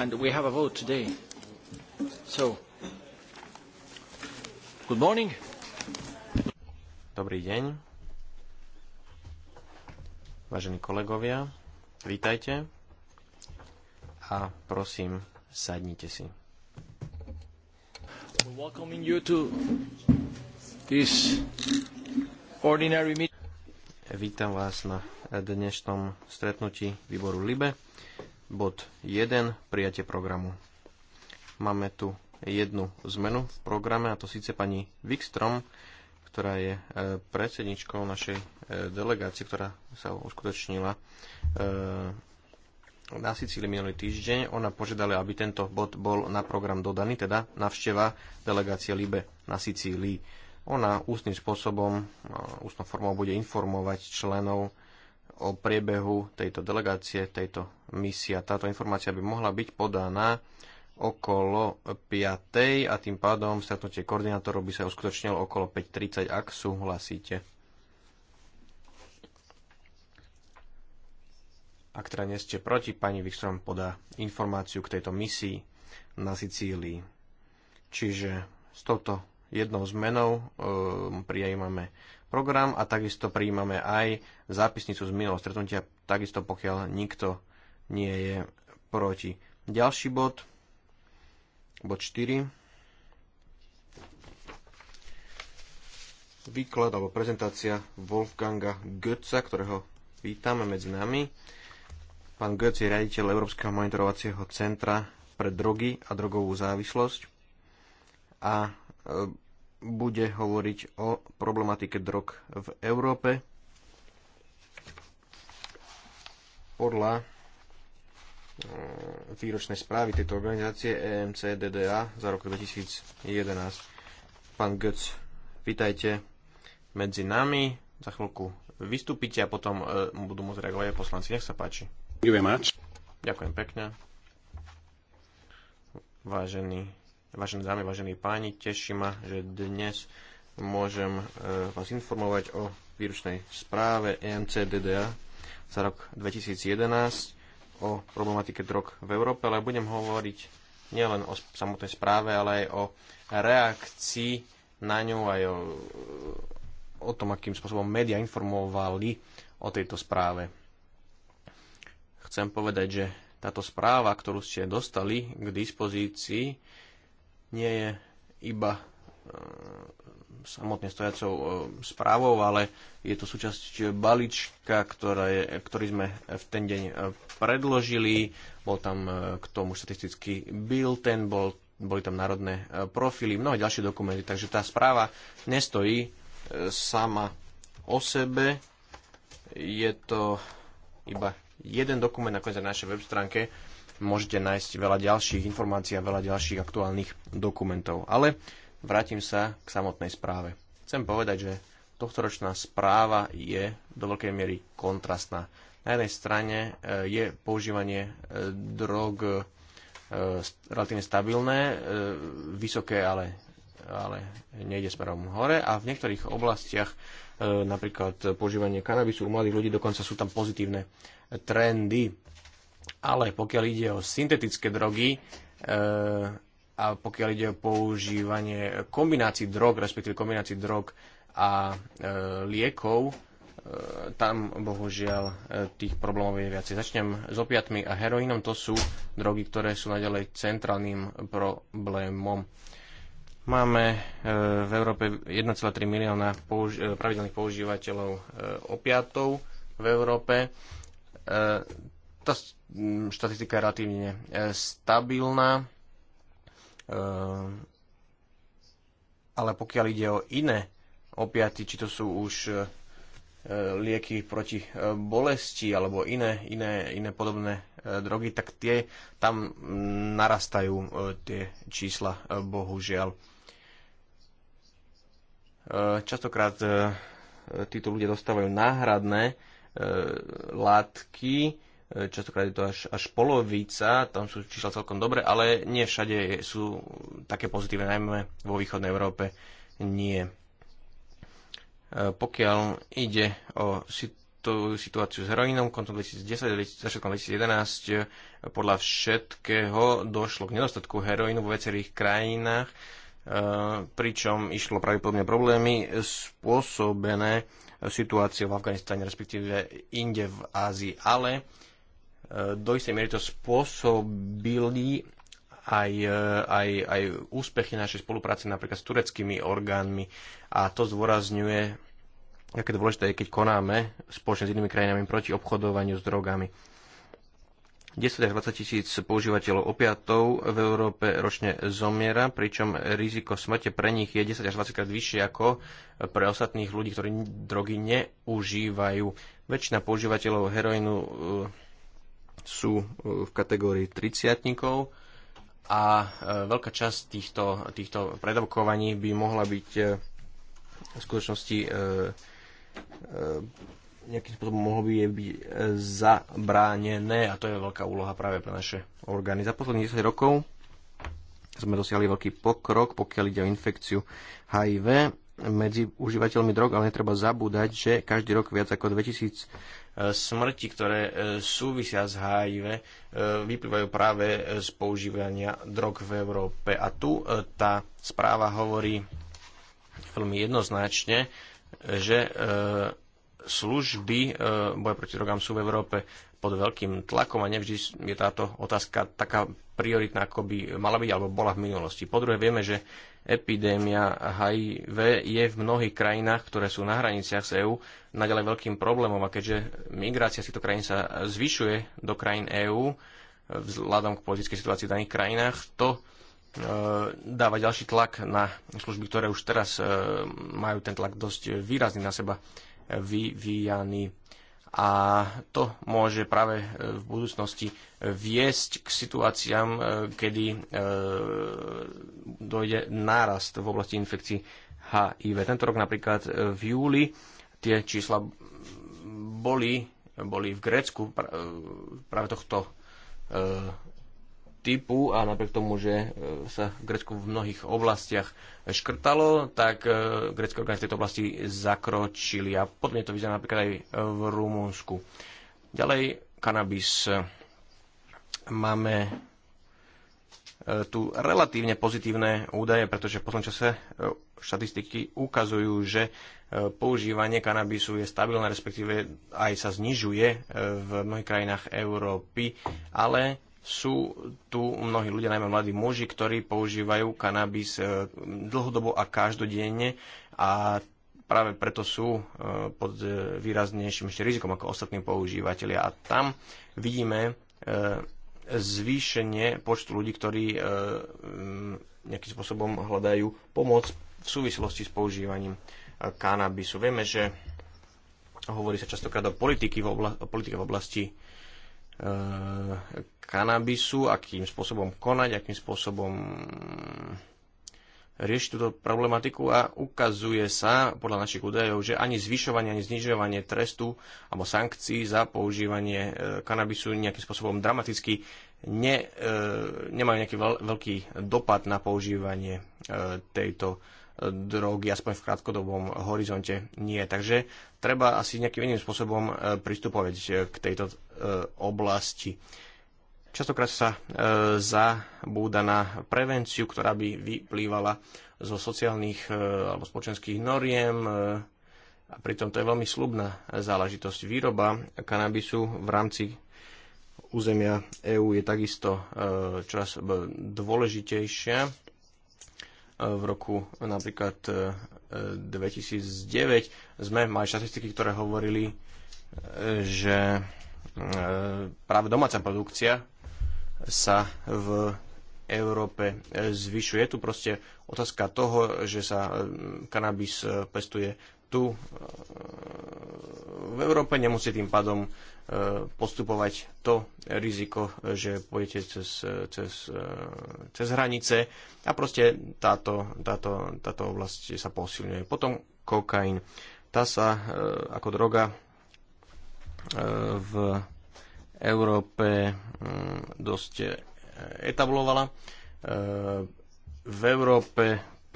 and we have a vote today. So, good morning. Dobrý deň. Vážení kolegovia, vítajte a prosím, sadnite si. We're welcoming you to this ordinary meeting. Vítam vás na dnešnom stretnutí výboru LIBE. Bod 1. Prijatie programu. Máme tu jednu zmenu v programe, a to síce pani Wikstrom, ktorá je e, predsedničkou našej e, delegácie, ktorá sa uskutočnila e, na Sicílii minulý týždeň. Ona požiadala, aby tento bod bol na program dodaný, teda navšteva delegácie Libe na Sicílii. Ona ústnym spôsobom, ústnou formou bude informovať členov o priebehu tejto delegácie, tejto misia. Táto informácia by mohla byť podaná okolo 5. a tým pádom stretnutie koordinátorov by sa uskutočnilo okolo 5.30, ak súhlasíte. Ak teda nie ste proti, pani Wikström podá informáciu k tejto misii na Sicílii. Čiže s touto jednou zmenou e, prijímame program a takisto prijímame aj zápisnicu z minulého stretnutia, takisto pokiaľ nikto nie je proti. Ďalší bod, bod 4. Výklad alebo prezentácia Wolfganga Götza, ktorého vítame medzi nami. Pán Götz je riaditeľ Európskeho monitorovacieho centra pre drogy a drogovú závislosť a e, bude hovoriť o problematike drog v Európe podľa eh, výročnej správy tejto organizácie EMC DDA za rok 2011. Pán Götz, vítajte medzi nami. Za chvíľku vystúpite a potom eh, budú môcť reagovať aj poslanci. Nech sa páči. Ďakujem pekne. Vážení Vážené dámy, vážení páni, teší ma, že dnes môžem e, vás informovať o výročnej správe EMCDDA za rok 2011 o problematike drog v Európe, ale budem hovoriť nielen o samotnej správe, ale aj o reakcii na ňu, aj o, o tom, akým spôsobom média informovali o tejto správe. Chcem povedať, že táto správa, ktorú ste dostali k dispozícii, nie je iba e, samotne stojacou e, správou, ale je to súčasť e, balíčka, ktorý sme v ten deň predložili. Bol tam k tomu štatistický built ten, bol, boli tam národné profily, mnohé ďalšie dokumenty, takže tá správa nestojí sama o sebe. Je to iba jeden dokument, nakoniec na našej web stránke môžete nájsť veľa ďalších informácií a veľa ďalších aktuálnych dokumentov. Ale vrátim sa k samotnej správe. Chcem povedať, že tohtoročná správa je do veľkej miery kontrastná. Na jednej strane e, je používanie e, drog e, relatívne stabilné, vysoké, ale, ale nejde smerom hore a v niektorých oblastiach napríklad používanie kanabisu u mladých ľudí, dokonca sú tam pozitívne trendy. Ale pokiaľ ide o syntetické drogy e, a pokiaľ ide o používanie kombinácií drog, respektíve kombinácií drog a e, liekov, e, tam bohužiaľ e, tých problémov je viacej. Začnem s opiatmi a heroínom. To sú drogy, ktoré sú naďalej centrálnym problémom. Máme e, v Európe 1,3 milióna použ- e, pravidelných používateľov e, opiatov v Európe. Tá Mm, štatistika je relatívne e, stabilná, e, ale pokiaľ ide o iné opiaty, či to sú už e, lieky proti bolesti alebo iné, iné, iné podobné drogy, tak tie tam mm, narastajú tie čísla, bohužiaľ. Častokrát títo ľudia dostávajú náhradné látky, E, častokrát je to až, až polovica, tam sú čísla celkom dobre, ale nie všade sú také pozitívne, najmä vo východnej Európe nie. E, pokiaľ ide o tú situáciu s heroínom koncom 2010, začiatkom 2011 e, podľa všetkého došlo k nedostatku heroínu vo viacerých krajinách, pričom išlo pravdepodobne problémy spôsobené situáciou v Afganistane, respektíve inde v Ázii. Ale E, do istej miery to spôsobili aj, e, aj, aj úspechy našej spolupráce napríklad s tureckými orgánmi a to zdôrazňuje, aké dôležité je, keď konáme spoločne s inými krajinami proti obchodovaniu s drogami. 10 až 20 tisíc používateľov opiatov v Európe ročne zomiera, pričom riziko smrte pre nich je 10 až 20 krát vyššie ako pre ostatných ľudí, ktorí drogy neužívajú. Väčšina používateľov heroínu e, sú e, v kategórii 30 a e, veľká časť týchto, týchto predavkovaní by mohla byť e, v skutočnosti nejakým spôsobom mohlo by byť zabránené a to je veľká úloha práve pre naše orgány. Za posledných 10 rokov sme dosiahli veľký pokrok, pokiaľ ide o infekciu HIV medzi užívateľmi drog, ale netreba zabúdať, že každý rok viac ako 2000 smrti, ktoré e, súvisia s HIV, e, vyplývajú práve z používania drog v Európe. A tu e, tá správa hovorí veľmi jednoznačne, že služby e, boja proti drogám sú v Európe pod veľkým tlakom a nevždy je táto otázka taká prioritná, ako by mala byť alebo bola v minulosti. Po druhé, vieme, že epidémia HIV je v mnohých krajinách, ktoré sú na hraniciach s EÚ, naďalej veľkým problémom a keďže migrácia z týchto krajín sa zvyšuje do krajín EÚ e, vzhľadom k politickej situácii v daných krajinách, to e, dáva ďalší tlak na služby, ktoré už teraz majú ten tlak dosť výrazný na seba vyvíjaný. A to môže práve e, v budúcnosti viesť k situáciám, e, kedy e, dojde nárast v oblasti infekcií HIV. Tento rok napríklad v júli tie čísla boli, boli v Grécku práve tohto typu a napriek tomu, že e, sa v Grécku v mnohých oblastiach škrtalo, tak e, grecké orgány v tejto oblasti zakročili a podobne to vyzerá napríklad aj v Rumunsku. Ďalej, kanabis. Máme e, tu relatívne pozitívne údaje, pretože v poslednom čase štatistiky ukazujú, že používanie kanabisu je stabilné, respektíve aj sa znižuje v mnohých krajinách Európy, ale sú tu mnohí ľudia, najmä mladí muži, ktorí používajú kanabis e, dlhodobo a každodenne a práve preto sú e, pod e, výraznejším ešte rizikom ako ostatní používateľi. A tam vidíme zvýšenie počtu ľudí, ktorí nejakým spôsobom hľadajú pomoc v súvislosti s používaním kanabisu. Vieme, že hovorí sa častokrát o, v obla- o politike v oblasti E, kanabisu, akým spôsobom konať, akým spôsobom riešiť túto problematiku a ukazuje sa podľa našich údajov, že ani zvyšovanie, ani znižovanie trestu alebo sankcií za používanie e, kanabisu nejakým spôsobom dramaticky ne, e, nemajú nejaký veľký dopad na používanie tejto drogy, aspoň v krátkodobom horizonte nie. Takže treba asi nejakým iným spôsobom e, pristupovať e, k tejto e, oblasti. Častokrát sa zabúda na prevenciu, ktorá by vyplývala zo sociálnych alebo spoločenských noriem, a pritom to je veľmi slubná záležitosť. Výroba kanabisu v rámci územia EÚ je takisto čoraz dôležitejšia v roku napríklad 2009 e, sme mali štatistiky, ktoré hovorili, e, že e, práve domáca produkcia sa v Európe zvyšuje. Tu proste otázka toho, že sa kanabis pestuje tu v Európe, nemusí tým pádom postupovať to riziko, že pôjdete cez, cez, cez hranice a proste táto, táto, táto oblasť sa posilňuje. Potom kokain. Tá sa e, ako droga e, v Európe mm, dosť e, etablovala. V Európe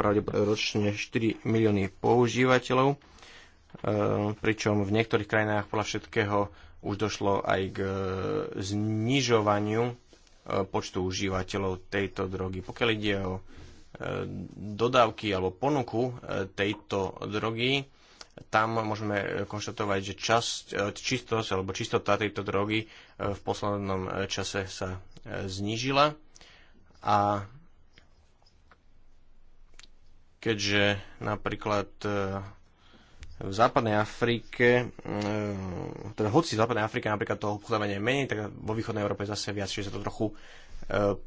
pravdepodobne ročne 4 milióny používateľov, pričom v niektorých krajinách podľa všetkého už došlo aj k e, znižovaniu e, počtu užívateľov tejto drogy. Pokiaľ ide o e, dodávky alebo ponuku tejto drogy, tam môžeme konštatovať, že časť, čistosť alebo čistota tejto drogy v poslednom čase sa znížila a keďže napríklad v západnej Afrike, mm, teda hoci v západnej Afrike napríklad toho obchodovania je menej, tak vo východnej Európe zase viac, čiže sa to trochu e,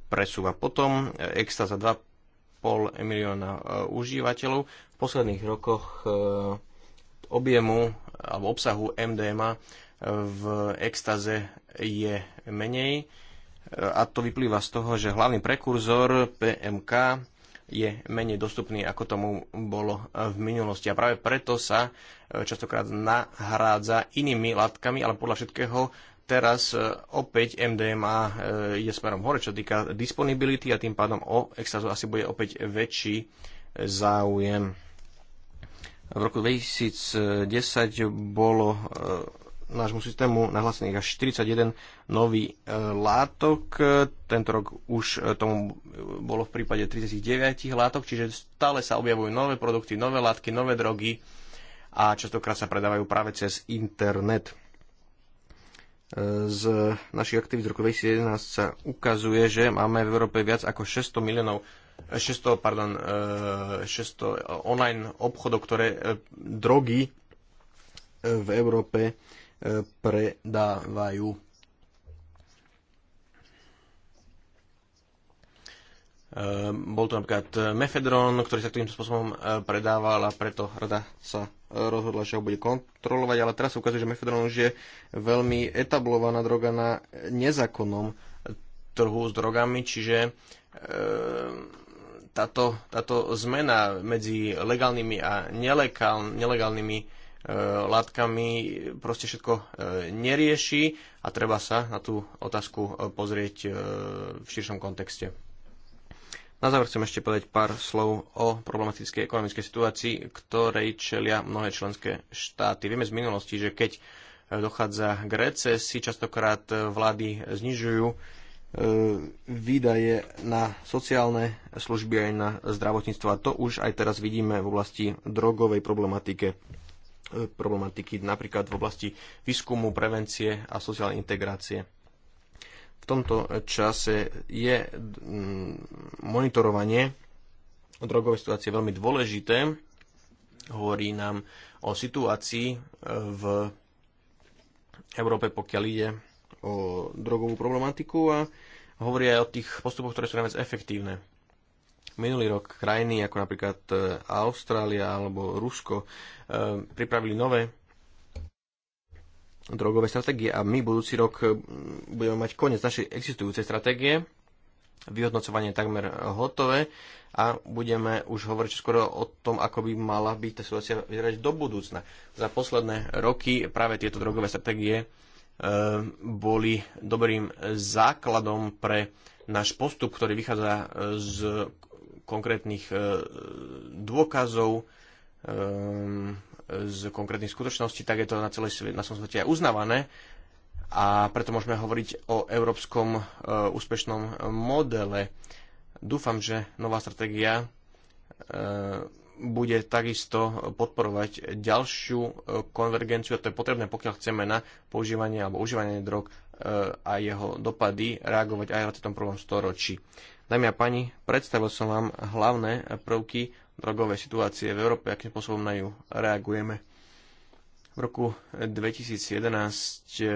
presúva. Potom e, extra za 2,5 milióna e, užívateľov. V posledných rokoch objemu alebo obsahu MDMA v extaze je menej a to vyplýva z toho, že hlavný prekurzor PMK je menej dostupný, ako tomu bolo v minulosti. A práve preto sa e, častokrát nahrádza inými látkami, ale podľa všetkého teraz e, opäť MDMA je smerom hore, čo týka disponibility a tým pádom o extázu asi bude opäť väčší e, záujem. V roku 2010 bolo nášmu systému nahlásených až 41 nový e, látok. Tento rok už e, tomu bolo v prípade 39 látok, čiže stále sa objavujú nové produkty, nové látky, nové drogy a častokrát sa predávajú práve cez internet. E, z našich aktivít z roku 2011 sa ukazuje, že máme v Európe viac ako 600 miliónov 600, pardon, 600 online obchodov, ktoré drogy v Európe predávajú. Ehm, bol to napríklad mefedron, ktorý sa týmto spôsobom e, predával a preto rada sa e, rozhodla, že ho bude kontrolovať, ale teraz sa ukazuje, že mefedron už je veľmi etablovaná droga na nezákonnom trhu s drogami, čiže e, táto, táto zmena medzi legálnymi a nelegálnymi E, látkami proste všetko e, nerieši a treba sa na tú otázku e, pozrieť v širšom kontexte. Na záver chcem ešte povedať pár slov o problematickej ekonomickej situácii, ktorej čelia mnohé členské štáty. Vieme z minulosti, že keď dochádza k recesii, častokrát vlády znižujú výdaje na sociálne služby aj na zdravotníctvo a to už aj teraz vidíme v oblasti drogovej problematike. E, problematiky napríklad v oblasti výskumu, prevencie a sociálnej integrácie. V tomto čase je mm, monitorovanie drogovej situácie veľmi dôležité. Hovorí nám o situácii e, v Európe, pokiaľ ide o drogovú problematiku a hovorí aj o tých postupoch, ktoré sú najviac efektívne minulý rok krajiny ako napríklad e, Austrália alebo Rusko e, pripravili nové drogové stratégie a my budúci rok e, budeme mať koniec našej existujúcej stratégie, vyhodnocovanie takmer hotové a budeme už hovoriť skoro o tom, ako by mala byť tá situácia vyzerať do budúcna. Za posledné roky práve tieto drogové stratégie boli dobrým základom pre náš postup, ktorý vychádza z konkrétnych e, dôkazov, e, z konkrétnych skutočností, tak je to na, celej, na celom svete aj uznávané a preto môžeme hovoriť o európskom e, úspešnom modele. Dúfam, že nová stratégia bude takisto podporovať ďalšiu konvergenciu a to je potrebné, pokiaľ chceme na používanie alebo užívanie drog a jeho dopady reagovať aj v prvom storočí. Dámy a páni, predstavil som vám hlavné prvky drogovej situácie v Európe, akým spôsobom na ju reagujeme. V roku 2011 e,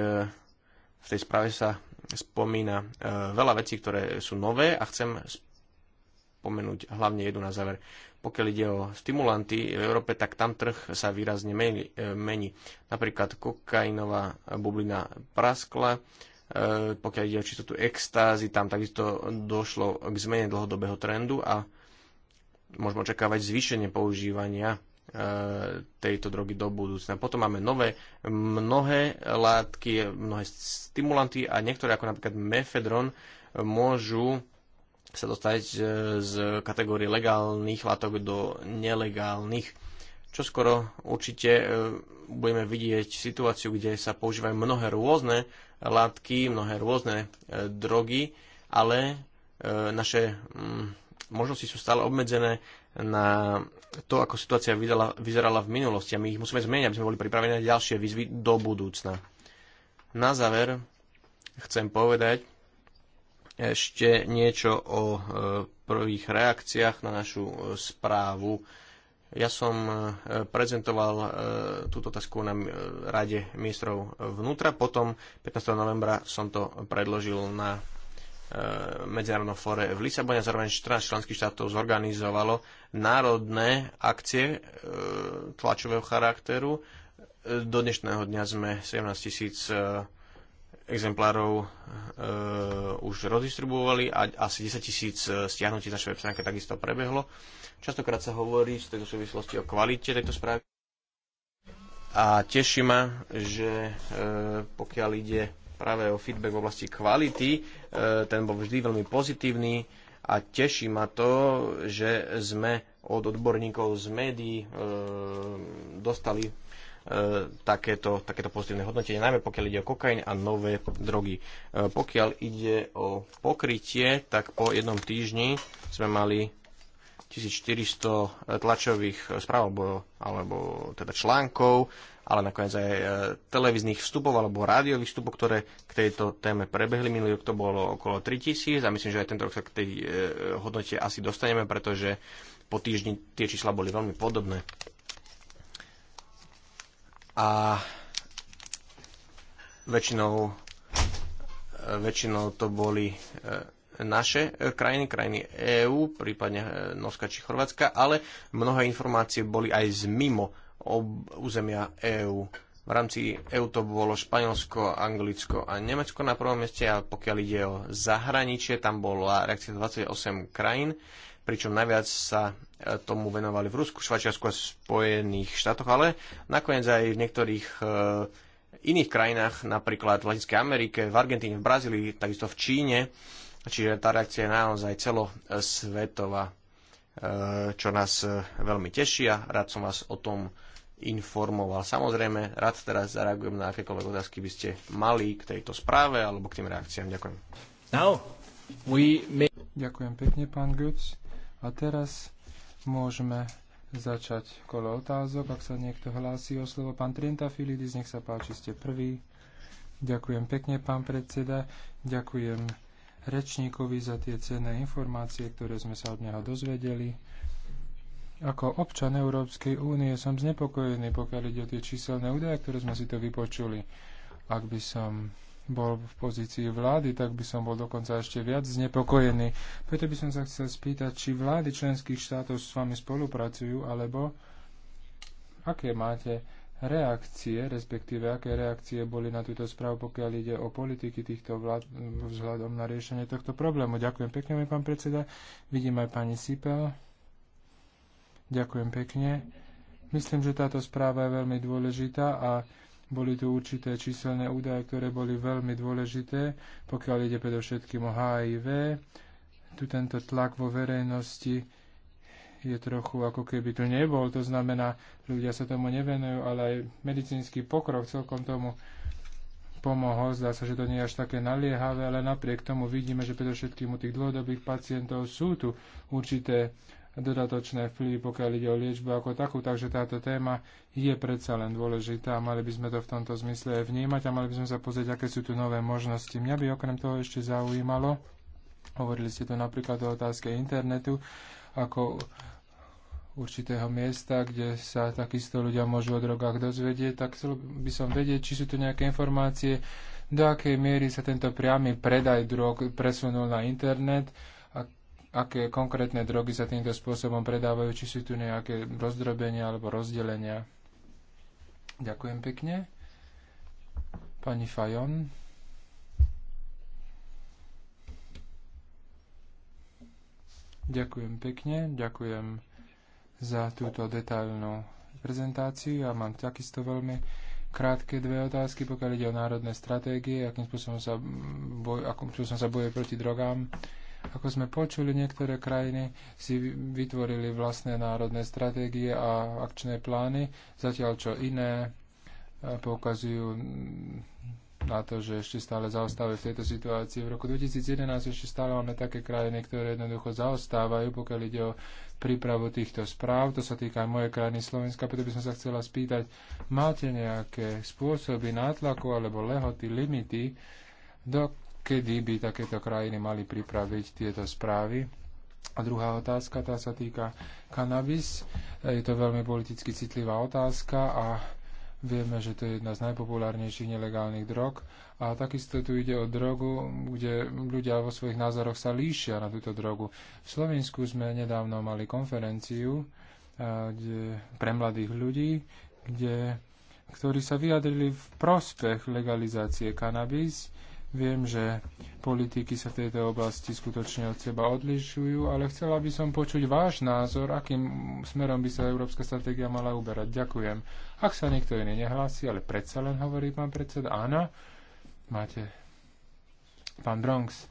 v tej správe sa spomína e, veľa vecí, ktoré sú nové a chcem spomenúť hlavne jednu na záver. Pokiaľ ide o stimulanty v Európe, tak tam trh sa výrazne e, mení. Napríklad kokainová bublina praskla, E, pokiaľ ide o čistotu extázy, tam takisto došlo k zmene dlhodobého trendu a môžeme očakávať zvýšenie používania e, tejto drogy do budúcna. Potom máme nové, mnohé látky, mnohé stimulanty a niektoré ako napríklad mefedron môžu sa dostať e, z kategórie legálnych látok do nelegálnych. Čo skoro určite budeme vidieť situáciu, kde sa používajú mnohé rôzne látky, mnohé rôzne e, drogy, ale e, naše mm, možnosti sú stále obmedzené na to, ako situácia vyzerala v minulosti a my ich musíme zmeniť, aby sme boli pripravení na ďalšie výzvy do budúcna. Na záver chcem povedať ešte niečo o e, prvých reakciách na našu správu ja som e, prezentoval e, túto otázku na e, Rade ministrov vnútra, potom 15. novembra som to predložil na Medzinárodnom fóre v Lisabone a zároveň 14 členských štátov zorganizovalo národné akcie tlačového charakteru. Do dnešného dňa sme 17 tisíc 000 exemplárov uh, už rozdistribuovali a asi 10 tisíc e, stiahnutí z našej web stránke takisto prebehlo. Častokrát sa hovorí v tejto súvislosti o kvalite tejto správy. A teší ma, že uh, pokiaľ ide práve o feedback v oblasti kvality, uh, ten bol vždy veľmi pozitívny a teší ma to, že sme od odborníkov z médií e, dostali E, takéto, takéto pozitívne hodnotenie, najmä pokiaľ ide o kokain a nové drogy. E, pokiaľ ide o pokrytie, tak po jednom týždni sme mali 1400 tlačových správ alebo, alebo teda článkov, ale nakoniec aj e, televíznych vstupov alebo rádiových vstupov, ktoré k tejto téme prebehli. Minulý rok to bolo okolo 3000 a myslím, že aj tento rok sa k tej hodnote asi dostaneme, pretože po týždni tie čísla boli veľmi podobné a väčšinou, e, väčšinou to boli e, naše e, krajiny, krajiny EÚ, prípadne Norska či Chorvátska, ale mnohé informácie boli aj z mimo územia EÚ. V rámci EÚ to bolo Španielsko, Anglicko a Nemecko na prvom mieste a pokiaľ ide o zahraničie, tam bola reakcia 28 krajín pričom najviac sa e, tomu venovali v Rusku, Švačiarsku a Spojených štátoch, ale nakoniec aj v niektorých e, iných krajinách, napríklad v Latinskej Amerike, v Argentíne, v Brazílii, takisto v Číne. Čiže tá reakcia je naozaj celosvetová, e, čo nás veľmi teší a rád som vás o tom informoval. Samozrejme, rád teraz zareagujem na akékoľvek otázky by ste mali k tejto správe alebo k tým reakciám. Ďakujem. Now we may... Ďakujem pekne, pán Götz. A teraz môžeme začať kolo otázok. Ak sa niekto hlási o slovo, pán Trienta Filidis, nech sa páči, ste prvý. Ďakujem pekne, pán predseda. Ďakujem rečníkovi za tie cenné informácie, ktoré sme sa od neho dozvedeli. Ako občan Európskej únie som znepokojený, pokiaľ ide o tie číselné údaje, ktoré sme si to vypočuli. Ak by som bol v pozícii vlády, tak by som bol dokonca ešte viac znepokojený. Preto by som sa chcel spýtať, či vlády členských štátov s vami spolupracujú, alebo aké máte reakcie, respektíve aké reakcie boli na túto správu, pokiaľ ide o politiky týchto vlád vzhľadom na riešenie tohto problému. Ďakujem pekne, pán predseda. Vidím aj pani Sipel. Ďakujem pekne. Myslím, že táto správa je veľmi dôležitá a boli tu určité číselné údaje, ktoré boli veľmi dôležité, pokiaľ ide predovšetkým o HIV. Tu tento tlak vo verejnosti je trochu ako keby tu nebol, to znamená, ľudia sa tomu nevenujú, ale aj medicínsky pokrok celkom tomu pomohol. Zdá sa, že to nie je až také naliehavé, ale napriek tomu vidíme, že predovšetkým u tých dlhodobých pacientov sú tu určité dodatočné vplyvy, pokiaľ ide o liečbu ako takú, takže táto téma je predsa len dôležitá a mali by sme to v tomto zmysle aj vnímať a mali by sme sa pozrieť, aké sú tu nové možnosti. Mňa by okrem toho ešte zaujímalo, hovorili ste tu napríklad o otázke internetu, ako určitého miesta, kde sa takisto ľudia môžu o drogách dozvedieť, tak chcel by som vedieť, či sú tu nejaké informácie, do akej miery sa tento priamy predaj drog presunul na internet aké konkrétne drogy sa týmto spôsobom predávajú, či sú tu nejaké rozdrobenia alebo rozdelenia. Ďakujem pekne. Pani Fajon. Ďakujem pekne, ďakujem za túto detailnú prezentáciu. Ja mám takisto veľmi krátke dve otázky, pokiaľ ide o národné stratégie, akým spôsobom sa, boj, akým spôsobom sa boje proti drogám ako sme počuli, niektoré krajiny si vytvorili vlastné národné stratégie a akčné plány, zatiaľ čo iné e, poukazujú na to, že ešte stále zaostávajú v tejto situácii. V roku 2011 ešte stále máme také krajiny, ktoré jednoducho zaostávajú, pokiaľ ide o prípravu týchto správ. To sa týka aj mojej krajiny Slovenska, preto by som sa chcela spýtať, máte nejaké spôsoby nátlaku alebo lehoty, limity, do kedy by takéto krajiny mali pripraviť tieto správy. A druhá otázka, tá sa týka kanabis. E, je to veľmi politicky citlivá otázka a Vieme, že to je jedna z najpopulárnejších nelegálnych drog a takisto tu ide o drogu, kde ľudia vo svojich názoroch sa líšia na túto drogu. V Slovensku sme nedávno mali konferenciu e, kde, pre mladých ľudí, kde, ktorí sa vyjadrili v prospech legalizácie kanabis Viem, že politiky sa v tejto oblasti skutočne od seba odlišujú, ale chcela by som počuť váš názor, akým smerom by sa európska stratégia mala uberať. Ďakujem. Ak sa niekto iný nehlási, ale predsa len hovorí pán predseda, áno, máte pán Bronx.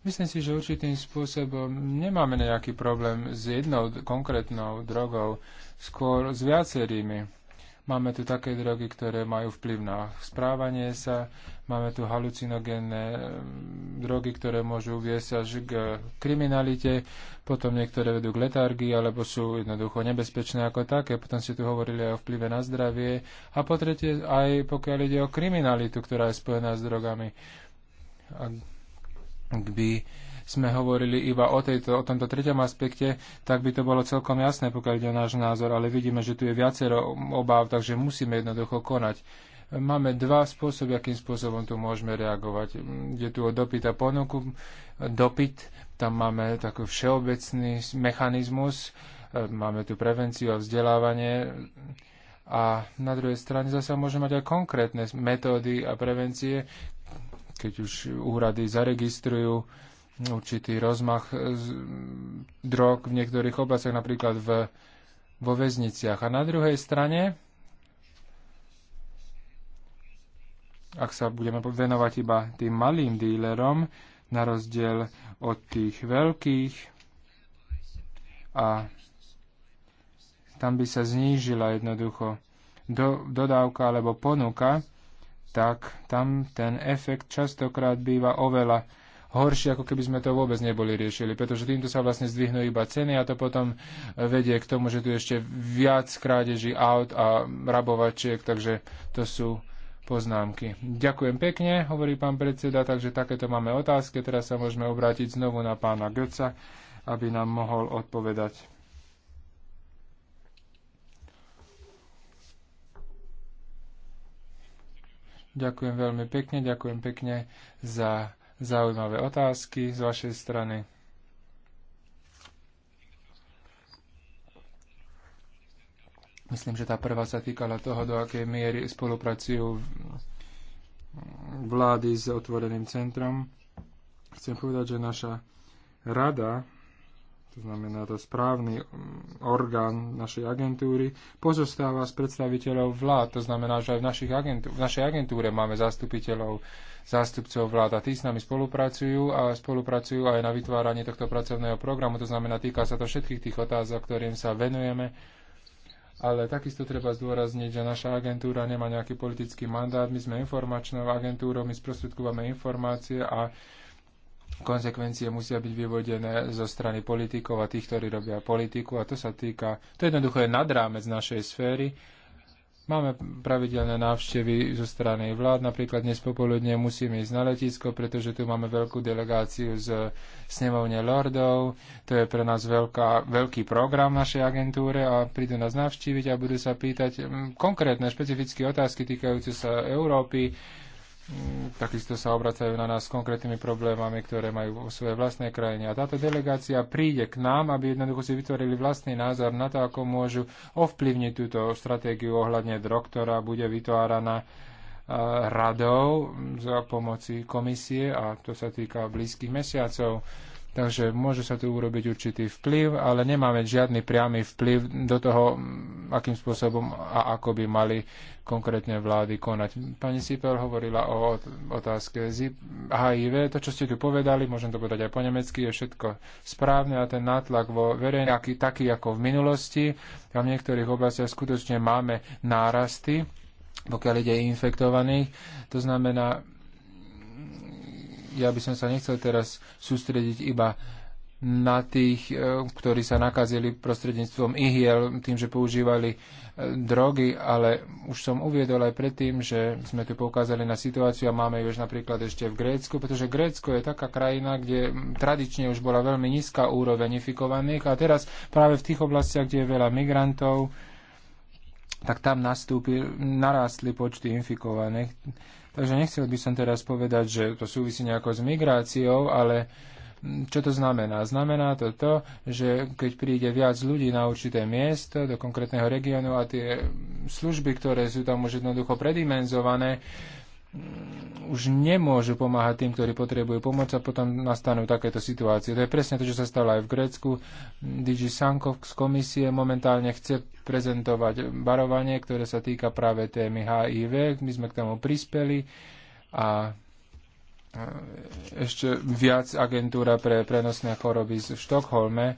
Myslím si, že určitým spôsobom nemáme nejaký problém s jednou konkrétnou drogou, skôr s viacerými Máme tu také drogy, ktoré majú vplyv na správanie sa, máme tu halucinogénne drogy, ktoré môžu viesť až k kriminalite, potom niektoré vedú k letargii alebo sú jednoducho nebezpečné ako také, potom ste tu hovorili aj o vplyve na zdravie a po tretie aj pokiaľ ide o kriminalitu, ktorá je spojená s drogami. Ak by sme hovorili iba o, tejto, o tomto treťom aspekte, tak by to bolo celkom jasné, pokiaľ ide o náš názor, ale vidíme, že tu je viacero obáv, takže musíme jednoducho konať. Máme dva spôsoby, akým spôsobom tu môžeme reagovať. Je tu o dopyt a ponuku. Dopyt, tam máme taký všeobecný mechanizmus, máme tu prevenciu a vzdelávanie. A na druhej strane zase môžeme mať aj konkrétne metódy a prevencie, keď už úrady zaregistrujú určitý rozmach e, drog v niektorých oblastiach, napríklad v, vo väzniciach. A na druhej strane, ak sa budeme venovať iba tým malým dílerom, na rozdiel od tých veľkých, a tam by sa znížila jednoducho do, dodávka alebo ponuka, tak tam ten efekt častokrát býva oveľa horšie, ako keby sme to vôbec neboli riešili, pretože týmto sa vlastne zdvihnú iba ceny a to potom eh, vedie k tomu, že tu ešte viac krádeží aut a rabovačiek, takže to sú poznámky. Ďakujem pekne, hovorí pán predseda, takže takéto máme otázky. Teraz sa môžeme obrátiť znovu na pána Göca, aby nám mohol odpovedať. Ďakujem veľmi pekne, ďakujem pekne za zaujímavé otázky z vašej strany. Myslím, že tá prvá sa týkala toho, do akej miery spolupracujú vlády s otvoreným centrom. Chcem povedať, že naša rada to znamená to správny mm, orgán našej agentúry, pozostáva z predstaviteľov vlád. To znamená, že aj v, našich agentú- v našej agentúre máme zastupiteľov, zástupcov vlád a tí s nami spolupracujú a spolupracujú aj na vytváranie tohto pracovného programu. To znamená, týka sa to všetkých tých otázok, ktorým sa venujeme. Ale takisto treba zdôrazniť, že naša agentúra nemá nejaký politický mandát. My sme informačnou agentúrou, my sprostredkúvame informácie a konsekvencie musia byť vyvodené zo strany politikov a tých, ktorí robia politiku. A to sa týka, to jednoducho je nadrámec našej sféry. Máme pravidelné návštevy zo strany vlád. Napríklad dnes popoludne musíme ísť na letisko, pretože tu máme veľkú delegáciu z snemovne lordov. To je pre nás veľká, veľký program našej agentúre a prídu nás navštíviť a budú sa pýtať mm, konkrétne, špecifické otázky týkajúce sa Európy takisto sa obracajú na nás s konkrétnymi problémami, ktoré majú vo svojej vlastnej krajine. A táto delegácia príde k nám, aby jednoducho si vytvorili vlastný názor na to, ako môžu ovplyvniť túto stratégiu ohľadne drog, ktorá bude vytváraná e, radou za pomoci komisie a to sa týka blízkych mesiacov. Takže môže sa tu urobiť určitý vplyv, ale nemáme žiadny priamy vplyv do toho, akým spôsobom a ako by mali konkrétne vlády konať. Pani Sipel hovorila o otázke HIV. To, čo ste tu povedali, môžem to povedať aj po nemecky, je všetko správne a ten nátlak vo verejne, aký, taký ako v minulosti, a v niektorých oblastiach skutočne máme nárasty, pokiaľ ide infektovaných. To znamená, ja by som sa nechcel teraz sústrediť iba na tých, e, ktorí sa nakazili prostredníctvom ihiel, tým, že používali e, drogy, ale už som uviedol aj predtým, že sme tu poukázali na situáciu a máme ju už napríklad ešte v Grécku, pretože Grécko je taká krajina, kde tradične už bola veľmi nízka úroveň infikovaných a teraz práve v tých oblastiach, kde je veľa migrantov, tak tam nastúpil, narástli počty infikovaných. Takže nechcel by som teraz povedať, že to súvisí nejako s migráciou, ale čo to znamená? Znamená to to, že keď príde viac ľudí na určité miesto, do konkrétneho regiónu a tie služby, ktoré sú tam už jednoducho predimenzované, Mm, už nemôžu pomáhať tým, ktorí potrebujú pomoc a potom nastanú takéto situácie. To je presne to, čo sa stalo aj v Grécku. DG Sankov z komisie momentálne chce prezentovať barovanie, ktoré sa týka práve témy HIV. My sme k tomu prispeli a e, ešte viac agentúra pre prenosné choroby v Štokholme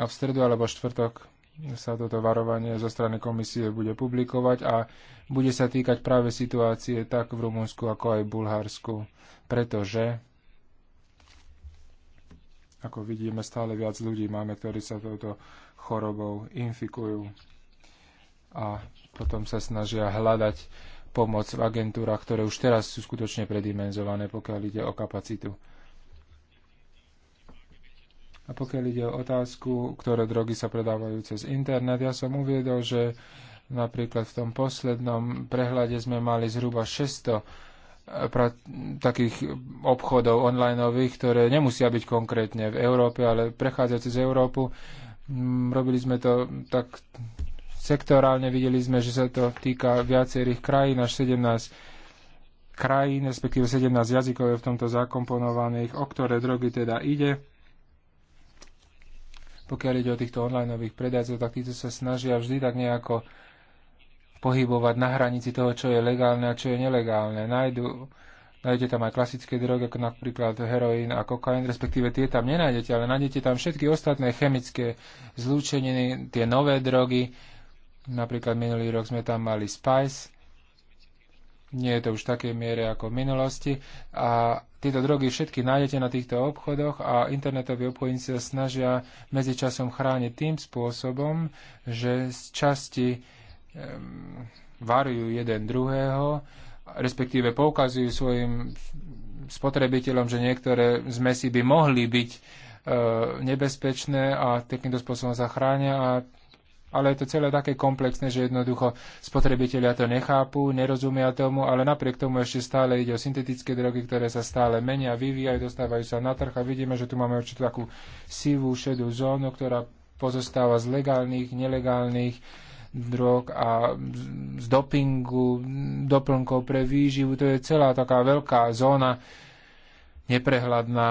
a v stredu alebo štvrtok sa toto varovanie zo strany komisie bude publikovať a bude sa týkať práve situácie tak v Rumunsku, ako aj v Bulharsku, pretože ako vidíme, stále viac ľudí máme, ktorí sa touto chorobou infikujú a potom sa snažia hľadať pomoc v agentúrach, ktoré už teraz sú skutočne predimenzované, pokiaľ ide o kapacitu. A pokiaľ ide o otázku, ktoré drogy sa predávajú cez internet, ja som uviedol, že napríklad v tom poslednom prehľade sme mali zhruba 600 eh, pra- takých obchodov onlineových, ktoré nemusia byť konkrétne v Európe, ale prechádzajú cez Európu. Mm, robili sme to tak sektorálne, videli sme, že sa to týka viacerých krajín, až 17 krajín, respektíve 17 jazykov je v tomto zakomponovaných, o ktoré drogy teda ide pokiaľ ide o týchto online predajcov, tak títo sa snažia vždy tak nejako pohybovať na hranici toho, čo je legálne a čo je nelegálne. Nájdu, nájdete tam aj klasické drogy, ako napríklad heroín a kokain, respektíve tie tam nenájdete, ale nájdete tam všetky ostatné chemické zlúčeniny, tie nové drogy. Napríklad minulý rok sme tam mali Spice, nie je to už v takej miere ako v minulosti. A tieto drogy všetky nájdete na týchto obchodoch a internetoví obchodníci sa snažia medzičasom chrániť tým spôsobom, že z časti um, varujú jeden druhého, respektíve poukazujú svojim spotrebiteľom, že niektoré zmesi by mohli byť e, nebezpečné a takýmto spôsobom zachránia a ale je to celé také komplexné, že jednoducho spotrebitelia to nechápu, nerozumia tomu, ale napriek tomu ešte stále ide o syntetické drogy, ktoré sa stále menia, vyvíjajú, dostávajú sa na trh a vidíme, že tu máme určitú takú sivú, šedú zónu, ktorá pozostáva z legálnych, nelegálnych drog a z dopingu, doplnkov pre výživu. To je celá taká veľká zóna, neprehľadná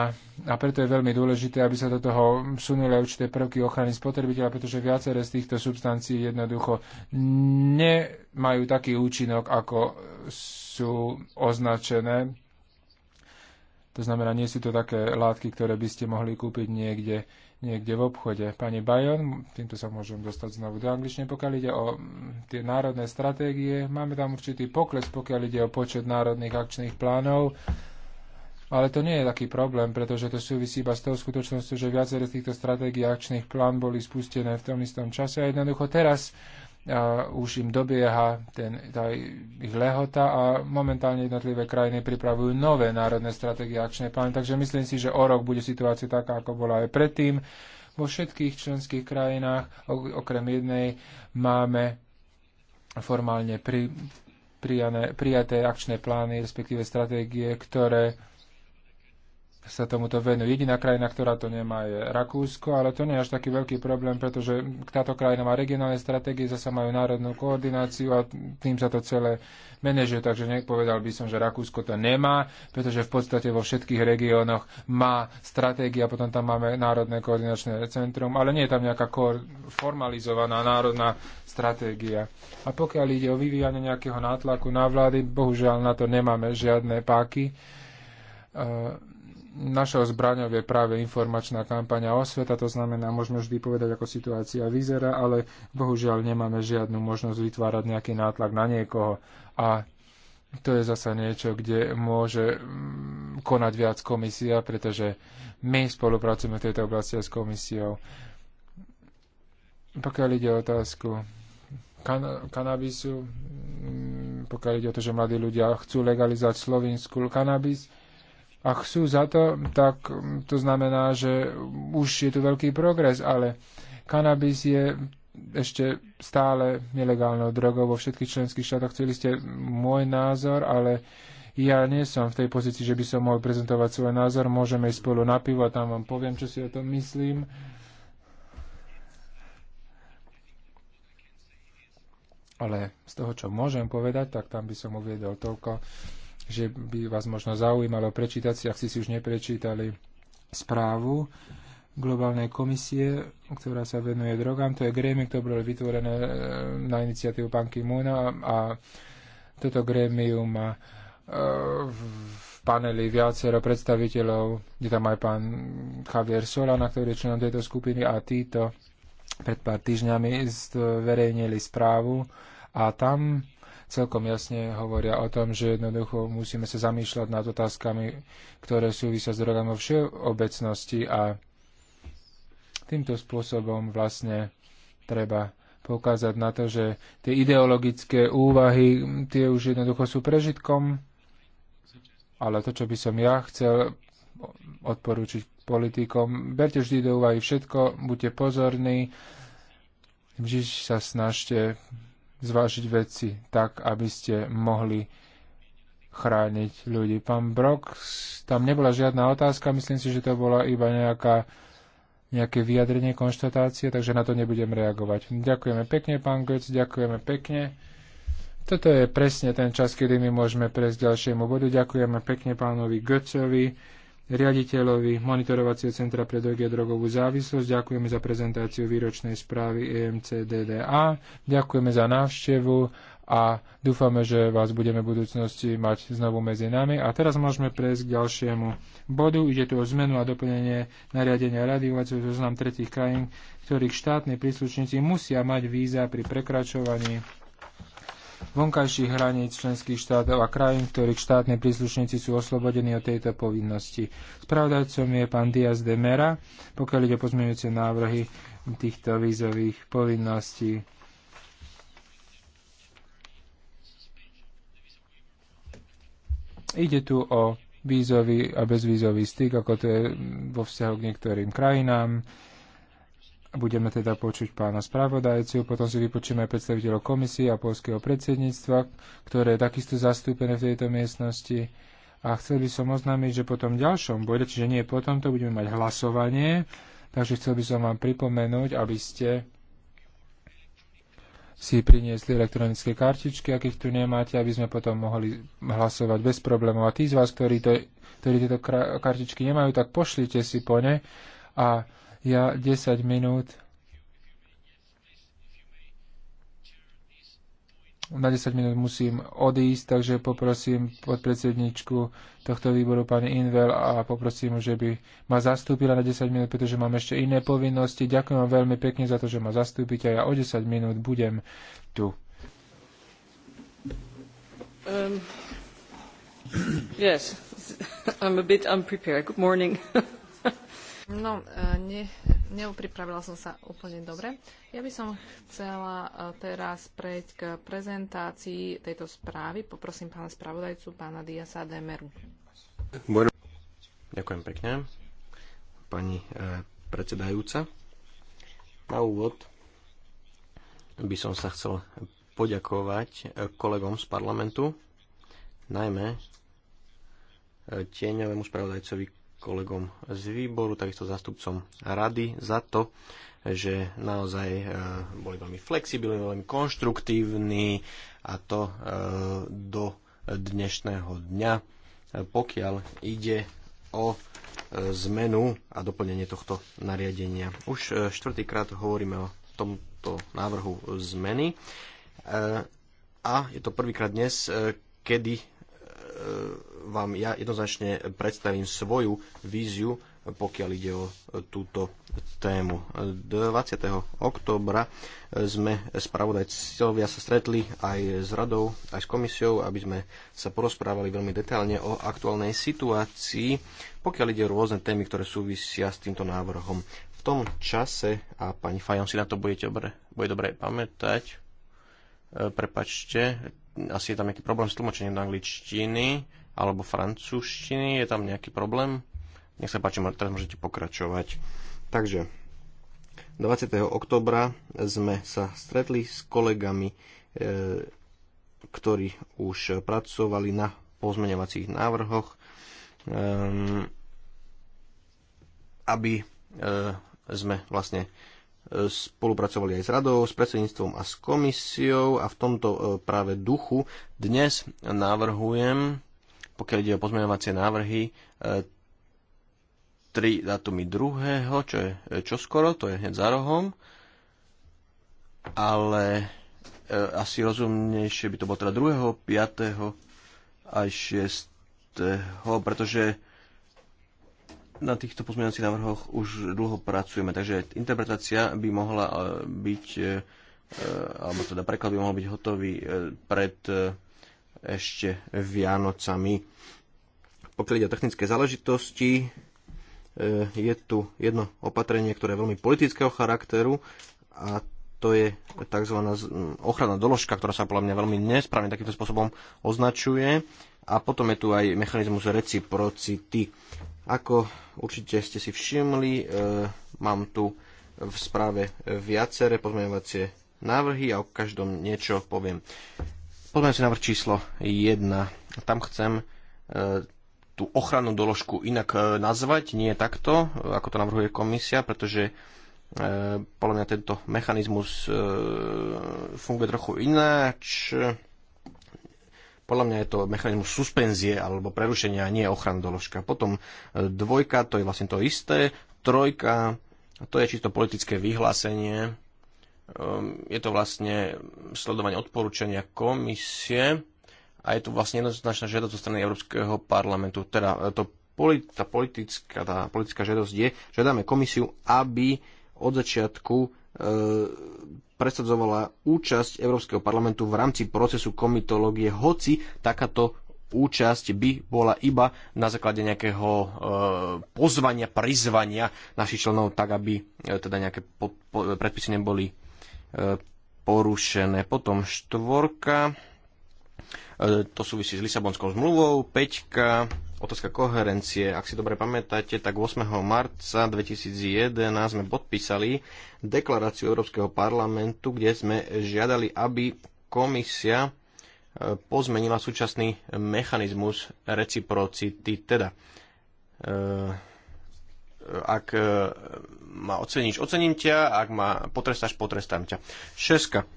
a preto je veľmi dôležité, aby sa do toho sunuli určité prvky ochrany spotrebiteľa, pretože viaceré z týchto substancií jednoducho nemajú taký účinok, ako sú označené. To znamená, nie sú to také látky, ktoré by ste mohli kúpiť niekde, niekde v obchode. Pani Bajon, týmto sa môžem dostať znovu do angličtiny, pokiaľ ide o mm, tie národné stratégie, máme tam určitý pokles, pokiaľ ide o počet národných akčných plánov. Ale to nie je taký problém, pretože to súvisí iba s tou skutočnosťou, že viaceré z týchto stratégií akčných plán boli spustené v tom istom čase a jednoducho teraz a už im dobieha ten, tá ich lehota a momentálne jednotlivé krajiny pripravujú nové národné stratégie akčné plány. Takže myslím si, že o rok bude situácia taká, ako bola aj predtým. Vo všetkých členských krajinách, okrem jednej, máme formálne pri, prijané, prijaté akčné plány, respektíve stratégie, ktoré sa tomuto venujú. Jediná krajina, ktorá to nemá, je Rakúsko, ale to nie je až taký veľký problém, pretože táto krajina má regionálne stratégie, zase majú národnú koordináciu a tým sa to celé menežuje. Takže nepovedal by som, že Rakúsko to nemá, pretože v podstate vo všetkých regiónoch má stratégia, potom tam máme Národné koordinačné centrum, ale nie je tam nejaká formalizovaná národná stratégia. A pokiaľ ide o vyvíjanie nejakého nátlaku na vlády, bohužiaľ na to nemáme žiadne páky e, našou zbraňou je práve informačná a osveta, to znamená, môžeme vždy povedať, ako situácia vyzerá, ale bohužiaľ nemáme žiadnu možnosť vytvárať nejaký nátlak na niekoho. A to je zasa niečo, kde môže mm, konať viac komisia, pretože my spolupracujeme v tejto oblasti s komisiou. Pokiaľ ide o otázku kan- kanabisu, mm, pokiaľ ide o to, že mladí ľudia chcú legalizovať slovinskú kanabis, ak sú za to, tak mm, to znamená, že už je tu veľký progres, ale kanabis je ešte stále nelegálnou drogou vo všetkých členských štátoch. Chceli ste môj názor, ale ja nie som v tej pozícii, že by som mohol prezentovať svoj názor. Môžeme ísť spolu na pivo a tam vám poviem, čo si o tom myslím. Ale z toho, čo môžem povedať, tak tam by som uviedol toľko, že by vás možno zaujímalo prečítať si, ak ste si už neprečítali správu globálnej komisie, ktorá sa venuje drogám. To je grémium, ktoré bolo vytvorené e, na iniciatívu pán Múna a toto grémium má e, v paneli viacero predstaviteľov, je tam aj pán Javier Solana, ktorý je členom tejto skupiny a títo pred pár týždňami verejnili správu a tam celkom jasne hovoria o tom, že jednoducho musíme sa zamýšľať nad otázkami, ktoré súvisia s drogami vo všeobecnosti a týmto spôsobom vlastne treba poukázať na to, že tie ideologické úvahy, tie už jednoducho sú prežitkom, ale to, čo by som ja chcel odporúčiť politikom, berte vždy do úvahy všetko, buďte pozorní, vždy sa snažte zvážiť veci tak, aby ste mohli chrániť ľudí. Pán Brok, tam nebola žiadna otázka, myslím si, že to bola iba nejaká, nejaké vyjadrenie, konštatácie, takže na to nebudem reagovať. Ďakujeme pekne, pán Götz, ďakujeme pekne. Toto je presne ten čas, kedy my môžeme prejsť k ďalšiemu bodu. Ďakujeme pekne pánovi Götzovi riaditeľovi Monitorovacieho centra pre drogy a drogovú závislosť. Ďakujeme za prezentáciu výročnej správy EMC DDA. Ďakujeme za návštevu a dúfame, že vás budeme v budúcnosti mať znovu medzi nami. A teraz môžeme prejsť k ďalšiemu bodu. Ide tu o zmenu a doplnenie nariadenia rady uvádzajú zoznam tretích krajín, ktorých štátni príslušníci musia mať víza pri prekračovaní vonkajších hraníc členských štátov a krajín, ktorých štátni príslušníci sú oslobodení od tejto povinnosti. Spravodajcom je pán Diaz de Mera, pokiaľ ide o pozmeňujúce návrhy týchto vízových povinností. Ide tu o vízový a bezvízový styk, ako to je vo vzťahu k niektorým krajinám Budeme teda počuť pána spravodajcu, potom si vypočíme aj predstaviteľov komisie a polského predsedníctva, ktoré je takisto zastúpené v tejto miestnosti. A chcel by som oznámiť, že potom ďalšom bode, čiže nie potom to budeme mať hlasovanie. Takže chcel by som vám pripomenúť, aby ste si priniesli elektronické kartičky, akých tu nemáte, aby sme potom mohli hlasovať bez problémov. A tí z vás, ktorí, to, ktorí tieto kartičky nemajú, tak pošlite si po ne a ja 10 minút na 10 minút musím odísť, takže poprosím podpredsedničku tohto výboru pani Invel a poprosím, že by ma zastúpila na 10 minút, pretože mám ešte iné povinnosti. Ďakujem vám veľmi pekne za to, že ma zastúpite a ja o 10 minút budem tu. Um, yes, I'm a bit unprepared. Good morning. No, e, ne, neupripravila som sa úplne dobre. Ja by som chcela e, teraz prejsť k prezentácii tejto správy. Poprosím pána spravodajcu, pána Diasa Demeru. Bueno. Ďakujem pekne. Pani e, predsedajúca, na úvod by som sa chcel poďakovať e, kolegom z parlamentu, najmä tieňovému spravodajcovi kolegom z výboru, takisto zástupcom rady za to, že naozaj e, boli veľmi flexibilní, veľmi konštruktívni a to e, do dnešného dňa, e, pokiaľ ide o zmenu a doplnenie tohto nariadenia. Už štvrtýkrát hovoríme o tomto návrhu zmeny a je to prvýkrát dnes, kedy E, vám ja jednoznačne predstavím svoju víziu, pokiaľ ide o túto tému. 20. oktobra sme spravodajcovia sa stretli aj s radou, aj s komisiou, aby sme sa porozprávali veľmi detailne o aktuálnej situácii, pokiaľ ide o rôzne témy, ktoré súvisia s týmto návrhom. V tom čase, a pani Fajon si na to budete dobre, bude dobre pamätať, e, prepačte, asi je tam nejaký problém s tlmočením do angličtiny alebo francúzštiny, je tam nejaký problém? Nech sa páči, teraz môžete pokračovať. Takže 20. oktobra sme sa stretli s kolegami, e, ktorí už pracovali na pozmeňovacích návrhoch, ehm, aby e, sme vlastne spolupracovali aj s radou, s predsedníctvom a s komisiou a v tomto e, práve duchu dnes navrhujem, pokiaľ ide o pozmeňovacie návrhy, e, tri dátumy druhého, čo je e, čoskoro, to je hneď za rohom, ale asi rozumnejšie by to bolo teda 2., 5. aj 6. pretože na týchto pozmeňovacích návrhoch už dlho pracujeme, takže interpretácia by mohla e, byť, e, e, alebo teda preklad by mohol byť hotový pred ešte Vianocami. Pokiaľ ide o technické záležitosti, je tu jedno opatrenie, ktoré je veľmi politického charakteru a to je tzv. ochranná doložka, ktorá sa podľa mňa veľmi nesprávne takýmto spôsobom označuje. A potom je tu aj mechanizmus reciprocity. Ako určite ste si všimli, e, mám tu v správe viaceré pozmeňovacie návrhy a o každom niečo poviem. si návrh číslo 1. Tam chcem e, tú ochrannú doložku inak e, nazvať, nie takto, e, ako to navrhuje komisia, pretože e, podľa mňa tento mechanizmus e, funguje trochu ináč podľa mňa je to mechanizmus suspenzie alebo prerušenia, a nie ochrana doložka. Potom e, dvojka, to je vlastne to isté. Trojka, to je čisto politické vyhlásenie. Ehm, je to vlastne sledovanie odporúčania komisie a je tu vlastne jednoznačná žiadosť zo strany Európskeho parlamentu. Teda e, to, tá, politická, tá politická žiadosť je, žiadame komisiu, aby od začiatku e, presadzovala účasť Európskeho parlamentu v rámci procesu komitológie, hoci takáto účasť by bola iba na základe nejakého e, pozvania, prizvania našich členov, tak aby e, teda nejaké po, po, predpisy neboli e, porušené. Potom štvorka, e, to súvisí s Lisabonskou zmluvou, peťka, otázka koherencie. Ak si dobre pamätáte, tak 8. marca 2011 sme podpísali deklaráciu Európskeho parlamentu, kde sme žiadali, aby komisia e, pozmenila súčasný mechanizmus reciprocity. Teda, e, e, ak ma oceníš, ocením ťa, ak ma potrestáš, potrestám ťa. Šeska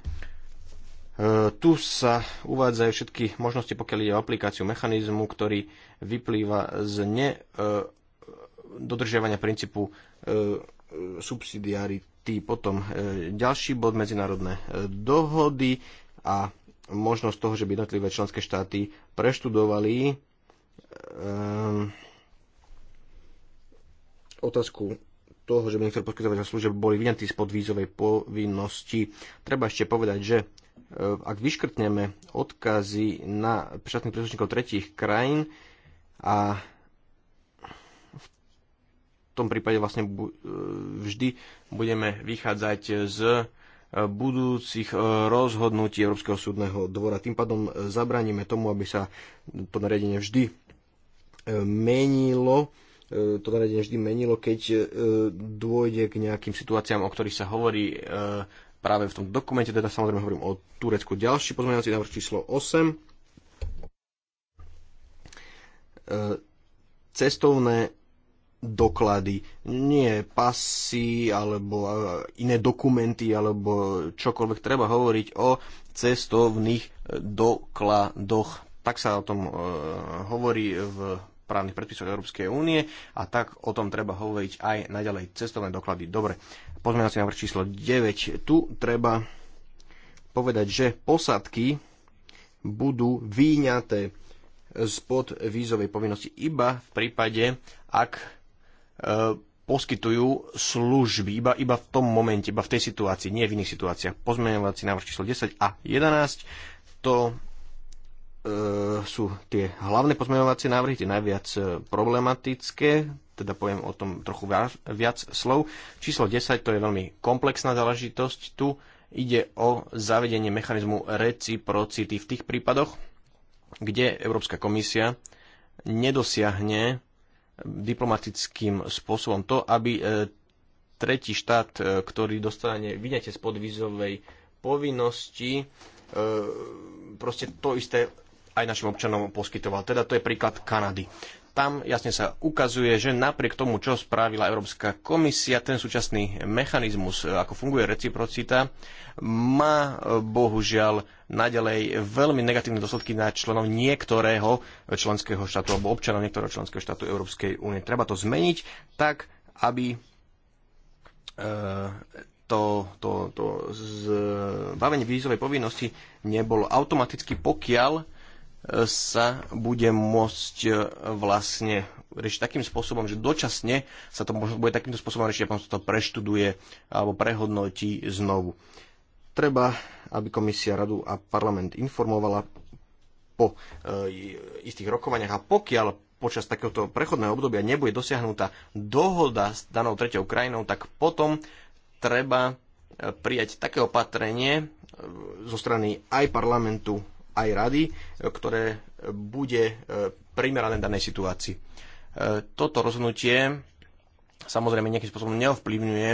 tu sa uvádzajú všetky možnosti, pokiaľ ide o aplikáciu mechanizmu, ktorý vyplýva z nedodržiavania e, princípu e, subsidiarity. Potom e, ďalší bod medzinárodné dohody a možnosť toho, že by jednotlivé členské štáty preštudovali otázku toho, že by niektoré poskytovateľ služieb boli vyňatí spod vízovej povinnosti. Treba ešte povedať, že eh, ak vyškrtneme odkazy na štátnych príslušníkov tretích krajín a v tom prípade vlastne eh, vždy budeme vychádzať z eh, budúcich rozhodnutí Európskeho súdneho dvora. Tým pádom zabraníme tomu, aby sa to nariadenie vždy menilo E, to nariadenie vždy menilo, keď e, dôjde k nejakým situáciám, o ktorých sa hovorí e, práve v tom dokumente, teda samozrejme hovorím o Turecku. Ďalší pozmeňovací návrh číslo 8. Cestovné doklady, nie pasy alebo iné dokumenty alebo čokoľvek. Treba hovoriť o cestovných dokladoch. Tak sa o tom hovorí v právnych predpisov Európskej únie a tak o tom treba hovoriť aj naďalej cestovné doklady. Dobre, na návrh číslo 9. Tu treba povedať, že posadky budú výňaté spod vízovej povinnosti iba v prípade, ak e, poskytujú služby, iba, iba v tom momente, iba v tej situácii, nie v iných situáciách. Pozmeňovací návrh číslo 10 a 11 to E, sú tie hlavné pozmeňovacie návrhy, tie najviac e, problematické, teda poviem o tom trochu viac slov. Číslo 10 to je veľmi komplexná záležitosť. Tu ide o zavedenie mechanizmu reciprocity v tých prípadoch, kde Európska komisia nedosiahne diplomatickým spôsobom to, aby e, tretí štát, ktorý dostane vyňate z podvizovej povinnosti, proste to isté aj našim občanom poskytoval. Teda to je príklad Kanady. Tam jasne sa ukazuje, že napriek tomu, čo spravila Európska komisia, ten súčasný mechanizmus, e, ako funguje reciprocita, má e, bohužiaľ naďalej veľmi negatívne dôsledky na členov niektorého členského štátu alebo občanov niektorého členského štátu Európskej únie. Treba to zmeniť tak, aby e, to, to, to zbavenie vízovej povinnosti nebolo automaticky, pokiaľ sa bude môcť e, vlastne riešiť takým spôsobom, že dočasne sa to možno bude takýmto spôsobom riešiť a potom sa to preštuduje alebo prehodnotí znovu. Treba, aby komisia, radu a parlament informovala po e, istých rokovaniach a pokiaľ počas takéhoto prechodného obdobia nebude dosiahnutá dohoda s danou tretiou krajinou, tak potom treba e, prijať také opatrenie zo strany aj parlamentu, aj rady, e, ktoré e, bude e, primerané danej situácii. Toto rozhodnutie samozrejme nejakým spôsobom neovplyvňuje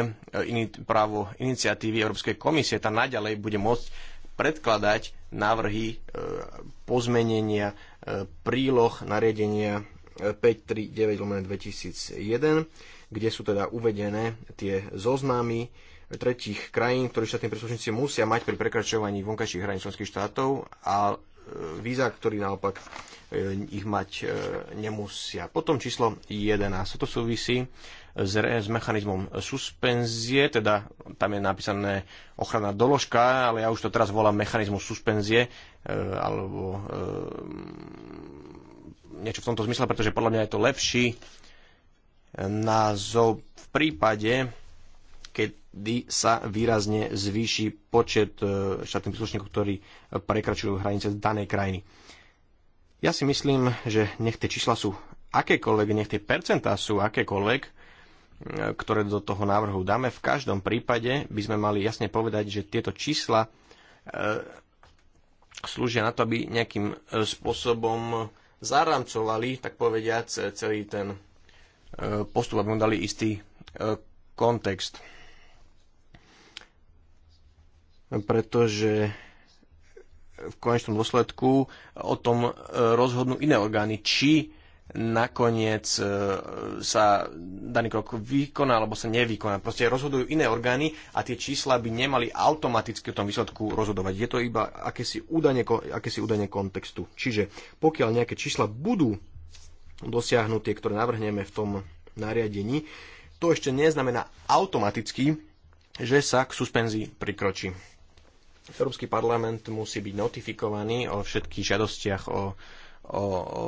právo iniciatívy Európskej komisie. Tá naďalej bude môcť predkladať návrhy pozmenenia príloh nariadenia 539 2001, kde sú teda uvedené tie zoznámy tretích krajín, ktorých štátni príslušníci musia mať pri prekračovaní vonkajších hraníc členských štátov a e, víza, ktorí naopak e, ich mať e, nemusia. Potom číslo 11. To súvisí s, s mechanizmom suspenzie, teda tam je napísané ochranná doložka, ale ja už to teraz volám mechanizmus suspenzie, alebo niečo v tomto zmysle, pretože podľa mňa je to lepší názov v prípade, kedy sa výrazne zvýši počet e, štátnych príslušníkov, ktorí prekračujú hranice danej krajiny. Ja si myslím, že nech tie čísla sú akékoľvek, nech tie percentá sú akékoľvek, e, ktoré do toho návrhu dáme. V každom prípade by sme mali jasne povedať, že tieto čísla e, slúžia na to, aby nejakým spôsobom zaramcovali, tak povediať, celý ten postup, aby mu dali istý kontext pretože v konečnom dôsledku o tom e, rozhodnú iné orgány, či nakoniec e, sa daný krok vykoná alebo sa nevykoná. Proste rozhodujú iné orgány a tie čísla by nemali automaticky o tom výsledku rozhodovať. Je to iba akési údanie, akési údanie kontextu. Čiže pokiaľ nejaké čísla budú dosiahnutie, ktoré navrhneme v tom nariadení, to ešte neznamená automaticky, že sa k suspenzii prikročí. Európsky parlament musí byť notifikovaný o všetkých žiadostiach o, o, o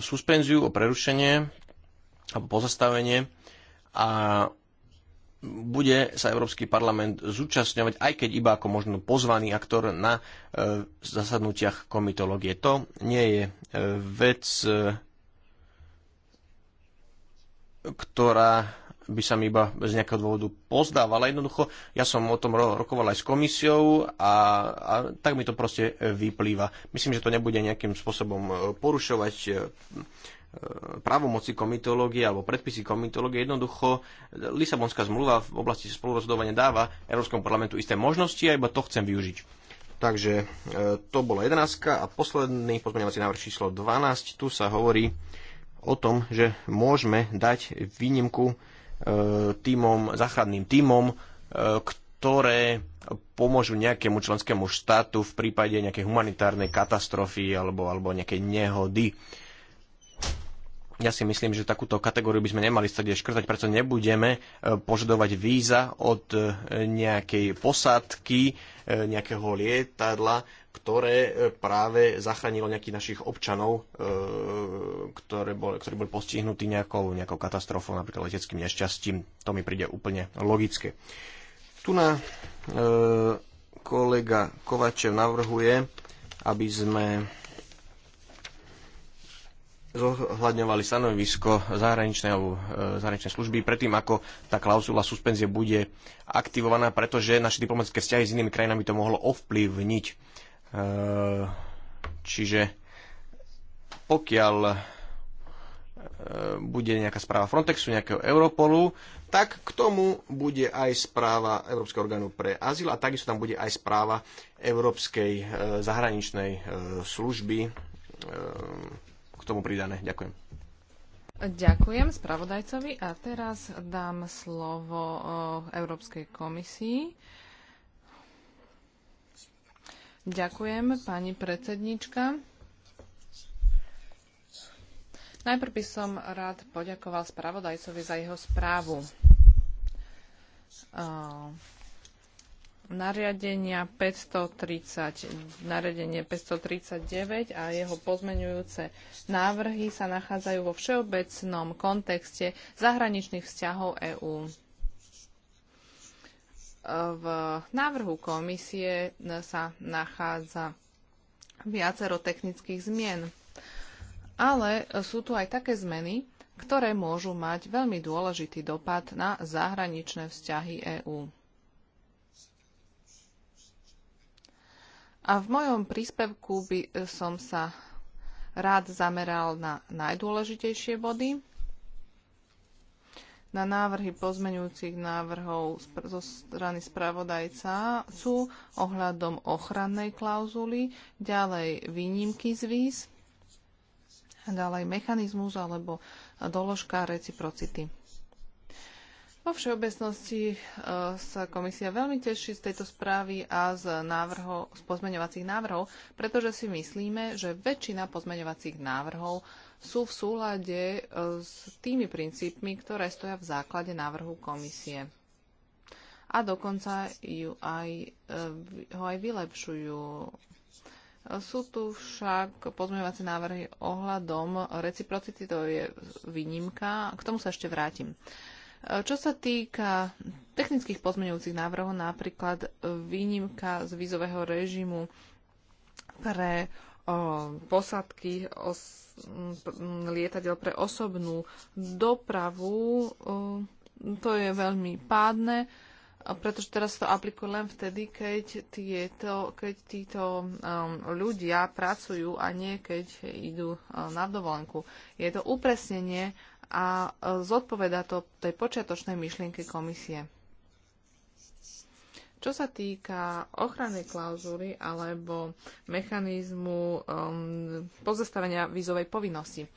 suspenziu, o prerušenie alebo pozastavenie a bude sa Európsky parlament zúčastňovať, aj keď iba ako možno pozvaný aktor na e, zasadnutiach komitológie. To nie je e, vec, e, ktorá by sa mi iba z nejakého dôvodu pozdávala. Jednoducho, ja som o tom rokoval aj s komisiou a, a tak mi to proste e, vyplýva. Myslím, že to nebude nejakým spôsobom e, porušovať e, právomoci komitológie alebo predpisy komitológie. Jednoducho Lisabonská zmluva v oblasti spolurozhodovania dáva Európskom parlamentu isté možnosti a iba to chcem využiť. Takže to bola 11. a posledný pozmeňovací návrh číslo 12. Tu sa hovorí o tom, že môžeme dať výnimku E, týmom, záchranným týmom, e, ktoré pomôžu nejakému členskému štátu v prípade nejakej humanitárnej katastrofy alebo, alebo nejakej nehody. Ja si myslím, že takúto kategóriu by sme nemali stade škrtať, preto nebudeme e, požadovať víza od nejakej posádky, nejakého lietadla, ktoré e, práve zachránilo nejakých našich občanov, e, ktoré boli, ktorí boli postihnutí nejakou, nejakou katastrofou, napríklad leteckým nešťastím. To mi príde úplne logické. Tu na e, kolega Kovačev navrhuje, aby sme zohľadňovali stanovisko zahraničnej, e, zahraničnej služby predtým, ako tá klauzula suspenzie bude aktivovaná, pretože naše diplomatické vzťahy s inými krajinami to mohlo ovplyvniť Eh, čiže pokiaľ eh, bude nejaká správa Frontexu, nejakého Europolu, tak k tomu bude aj správa Európskeho orgánu pre azyl a takisto tam bude aj správa Európskej eh, zahraničnej služby k tomu pridané. Ďakujem. Ďakujem spravodajcovi a teraz dám slovo Európskej komisii. Ďakujem, pani predsednička. Najprv by som rád poďakoval spravodajcovi za jeho správu. nariadenia 530, nariadenie 539 a jeho pozmenujúce návrhy sa nachádzajú vo všeobecnom kontexte zahraničných vzťahov EÚ v návrhu komisie sa nachádza viacero technických zmien. Ale sú tu aj také zmeny, ktoré môžu mať veľmi dôležitý dopad na zahraničné vzťahy EÚ. A v mojom príspevku by som sa rád zameral na najdôležitejšie body na návrhy pozmeňujúcich návrhov zo strany spravodajca sú ohľadom ochrannej klauzuly, ďalej výnimky z víz, ďalej mechanizmus alebo doložka reciprocity. Vo všeobecnosti e, sa komisia veľmi teší z tejto správy a z, návrho, z pozmeňovacích návrhov, pretože si myslíme, že väčšina pozmeňovacích návrhov sú v súlade e, s tými princípmi, ktoré stoja v základe návrhu komisie. A dokonca ju aj, e, ho aj vylepšujú. E, sú tu však pozmeňovacie návrhy ohľadom reciprocity, to je výnimka, k tomu sa ešte vrátim. Čo sa týka technických pozmeňujúcich návrhov, napríklad výnimka z vízového režimu pre o, posadky os, lietadiel pre osobnú dopravu. E, to je veľmi pádne, pretože teraz to aplikuje len vtedy, keď, tieto, keď títo um, ľudia pracujú a nie keď idú uh, na dovolenku. Je to upresnenie a uh, zodpoveda to tej počiatočnej myšlienke komisie. Čo sa týka ochrannej klauzuly alebo mechanizmu um, pozastavenia vízovej povinnosti,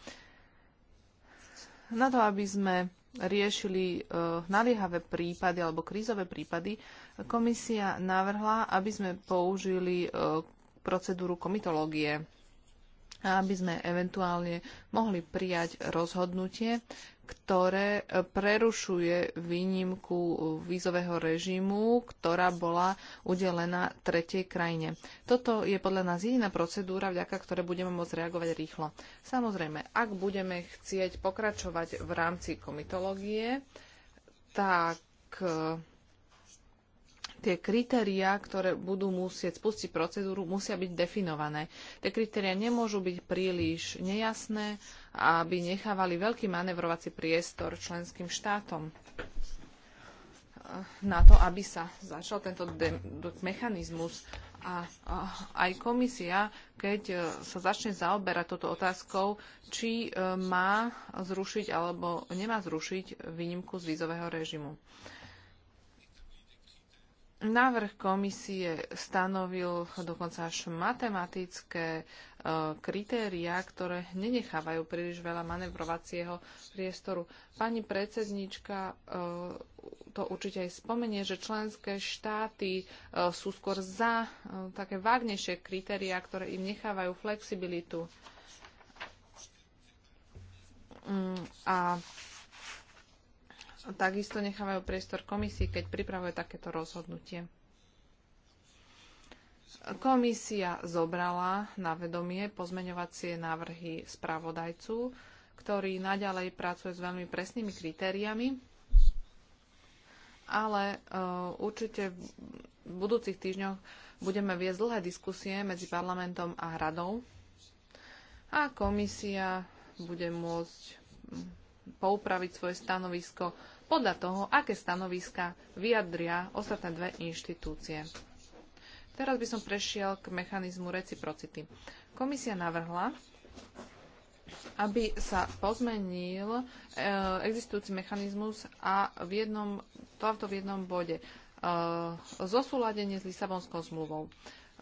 na to, aby sme riešili uh, naliehavé prípady alebo krízové prípady, komisia navrhla, aby sme použili uh, procedúru komitológie a aby sme eventuálne mohli prijať rozhodnutie, ktoré prerušuje výnimku vízového režimu, ktorá bola udelená tretej krajine. Toto je podľa nás jediná procedúra, vďaka ktoré budeme môcť reagovať rýchlo. Samozrejme, ak budeme chcieť pokračovať v rámci komitológie, tak tie kritériá, ktoré budú musieť spustiť procedúru, musia byť definované. Tie kritériá nemôžu byť príliš nejasné, aby nechávali veľký manevrovací priestor členským štátom na to, aby sa začal tento mechanizmus a, a aj komisia, keď e, sa začne zaoberať touto otázkou, či e, má zrušiť alebo nemá zrušiť výnimku z vízového režimu. Návrh komisie stanovil dokonca až matematické e, kritériá, ktoré nenechávajú príliš veľa manevrovacieho priestoru. Pani predsednička e, to určite aj spomenie, že členské štáty e, sú skôr za e, také vágnejšie kritériá, ktoré im nechávajú flexibilitu. Mm, a takisto nechávajú priestor komisii, keď pripravuje takéto rozhodnutie. Komisia zobrala na vedomie pozmeňovacie návrhy spravodajcu, ktorý naďalej pracuje s veľmi presnými kritériami, ale uh, určite v budúcich týždňoch budeme viesť dlhé diskusie medzi parlamentom a radou a komisia bude môcť poupraviť svoje stanovisko podľa toho, aké stanoviska vyjadria ostatné dve inštitúcie. Teraz by som prešiel k mechanizmu reciprocity. Komisia navrhla, aby sa pozmenil e, existujúci mechanizmus a v jednom, to v jednom bode e, zosúladenie s Lisabonskou zmluvou.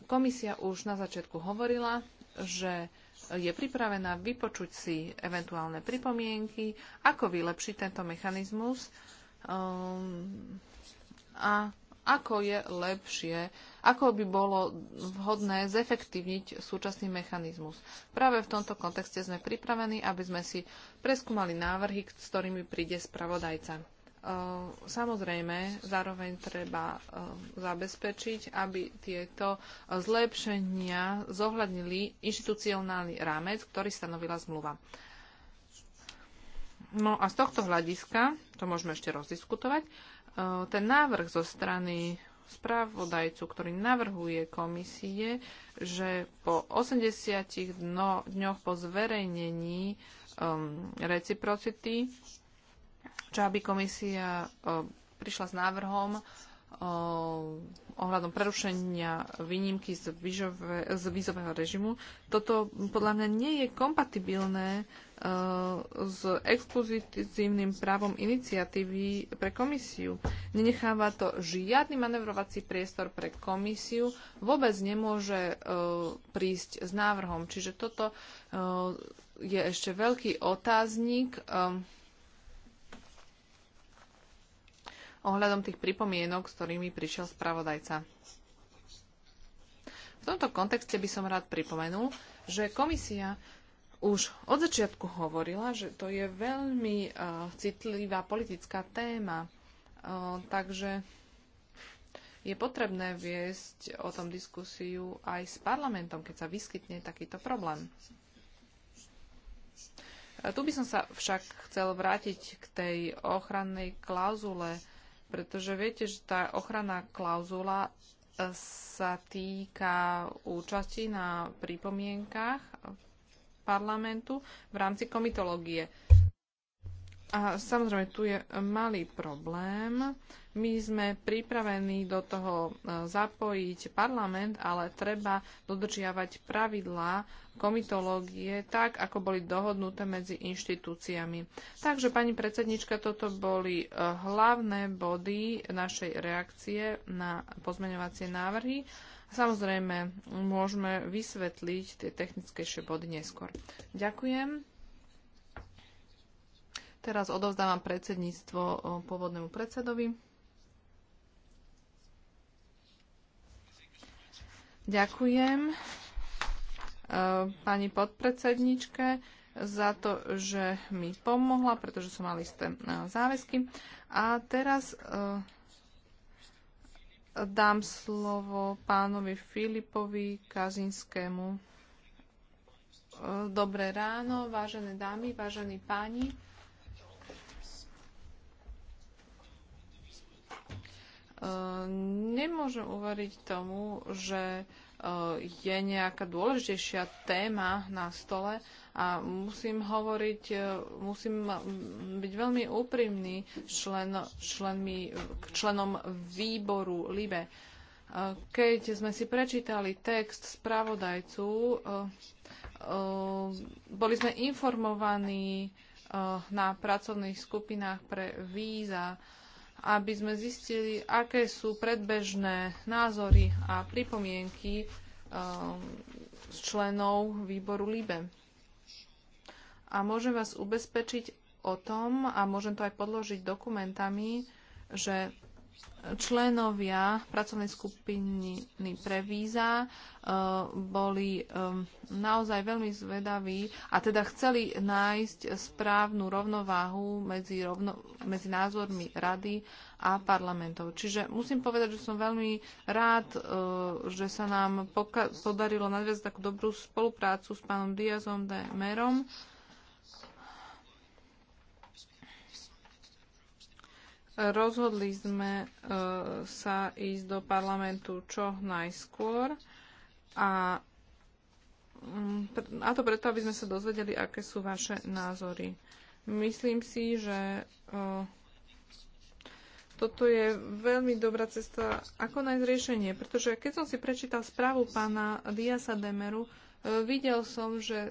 Komisia už na začiatku hovorila, že je pripravená vypočuť si eventuálne pripomienky, ako vylepšiť tento mechanizmus um, a ako je lepšie, ako by bolo vhodné zefektívniť súčasný mechanizmus. Práve v tomto kontexte sme pripravení, aby sme si preskúmali návrhy, s ktorými príde spravodajca. Eh, samozrejme, zároveň treba eh, zabezpečiť, aby tieto zlepšenia zohľadnili inštitucionálny rámec, ktorý stanovila zmluva. No a z tohto hľadiska, to môžeme ešte rozdiskutovať, eh, ten návrh zo strany správodajcu, ktorý navrhuje komisie, že po 80 dno, dňoch po zverejnení um, reciprocity čo aby komisia prišla s návrhom ohľadom prerušenia výnimky z, vížové, z vízového režimu. Toto podľa mňa nie je kompatibilné e, s exkluzitívnym právom iniciatívy pre komisiu. Nenecháva to žiadny manevrovací priestor pre komisiu, vôbec nemôže e, prísť s návrhom. Čiže toto e, je ešte veľký otáznik ehm, ohľadom tých pripomienok, s ktorými prišiel spravodajca. V tomto kontexte by som rád pripomenul, že komisia už od začiatku hovorila, že to je veľmi uh, citlivá politická téma. Uh, takže je potrebné viesť o tom diskusiu aj s parlamentom, keď sa vyskytne takýto problém. Eh, tu by som sa však chcel vrátiť k tej ochrannej klauzule pretože viete, že tá ochranná klauzula e, sa týka účasti na pripomienkách parlamentu v rámci komitológie. A samozrejme, tu je malý problém, my sme pripravení do toho e, zapojiť parlament, ale treba dodržiavať pravidlá komitológie tak, ako boli dohodnuté medzi inštitúciami. Takže, pani predsednička, toto boli e, hlavné body našej reakcie na pozmeňovacie návrhy. Samozrejme, môžeme vysvetliť tie technickejšie body neskôr. Ďakujem. Teraz odovzdávam predsedníctvo e, pôvodnému predsedovi. Ďakujem e, pani podpredsedničke za to, že mi pomohla, pretože som mala isté e, záväzky. A teraz e, dám slovo pánovi Filipovi Kazinskému. Dobré ráno, vážené dámy, vážení páni. nemôžem uveriť tomu, že eh, je nejaká dôležitejšia téma na stole a musím hovoriť, eh, musím byť veľmi úprimný člen, členmi, k členom výboru LIBE. Eh, keď sme si prečítali text spravodajcu, boli sme informovaní na pracovných skupinách pre víza, aby sme zistili, aké sú predbežné názory a pripomienky um, z členov výboru LIBE. A môžem vás ubezpečiť o tom, a môžem to aj podložiť dokumentami, že členovia pracovnej skupiny pre víza eh, boli eh, naozaj veľmi zvedaví a teda chceli nájsť správnu rovnováhu medzi, rovno, medzi názormi rady a parlamentov. Čiže musím povedať, že som veľmi rád, eh, že sa nám podarilo nadviazť takú dobrú spoluprácu s pánom Diazom de Merom Rozhodli sme e, sa ísť do parlamentu čo najskôr a, mm, a to preto, aby sme sa dozvedeli, aké sú vaše názory. Myslím si, že e, toto je veľmi dobrá cesta, ako nájsť riešenie, pretože keď som si prečítal správu pána Diasa Demeru, e, videl som, že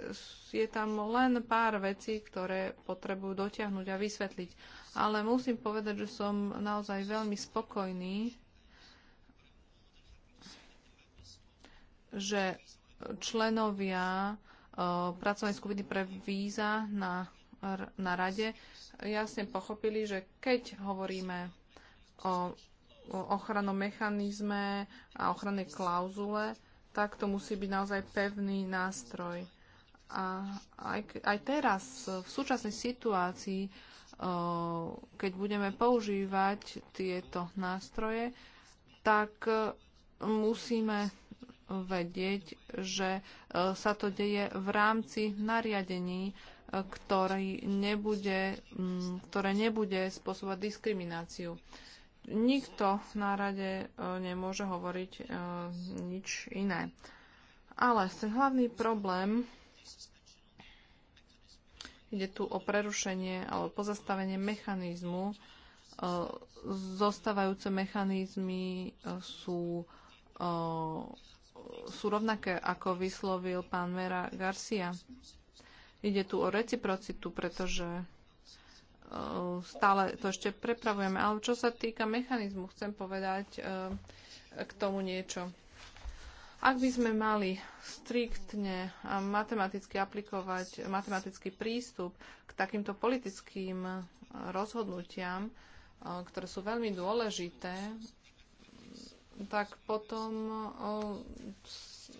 je tam len pár vecí, ktoré potrebujú dotiahnuť a vysvetliť ale musím povedať, že som naozaj veľmi spokojný, že členovia e, pracovnej skupiny pre víza na, na rade jasne pochopili, že keď hovoríme o, ochranom ochrannom mechanizme a ochrannej klauzule, tak to musí byť naozaj pevný nástroj. A aj, aj teraz, v súčasnej situácii, keď budeme používať tieto nástroje, tak e, musíme vedieť, že e, sa to deje v rámci nariadení, e, ktorý nebude, ktoré nebude spôsobovať diskrimináciu. Nikto na rade nemôže hovoriť nič iné. Ale hlavný problém Ide tu o prerušenie alebo pozastavenie mechanizmu. E, zostávajúce mechanizmy e, sú, e, sú rovnaké, ako vyslovil pán Vera Garcia. Ide tu o reciprocitu, pretože stále to ešte prepravujeme. Ale čo sa týka mechanizmu, chcem povedať k tomu niečo. Ak by sme mali striktne matematicky aplikovať matematický prístup k takýmto politickým rozhodnutiam, e, ktoré sú veľmi dôležité, tak potom e,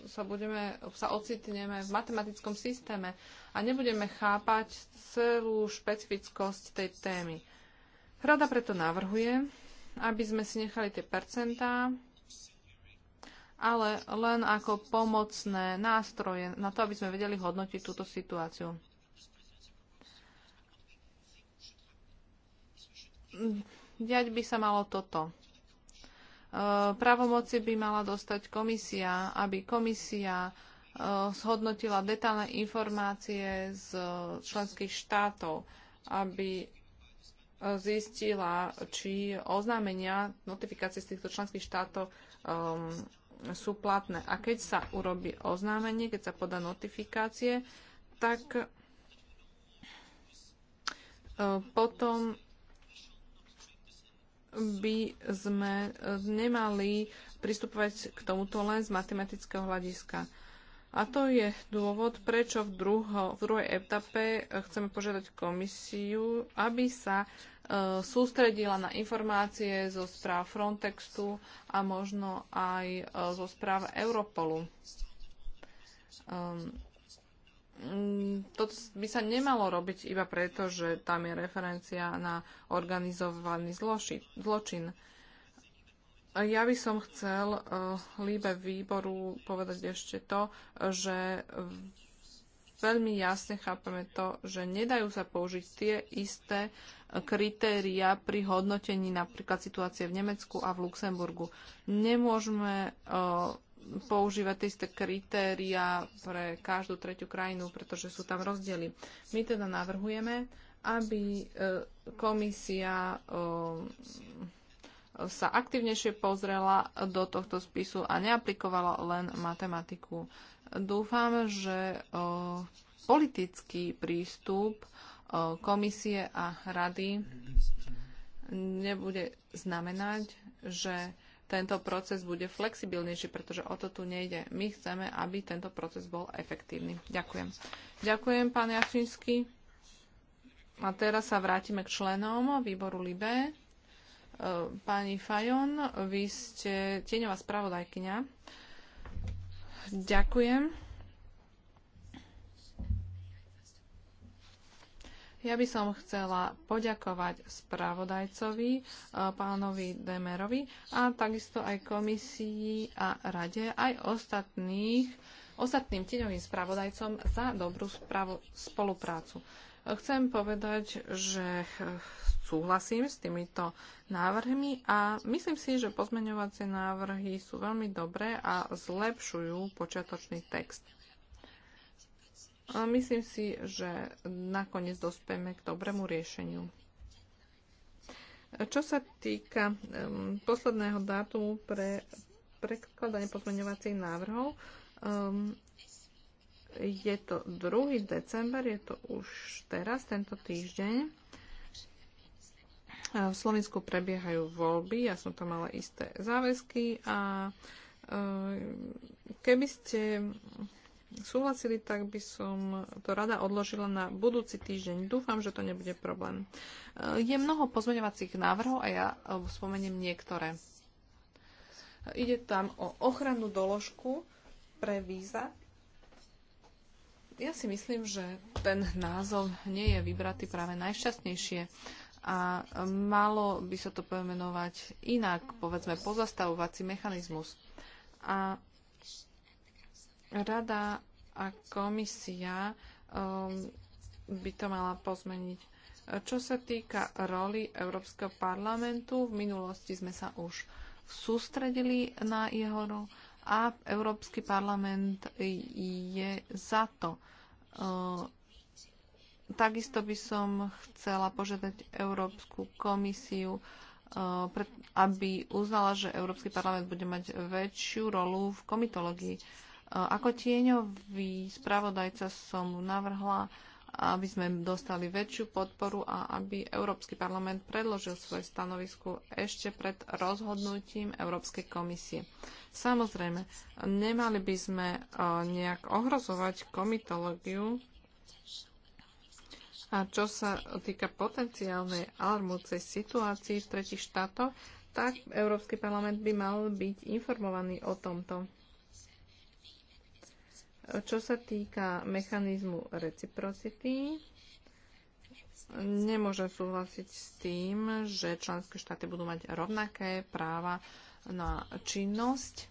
sa, budeme, sa ocitneme v matematickom systéme a nebudeme chápať celú špecifickosť tej témy. Rada preto navrhuje, aby sme si nechali tie percentá ale len ako pomocné nástroje na to, aby sme vedeli hodnotiť túto situáciu. Diať by sa malo toto. E, pravomoci by mala dostať komisia, aby komisia e, zhodnotila detálne informácie z členských štátov, aby zistila, či oznámenia, notifikácie z týchto členských štátov um, sú platné. A keď sa urobí oznámenie, keď sa podá notifikácie, tak e, potom by sme e, nemali pristupovať k tomuto len z matematického hľadiska. A to je dôvod, prečo v, druho, v druhej etape chceme požiadať komisiu, aby sa E, sústredila na informácie zo správ Frontextu a možno aj e, zo správ Europolu. Ehm, mm, to by sa nemalo robiť iba preto, že tam je referencia na organizovaný zločin. Ja by som chcel e, líbe výboru povedať ešte to, že veľmi jasne chápeme to, že nedajú sa použiť tie isté kritéria pri hodnotení napríklad situácie v Nemecku a v Luxemburgu. Nemôžeme e, používať tie isté kritéria pre každú tretiu krajinu, pretože sú tam rozdiely. My teda navrhujeme, aby e, komisia e, sa aktivnejšie pozrela do tohto spisu a neaplikovala len matematiku. Dúfam, že politický prístup komisie a rady nebude znamenať, že tento proces bude flexibilnejší, pretože o to tu nejde. My chceme, aby tento proces bol efektívny. Ďakujem. Ďakujem, pán Jašinsky. A teraz sa vrátime k členom výboru LIBE. E, pani Fajon, vy ste tieňová spravodajkynia. Ďakujem. Ja by som chcela poďakovať spravodajcovi, e, pánovi Demerovi a takisto aj komisii a rade, aj ostatných, ostatným tieňovým spravodajcom za dobrú spoluprácu. E, chcem povedať, že súhlasím s týmito návrhmi a myslím si, že pozmeňovacie návrhy sú veľmi dobré a zlepšujú počiatočný text. Myslím si, že nakoniec dospieme k dobrému riešeniu. Čo sa týka um, posledného dátumu pre prekladanie pozmeňovacích návrhov, um, je to 2. december, je to už teraz, tento týždeň. V Slovensku prebiehajú voľby, ja som tam mala isté záväzky a keby ste súhlasili, tak by som to rada odložila na budúci týždeň. Dúfam, že to nebude problém. E, je mnoho pozmeňovacích návrhov a ja e, spomeniem niektoré. Ide tam o ochrannú doložku pre víza. Ja si myslím, že ten názov nie je vybratý práve najšťastnejšie a malo by sa to pomenovať inak, povedzme pozastavovací mechanizmus. A Rada a komisia um, by to mala pozmeniť. Čo sa týka roli Európskeho parlamentu, v minulosti sme sa už sústredili na jeho rolu a Európsky parlament je za to. Uh, takisto by som chcela požiadať Európsku komisiu, uh, aby uznala, že Európsky parlament bude mať väčšiu rolu v komitológii ako tieňový spravodajca som navrhla, aby sme dostali väčšiu podporu a aby Európsky parlament predložil svoje stanovisko ešte pred rozhodnutím Európskej komisie. Samozrejme, nemali by sme e, nejak ohrozovať komitológiu a čo sa týka potenciálnej alarmúcej situácii v tretich štátoch, tak Európsky parlament by mal byť informovaný o tomto. Čo sa týka mechanizmu reciprocity, nemôžem súhlasiť s tým, že členské štáty budú mať rovnaké práva na činnosť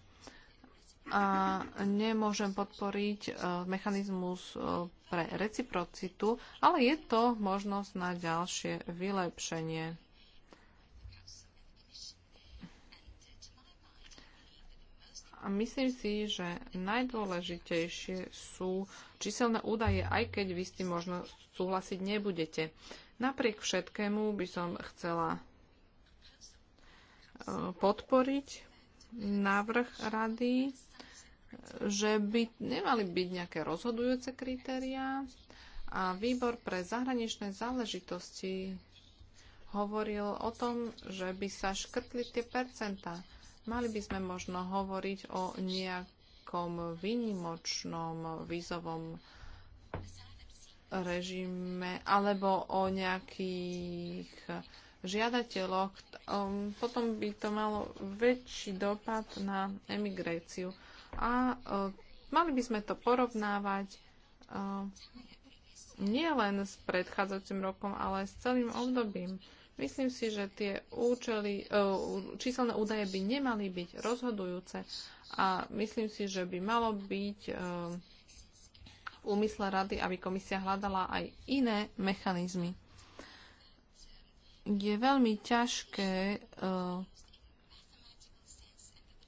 a nemôžem podporiť e, mechanizmus e, pre reciprocitu, ale je to možnosť na ďalšie vylepšenie. myslím si, že najdôležitejšie sú číselné údaje, aj keď vy s tým možno súhlasiť nebudete. Napriek všetkému by som chcela e, podporiť návrh rady, e, že by nemali byť nejaké rozhodujúce kritériá a výbor pre zahraničné záležitosti hovoril o tom, že by sa škrtli tie percentá. Mali by sme možno hovoriť o nejakom výnimočnom vízovom režime alebo o nejakých žiadateľoch. Um, potom by to malo väčší dopad na emigráciu. A uh, mali by sme to porovnávať uh, nielen s predchádzajúcim rokom, ale s celým obdobím. Myslím si, že tie účely, e, číselné údaje by nemali byť rozhodujúce a myslím si, že by malo byť e, v úmysle rady, aby komisia hľadala aj iné mechanizmy. Je veľmi ťažké, e,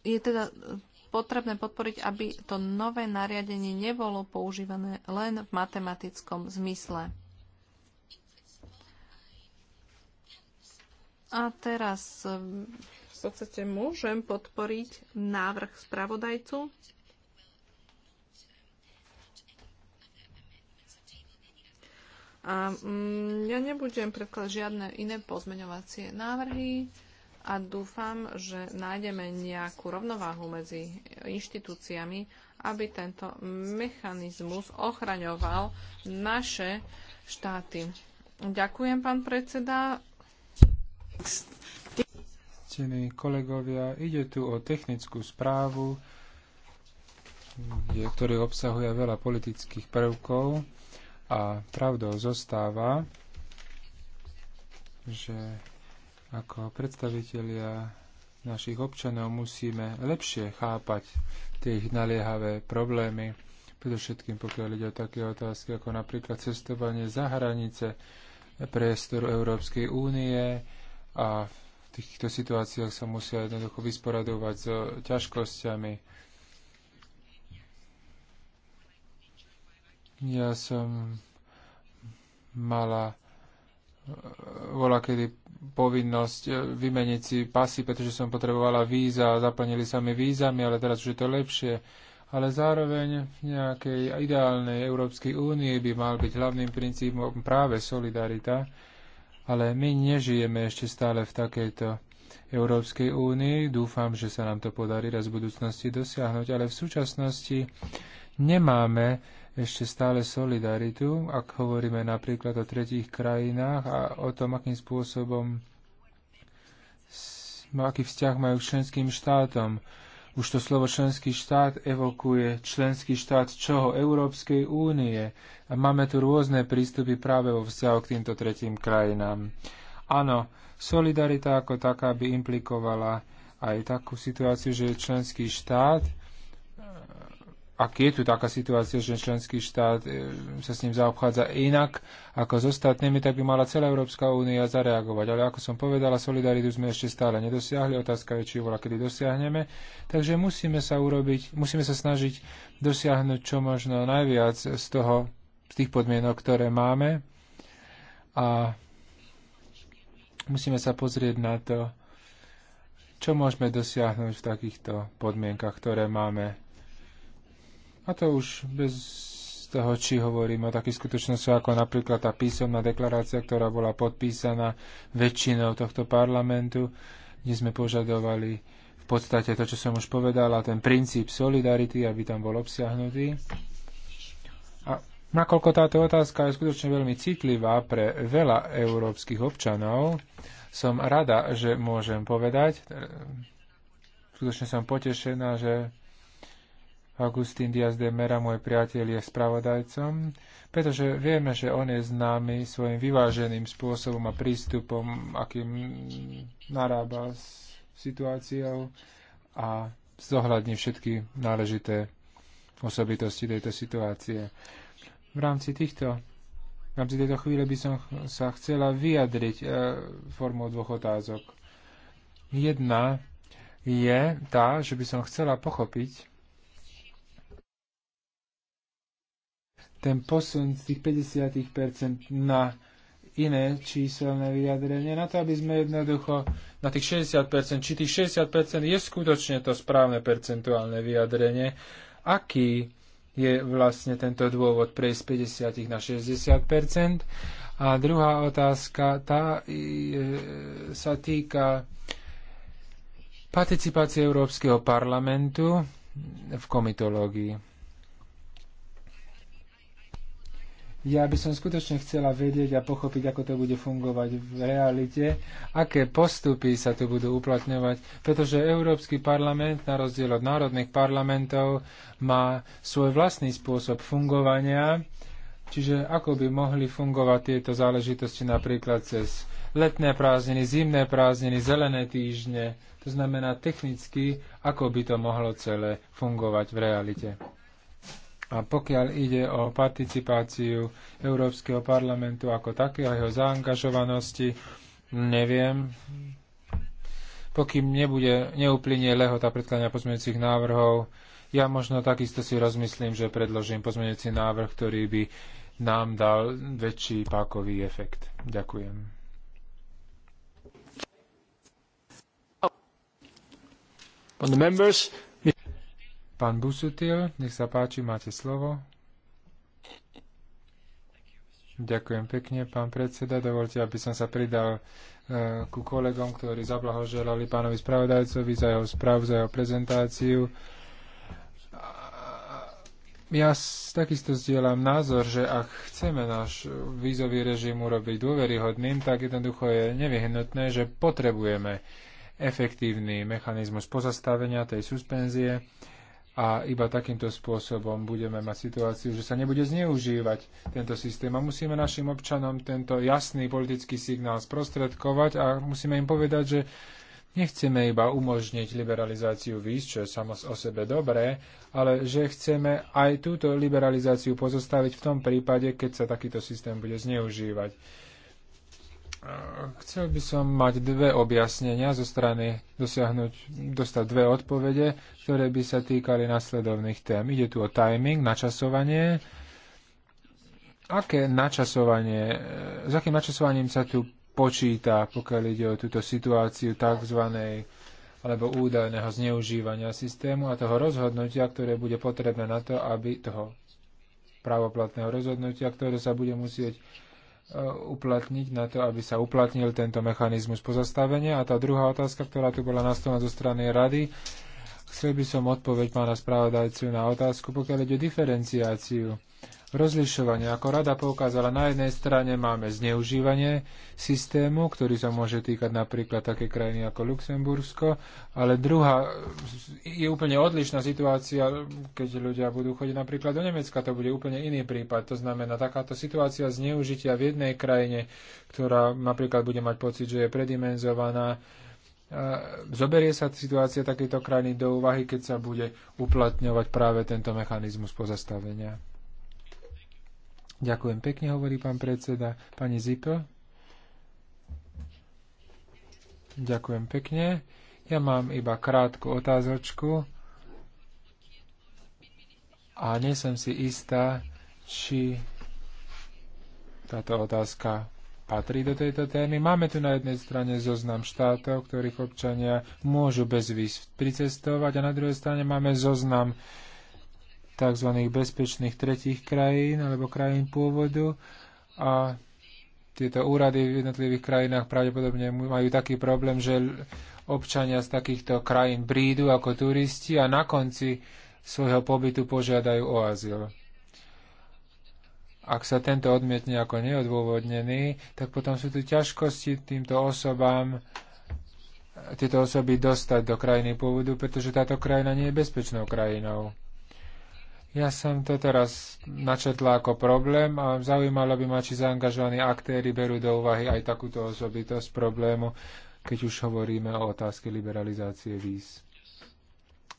je teda potrebné podporiť, aby to nové nariadenie nebolo používané len v matematickom zmysle. A teraz ehm, v podstate môžem podporiť návrh spravodajcu. A mm, ja nebudem predkladať žiadne iné pozmeňovacie návrhy a dúfam, že nájdeme nejakú rovnováhu medzi inštitúciami, aby tento mechanizmus ochraňoval naše štáty. Ďakujem, pán predseda kolegovia, ide tu o technickú správu, ktorý obsahuje veľa politických prvkov a pravdou zostáva, že ako predstavitelia našich občanov musíme lepšie chápať tie ich naliehavé problémy, predovšetkým pokiaľ ide o také otázky ako napríklad cestovanie za hranice priestoru Európskej únie, a v týchto situáciách sa musia jednoducho vysporadovať s ťažkosťami. Ja som mala bola kedy povinnosť eh, vymeniť si pasy, pretože som potrebovala víza a zaplnili sa mi vízami, ale teraz už je to lepšie. Ale zároveň v nejakej ideálnej Európskej únii by mal byť hlavným princípom práve solidarita ale my nežijeme ešte stále v takejto Európskej únii. Dúfam, že sa nám to podarí raz v budúcnosti dosiahnuť, ale v súčasnosti nemáme ešte stále solidaritu, ak hovoríme napríklad o tretích krajinách a o tom, akým spôsobom aký vzťah majú k členským štátom. Už to slovo členský štát evokuje členský štát čoho? Európskej únie. A máme tu rôzne prístupy práve vo vzťahu k týmto tretím krajinám. Áno, solidarita ako taká by implikovala aj takú situáciu, že členský štát ak je tu taká situácia, že členský štát e, sa s ním zaobchádza inak ako s ostatnými, tak by mala celá Európska únia zareagovať. Ale ako som povedala, solidaritu sme ešte stále nedosiahli, otázka je, či ju kedy dosiahneme. Takže musíme sa, urobiť, musíme sa snažiť dosiahnuť čo možno najviac z, toho, z tých podmienok, ktoré máme. A musíme sa pozrieť na to, čo môžeme dosiahnuť v takýchto podmienkach, ktoré máme a to už bez toho, či hovoríme o takých skutočnostiach ako napríklad tá písomná deklarácia, ktorá bola podpísaná väčšinou tohto parlamentu, kde sme požadovali v podstate to, čo som už povedala, ten princíp solidarity, aby tam bol obsiahnutý. A nakoľko táto otázka je skutočne veľmi citlivá pre veľa európskych občanov, som rada, že môžem povedať, e, skutočne som potešená, že Agustín Diaz de Mera, môj priateľ, je spravodajcom, pretože vieme, že on je známy svojim vyváženým spôsobom a prístupom, akým narába s situáciou a zohľadní všetky náležité osobitosti tejto situácie. V rámci týchto v rámci tejto chvíle by som sa chcela vyjadriť e, formou dvoch otázok. Jedna je tá, že by som chcela pochopiť, ten posun z tých 50% na iné číselné vyjadrenie, na to, aby sme jednoducho na tých 60%, či tých 60% je skutočne to správne percentuálne vyjadrenie, aký je vlastne tento dôvod prejsť z 50 na 60 A druhá otázka, tá je, sa týka participácie Európskeho parlamentu v komitológii. Ja by som skutočne chcela vedieť a pochopiť, ako to bude fungovať v realite, aké postupy sa tu budú uplatňovať, pretože Európsky parlament, na rozdiel od národných parlamentov, má svoj vlastný spôsob fungovania, čiže ako by mohli fungovať tieto záležitosti napríklad cez letné prázdniny, zimné prázdniny, zelené týždne, to znamená technicky, ako by to mohlo celé fungovať v realite. A pokiaľ ide o participáciu Európskeho parlamentu ako takého, jeho zaangažovanosti, neviem, pokým nebude, neuplynie lehota predkladania pozmeňujúcich návrhov, ja možno takisto si rozmyslím, že predložím pozmeňujúci návrh, ktorý by nám dal väčší pákový efekt. Ďakujem. members, Pán Busutil, nech sa páči, máte slovo. Ďakujem pekne, pán predseda. Dovolte, aby som sa pridal e, ku kolegom, ktorí zablahoželali pánovi spravodajcovi za jeho správu, za jeho prezentáciu. Ja takisto zdieľam názor, že ak chceme náš vízový režim urobiť dôveryhodným, tak jednoducho je nevyhnutné, že potrebujeme efektívny mechanizmus pozastavenia tej suspenzie a iba takýmto spôsobom budeme mať situáciu, že sa nebude zneužívať tento systém. A musíme našim občanom tento jasný politický signál sprostredkovať a musíme im povedať, že nechceme iba umožniť liberalizáciu výsť, čo je samo o sebe dobré, ale že chceme aj túto liberalizáciu pozostaviť v tom prípade, keď sa takýto systém bude zneužívať. Chcel by som mať dve objasnenia zo strany dosiahnuť, dostať dve odpovede, ktoré by sa týkali nasledovných tém. Ide tu o timing, načasovanie. Aké načasovanie, eh, s akým načasovaním sa tu počíta, pokiaľ ide o túto situáciu tzv. alebo údajného zneužívania systému a toho rozhodnutia, ktoré bude potrebné na to, aby toho právoplatného rozhodnutia, ktoré sa bude musieť Eh, uplatniť na to, aby sa uplatnil tento mechanizmus pozastavenia. A tá druhá otázka, ktorá tu bola nastavená zo strany rady, chcel by som odpoveď pána správodajcu na otázku, pokiaľ ide o diferenciáciu rozlišovanie. Ako rada poukázala, na jednej strane máme zneužívanie systému, ktorý sa môže týkať napríklad také krajiny ako Luxembursko, ale druhá je úplne odlišná situácia, keď ľudia budú chodiť napríklad do Nemecka, to bude úplne iný prípad. To znamená, takáto situácia zneužitia v jednej krajine, ktorá napríklad bude mať pocit, že je predimenzovaná, zoberie sa situácia takéto krajiny do úvahy, keď sa bude uplatňovať práve tento mechanizmus pozastavenia. Ďakujem pekne, hovorí pán predseda. Pani Zipel? Ďakujem pekne. Ja mám iba krátku otázočku a nie som si istá, či táto otázka patrí do tejto témy. Máme tu na jednej strane zoznam štátov, ktorých občania môžu bez výsť pricestovať a na druhej strane máme zoznam tzv. bezpečných tretích krajín alebo krajín pôvodu a tieto úrady v jednotlivých krajinách pravdepodobne majú taký problém, že občania z takýchto krajín prídu ako turisti a na konci svojho pobytu požiadajú o azyl. Ak sa tento odmietne ako neodôvodnený, tak potom sú tu ťažkosti týmto osobám tieto osoby dostať do krajiny pôvodu, pretože táto krajina nie je bezpečnou krajinou. Ja som to teraz načetla ako problém a zaujímalo by ma, či zaangažovaní aktéry berú do úvahy aj takúto osobitosť problému, keď už hovoríme o otázke liberalizácie víz.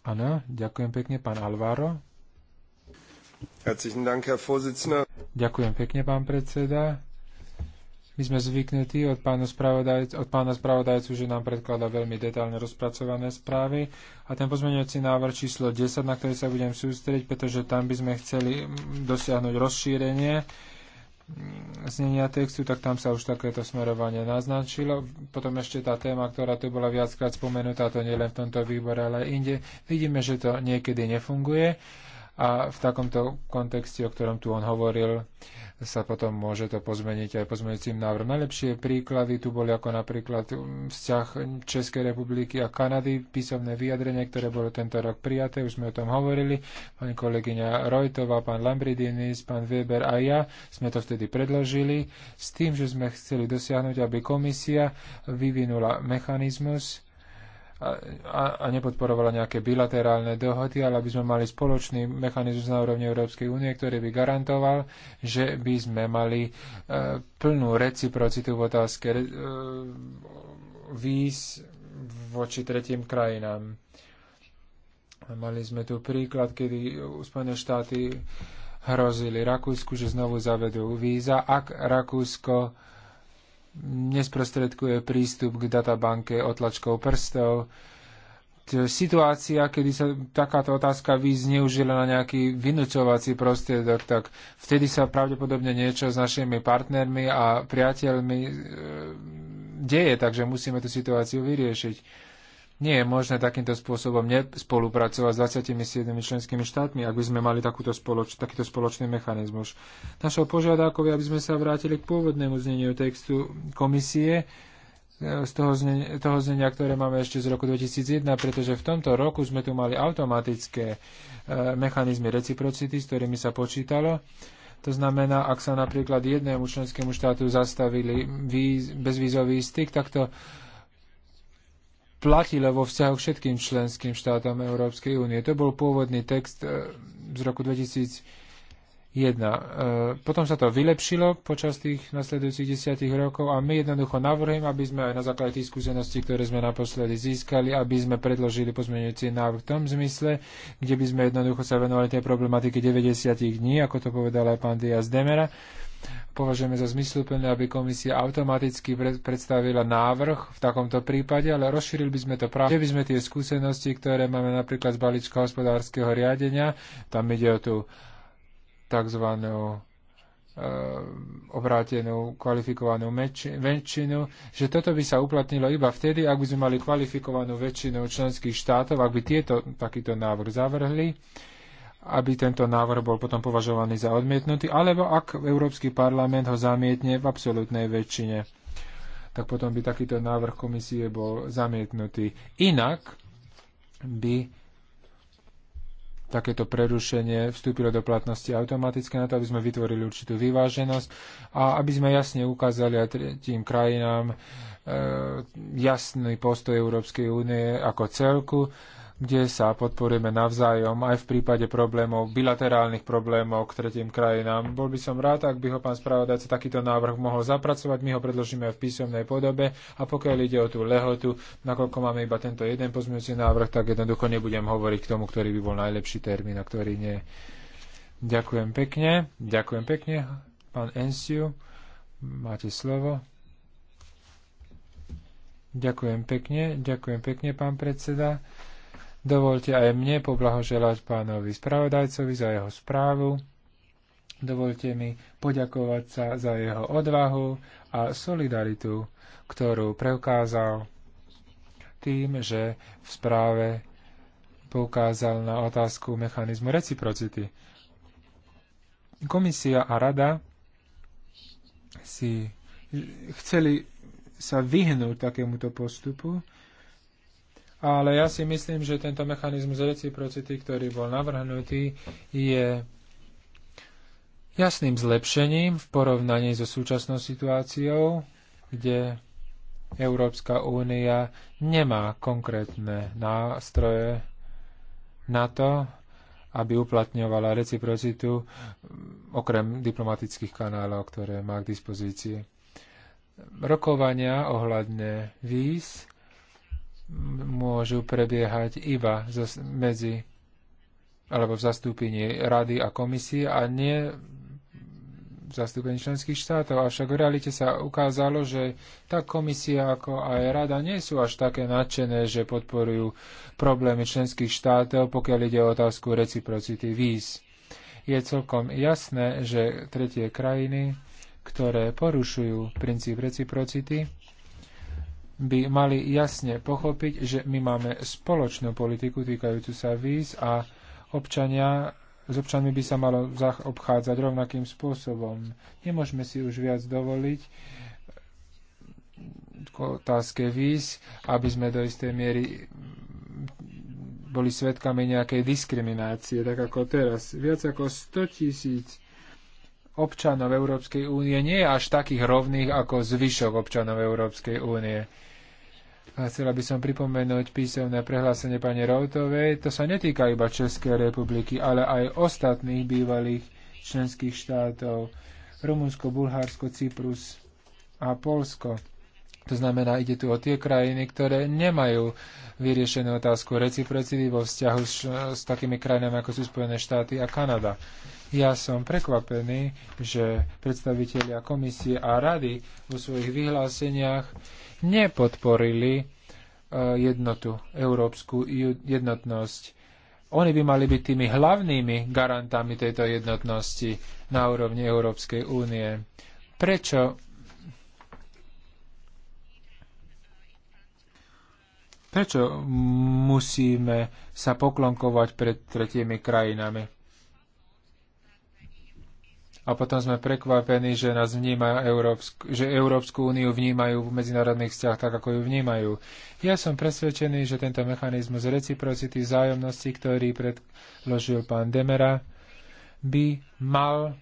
Áno, ďakujem pekne, pán Alvaro. Ďakujem pekne, pán predseda. My sme zvyknutí od pána, od pána spravodajcu, že nám predkladá veľmi detálne rozpracované správy a ten pozmeňujúci návrh číslo 10, na ktorý sa budem sústrediť, pretože tam by sme chceli mm, dosiahnuť rozšírenie mm, znenia textu, tak tam sa už takéto smerovanie naznačilo. Potom ešte tá téma, ktorá tu bola viackrát spomenutá, to nie len v tomto výbore, ale aj inde. Vidíme, že to niekedy nefunguje a v takomto kontexte, o ktorom tu on hovoril, sa potom môže to pozmeniť aj pozmeňujúcim návrhom. Najlepšie príklady tu boli ako napríklad um, vzťah Českej republiky a Kanady, písomné vyjadrenie, ktoré bolo tento rok prijaté, už sme o tom hovorili. Pani kolegyňa Rojtová, pán Lambridinis, pán Weber a ja sme to vtedy predložili s tým, že sme chceli dosiahnuť, aby komisia vyvinula mechanizmus, a, a nepodporovala nejaké bilaterálne dohody, ale aby sme mali spoločný mechanizmus na úrovni Európskej únie, ktorý by garantoval, že by sme mali e, plnú reciprocitu v otázke e, víz voči tretím krajinám. Mali sme tu príklad, kedy Spojené štáty hrozili Rakúsku, že znovu zavedú víza, ak Rakúsko nesprostredkuje prístup k databanke otlačkou prstov. Situácia, kedy sa takáto otázka zneužila na nejaký vynúčovací prostriedok, tak vtedy sa pravdepodobne niečo s našimi partnermi a priateľmi e, deje, takže musíme tú situáciu vyriešiť nie je možné takýmto spôsobom nespolupracovať s 27 členskými štátmi, ak by sme mali takúto spoloč, takýto spoločný mechanizmus. Našou požiadavkou je, aby sme sa vrátili k pôvodnému zneniu textu komisie, e, z toho znenia, toho znenia, ktoré máme ešte z roku 2001, pretože v tomto roku sme tu mali automatické e, mechanizmy reciprocity, s ktorými sa počítalo. To znamená, ak sa napríklad jednému členskému štátu zastavili víz, bezvízový styk, tak to platilo vo vzťahu všetkým členským štátom Európskej únie. To bol pôvodný text e, z roku 2001. E, potom sa to vylepšilo počas tých nasledujúcich desiatich rokov a my jednoducho navrhujem, aby sme aj na základe tých skúseností, ktoré sme naposledy získali, aby sme predložili pozmeňujúci návrh v tom zmysle, kde by sme jednoducho sa venovali tej problematike 90 dní, ako to povedal aj pán Diaz Demera. Považujeme za zmysluplné, aby komisia automaticky predstavila návrh v takomto prípade, ale rozšírili by sme to práve, že by sme tie skúsenosti, ktoré máme napríklad z balíčka hospodárskeho riadenia, tam ide o tú tzv eh, obrátenú kvalifikovanú väčšinu, že toto by sa uplatnilo iba vtedy, ak by sme mali kvalifikovanú väčšinu členských štátov, ak by tieto takýto návrh zavrhli aby tento návrh bol potom považovaný za odmietnutý, alebo ak Európsky parlament ho zamietne v absolútnej väčšine, tak potom by takýto návrh komisie bol zamietnutý. Inak by takéto prerušenie vstúpilo do platnosti automaticky na to, aby sme vytvorili určitú vyváženosť a aby sme jasne ukázali aj tým krajinám e, jasný postoj Európskej únie ako celku, kde sa podporujeme navzájom aj v prípade problémov, bilaterálnych problémov k tretím krajinám. Bol by som rád, ak by ho pán spravodajca takýto návrh mohol zapracovať. My ho predložíme v písomnej podobe a pokiaľ ide o tú lehotu, nakoľko máme iba tento jeden pozmeňujúci návrh, tak jednoducho nebudem hovoriť k tomu, ktorý by bol najlepší termín a ktorý nie. Ďakujem pekne. Ďakujem pekne. Pán Ensiu, máte slovo. Ďakujem pekne, ďakujem pekne, pán predseda. Dovolte aj mne poblahoželať pánovi spravodajcovi za jeho správu. Dovolte mi poďakovať sa za jeho odvahu a solidaritu, ktorú preukázal tým, že v správe poukázal na otázku mechanizmu reciprocity. Komisia a rada si chceli sa vyhnúť takémuto postupu ale ja si myslím, že tento mechanizmus reciprocity, ktorý bol navrhnutý, je jasným zlepšením v porovnaní so súčasnou situáciou, kde Európska únia nemá konkrétne nástroje na to, aby uplatňovala reciprocitu okrem diplomatických kanálov, ktoré má k dispozícii. Rokovania ohľadne víz môžu prebiehať iba medzi alebo v zastúpení rady a komisie a nie v zastúpení členských štátov. Avšak v realite sa ukázalo, že tak komisia ako aj rada nie sú až také nadšené, že podporujú problémy členských štátov, pokiaľ ide o otázku reciprocity víz. Je celkom jasné, že tretie krajiny, ktoré porušujú princíp reciprocity, by mali jasne pochopiť, že my máme spoločnú politiku týkajúcu sa víz a občania, s občanmi by sa malo obchádzať rovnakým spôsobom. Nemôžeme si už viac dovoliť k otázke víz, aby sme do istej miery boli svetkami nejakej diskriminácie, tak ako teraz. Viac ako 100 tisíc občanov Európskej únie nie je až takých rovných ako zvyšok občanov Európskej únie. A chcela by som pripomenúť písomné prehlásenie pani Routovej. To sa netýka iba Českej republiky, ale aj ostatných bývalých členských štátov. Rumunsko, Bulharsko, Cyprus a Polsko. To znamená, ide tu o tie krajiny, ktoré nemajú vyriešenú otázku reciprocity vo vzťahu s, s takými krajinami, ako sú Spojené štáty a Kanada. Ja som prekvapený, že predstavitelia komisie a rady vo svojich vyhláseniach nepodporili e, jednotu, európsku jednotnosť. Oni by mali byť tými hlavnými garantami tejto jednotnosti na úrovni Európskej únie. Prečo Prečo musíme sa poklonkovať pred tretiemi krajinami? A potom sme prekvapení, že nás vníma Európsk, že Európsku úniu vnímajú v medzinárodných vzťahoch tak, ako ju vnímajú. Ja som presvedčený, že tento mechanizmus reciprocity vzájomnosti, ktorý predložil pán Demera, by mal e,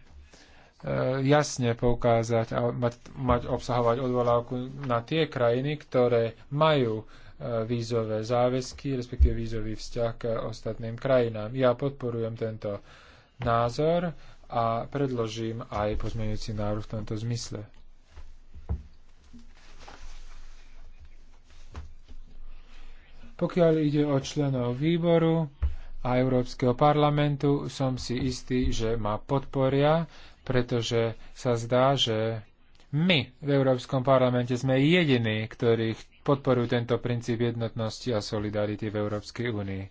jasne poukázať a mať, mať obsahovať odvolávku na tie krajiny, ktoré majú vízové záväzky, respektíve vízový vzťah k ostatným krajinám. Ja podporujem tento názor a predložím aj pozmeňujúci návrh v tomto zmysle. Pokiaľ ide o členov výboru a Európskeho parlamentu, som si istý, že ma podporia, pretože sa zdá, že my v Európskom parlamente sme jediní, ktorých podporujú tento princíp jednotnosti a solidarity v Európskej únii.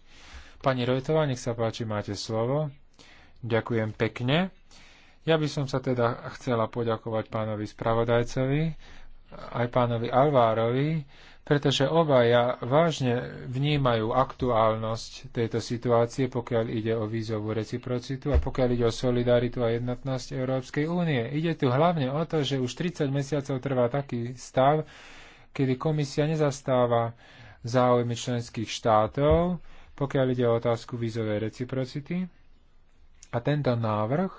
Pani Rojtová, nech sa páči, máte slovo. Ďakujem pekne. Ja by som sa teda chcela poďakovať pánovi spravodajcovi, aj pánovi Alvárovi, pretože obaja vážne vnímajú aktuálnosť tejto situácie, pokiaľ ide o vízovú reciprocitu a pokiaľ ide o solidaritu a jednotnosť Európskej únie. Ide tu hlavne o to, že už 30 mesiacov trvá taký stav, kedy komisia nezastáva záujmy členských štátov, pokiaľ ide o otázku vízovej reciprocity. A tento návrh,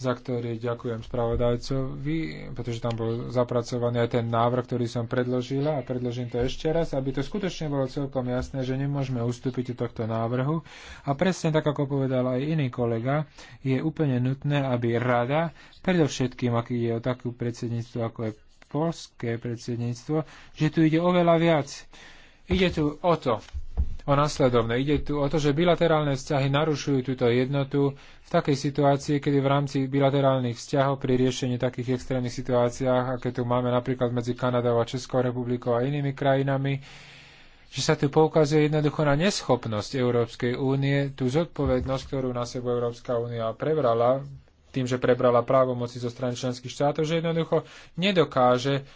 za ktorý ďakujem spravodajcovi, pretože tam bol zapracovaný aj ten návrh, ktorý som predložila a predložím to ešte raz, aby to skutočne bolo celkom jasné, že nemôžeme ustúpiť od tohto návrhu. A presne tak, ako povedal aj iný kolega, je úplne nutné, aby rada, predovšetkým, ak ide o takú predsedníctvo, ako je polské predsedníctvo, že tu ide oveľa viac. Ide tu o to, o nasledovné. Ide tu o to, že bilaterálne vzťahy narušujú túto jednotu v takej situácii, kedy v rámci bilaterálnych vzťahov pri riešení takých extrémnych situáciách, aké tu máme napríklad medzi Kanadou a Českou republikou a inými krajinami, že sa tu poukazuje jednoducho na neschopnosť Európskej únie, tú zodpovednosť, ktorú na seba Európska únia prebrala tým, že prebrala právomoci zo strany členských štátov, že jednoducho nedokáže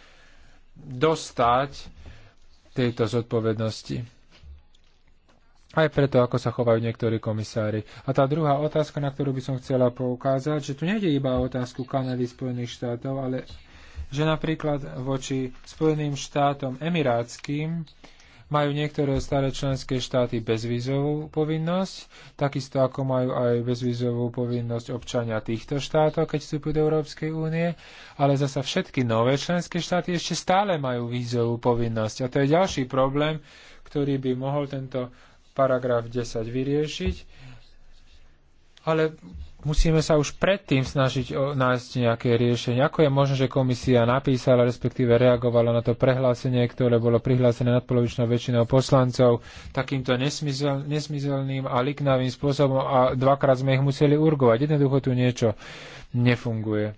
dostať tejto zodpovednosti. Aj preto, ako sa chovajú niektorí komisári. A tá druhá otázka, na ktorú by som chcela poukázať, že tu nejde iba o otázku Kanady Spojených štátov, ale že napríklad voči Spojeným štátom emirátským majú niektoré staré členské štáty bezvízovú povinnosť, takisto ako majú aj bezvízovú povinnosť občania týchto štátov, keď vstupujú do Európskej únie, ale zasa všetky nové členské štáty ešte stále majú vízovú povinnosť. A to je ďalší problém, ktorý by mohol tento paragraf 10 vyriešiť. Ale musíme sa už predtým snažiť o, nájsť nejaké riešenie. Ako je možné, že komisia napísala, respektíve reagovala na to prehlásenie, ktoré bolo prihlásené nadpolovičnou väčšinou poslancov takýmto nesmysel, nesmyselným a liknavým spôsobom a dvakrát sme ich museli urgovať. Jednoducho tu niečo nefunguje.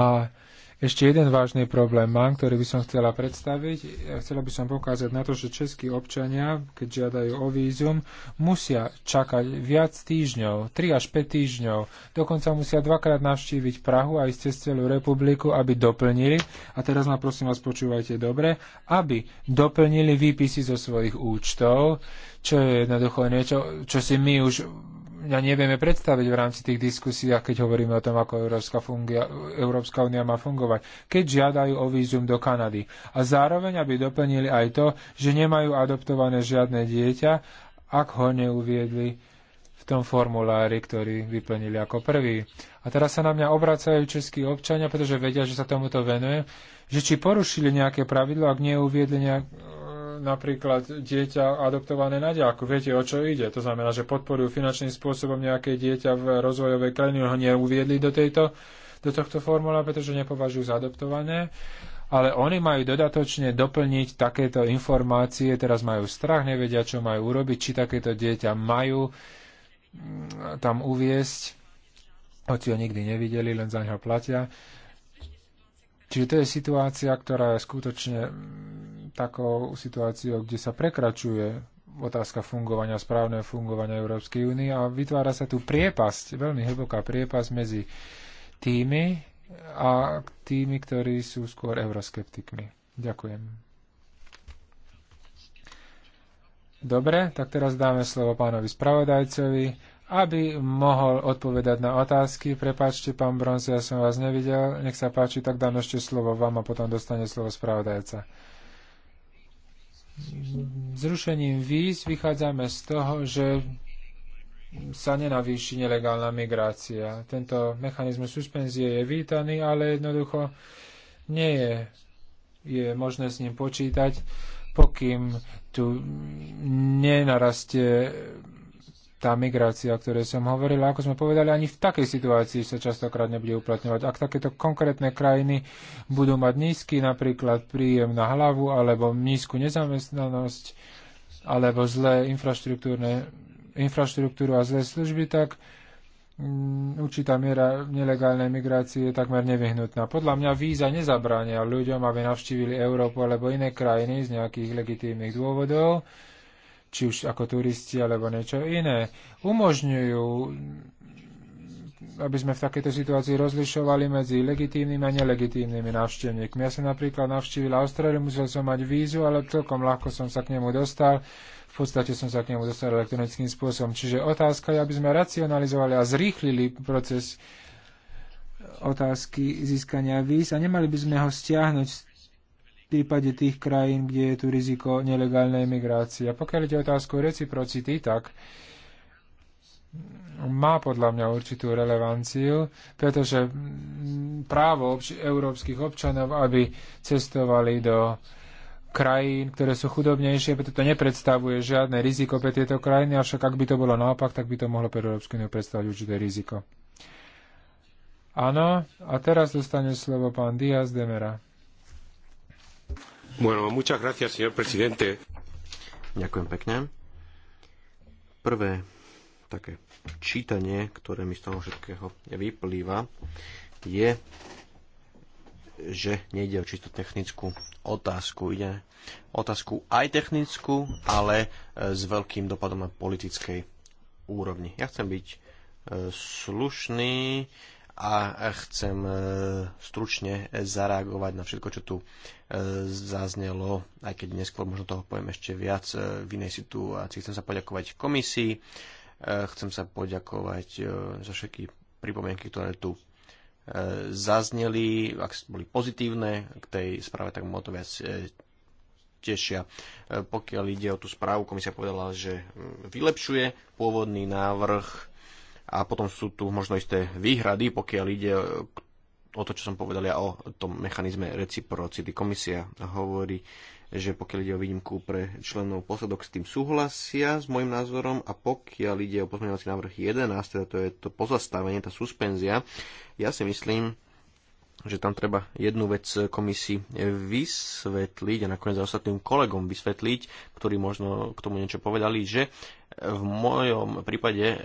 A ešte jeden vážny problém mám, ktorý by som chcela predstaviť. Chcela by som pokázať na to, že českí občania, keď žiadajú o vízum, musia čakať viac týždňov, 3 až 5 týždňov. Dokonca musia dvakrát navštíviť Prahu aj cez celú republiku, aby doplnili, a teraz ma prosím vás počúvajte dobre, aby doplnili výpisy zo svojich účtov, čo je jednoducho niečo, čo si my už ja nevieme predstaviť v rámci tých diskusiách, keď hovoríme o tom, ako Európska, fungia, Európska únia má fungovať, keď žiadajú o vízum do Kanady. A zároveň, aby doplnili aj to, že nemajú adoptované žiadne dieťa, ak ho neuviedli v tom formulári, ktorý vyplnili ako prvý. A teraz sa na mňa obracajú českí občania, pretože vedia, že sa tomuto venujem, že či porušili nejaké pravidlo, ak neuviedli nejak, napríklad dieťa adoptované na diálku. Viete, o čo ide? To znamená, že podporujú finančným spôsobom nejaké dieťa v rozvojovej krajine, ho neuviedli do, tejto, do tohto formula, pretože nepovažujú za adoptované. Ale oni majú dodatočne doplniť takéto informácie, teraz majú strach, nevedia, čo majú urobiť, či takéto dieťa majú mm, tam uviesť, hoci ho nikdy nevideli, len za neho platia. Čiže to je situácia, ktorá je skutočne mm, takou situáciou, kde sa prekračuje otázka fungovania, správneho fungovania Európskej únie a vytvára sa tu priepasť, veľmi hlboká priepasť medzi tými a tými, ktorí sú skôr euroskeptikmi. Ďakujem. Dobre, tak teraz dáme slovo pánovi spravodajcovi aby mohol odpovedať na otázky. Prepačte, pán Bronze, ja som vás nevidel. Nech sa páči, tak dám ešte slovo vám a potom dostane slovo spravodajca. Zrušením víz vychádzame z toho, že sa nenavýši nelegálna migrácia. Tento mechanizmus suspenzie je vítaný, ale jednoducho nie je, je možné s ním počítať, pokým tu nenarastie tá migrácia, o ktorej som hovoril, ako sme povedali, ani v takej situácii sa častokrát nebude uplatňovať. Ak takéto konkrétne krajiny budú mať nízky napríklad príjem na hlavu, alebo nízku nezamestnanosť, alebo zlé infraštruktúru a zlé služby, tak mm, určitá miera nelegálnej migrácie je takmer nevyhnutná. Podľa mňa víza nezabránia ľuďom, aby navštívili Európu alebo iné krajiny z nejakých legitímnych dôvodov, či už ako turisti alebo niečo iné, umožňujú aby sme v takejto situácii rozlišovali medzi legitímnymi a nelegitímnymi návštevníkmi. Ja som napríklad navštívil Austráliu, musel som mať vízu, ale celkom ľahko som sa k nemu dostal. V podstate som sa k nemu dostal elektronickým spôsobom. Čiže otázka je, aby sme racionalizovali a zrýchlili proces otázky získania víz a nemali by sme ho stiahnuť z prípade tých krajín, kde je tu riziko nelegálnej migrácie. A pokiaľ ide otázku reciprocity, tak má podľa mňa určitú relevanciu, pretože právo európskych občanov, aby cestovali do krajín, ktoré sú chudobnejšie, preto to nepredstavuje žiadne riziko pre tieto krajiny, avšak ak by to bolo naopak, tak by to mohlo pre Európsku uniu predstavovať určité riziko. Áno, a teraz dostane slovo pán Diaz Demera. Bueno, muchas gracias, señor presidente. Ďakujem pekne. Prvé také čítanie, ktoré mi z toho všetkého vyplýva, je, že nejde o čisto technickú otázku. Ide otázku aj technickú, ale e, s veľkým dopadom na politickej úrovni. Ja chcem byť e, slušný, a chcem e, stručne zareagovať na všetko, čo tu e, zaznelo, aj keď neskôr možno toho poviem ešte viac e, v inej situácii. Chcem sa poďakovať komisii, chcem sa poďakovať za všetky pripomienky, ktoré tu zazneli, ak boli pozitívne k tej správe, tak ma to viac tešia. Pokiaľ ide o tú správu, komisia povedala, že mm, vylepšuje pôvodný návrh a potom sú tu možno isté výhrady, pokiaľ ide o to, čo som povedal ja o tom mechanizme reciprocity. Komisia hovorí, že pokiaľ ide o výnimku pre členov posledok, s tým súhlasia s môjim názorom a pokiaľ ide o pozmeňovací návrh 11, teda to je to pozastavenie, tá suspenzia, ja si myslím, že tam treba jednu vec komisii vysvetliť a nakoniec aj ostatným kolegom vysvetliť, ktorí možno k tomu niečo povedali, že v mojom prípade e,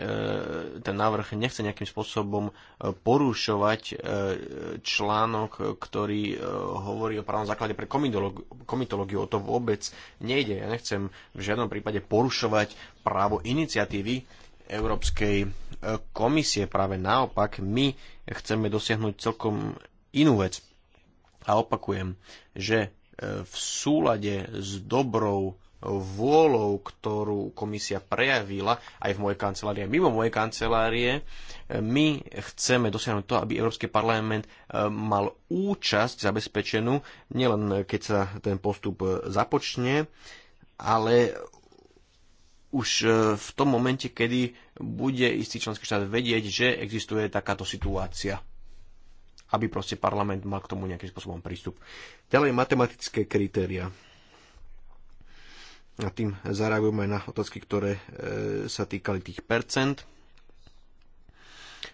ten návrh nechce nejakým spôsobom e, porušovať e, článok, ktorý hovorí o právnom základe pre komitológiu. O to vôbec nejde. Ja nechcem v žiadnom prípade porušovať právo iniciatívy Európskej komisie. Práve naopak, my chceme dosiahnuť celkom inú vec. A opakujem, že v súlade s dobrou vôľou, ktorú komisia prejavila aj v mojej kancelárii, mimo mojej kancelárie, e, my chceme dosiahnuť to, aby Európsky parlament e, mal účasť zabezpečenú, nielen keď sa ten postup e, započne, ale už v tom momente, kedy bude istý členský štát vedieť, že existuje takáto situácia aby proste parlament mal k tomu nejakým spôsobom prístup. Ďalej matematické kritéria a tým zareagujem aj na otázky, ktoré e, sa týkali tých percent.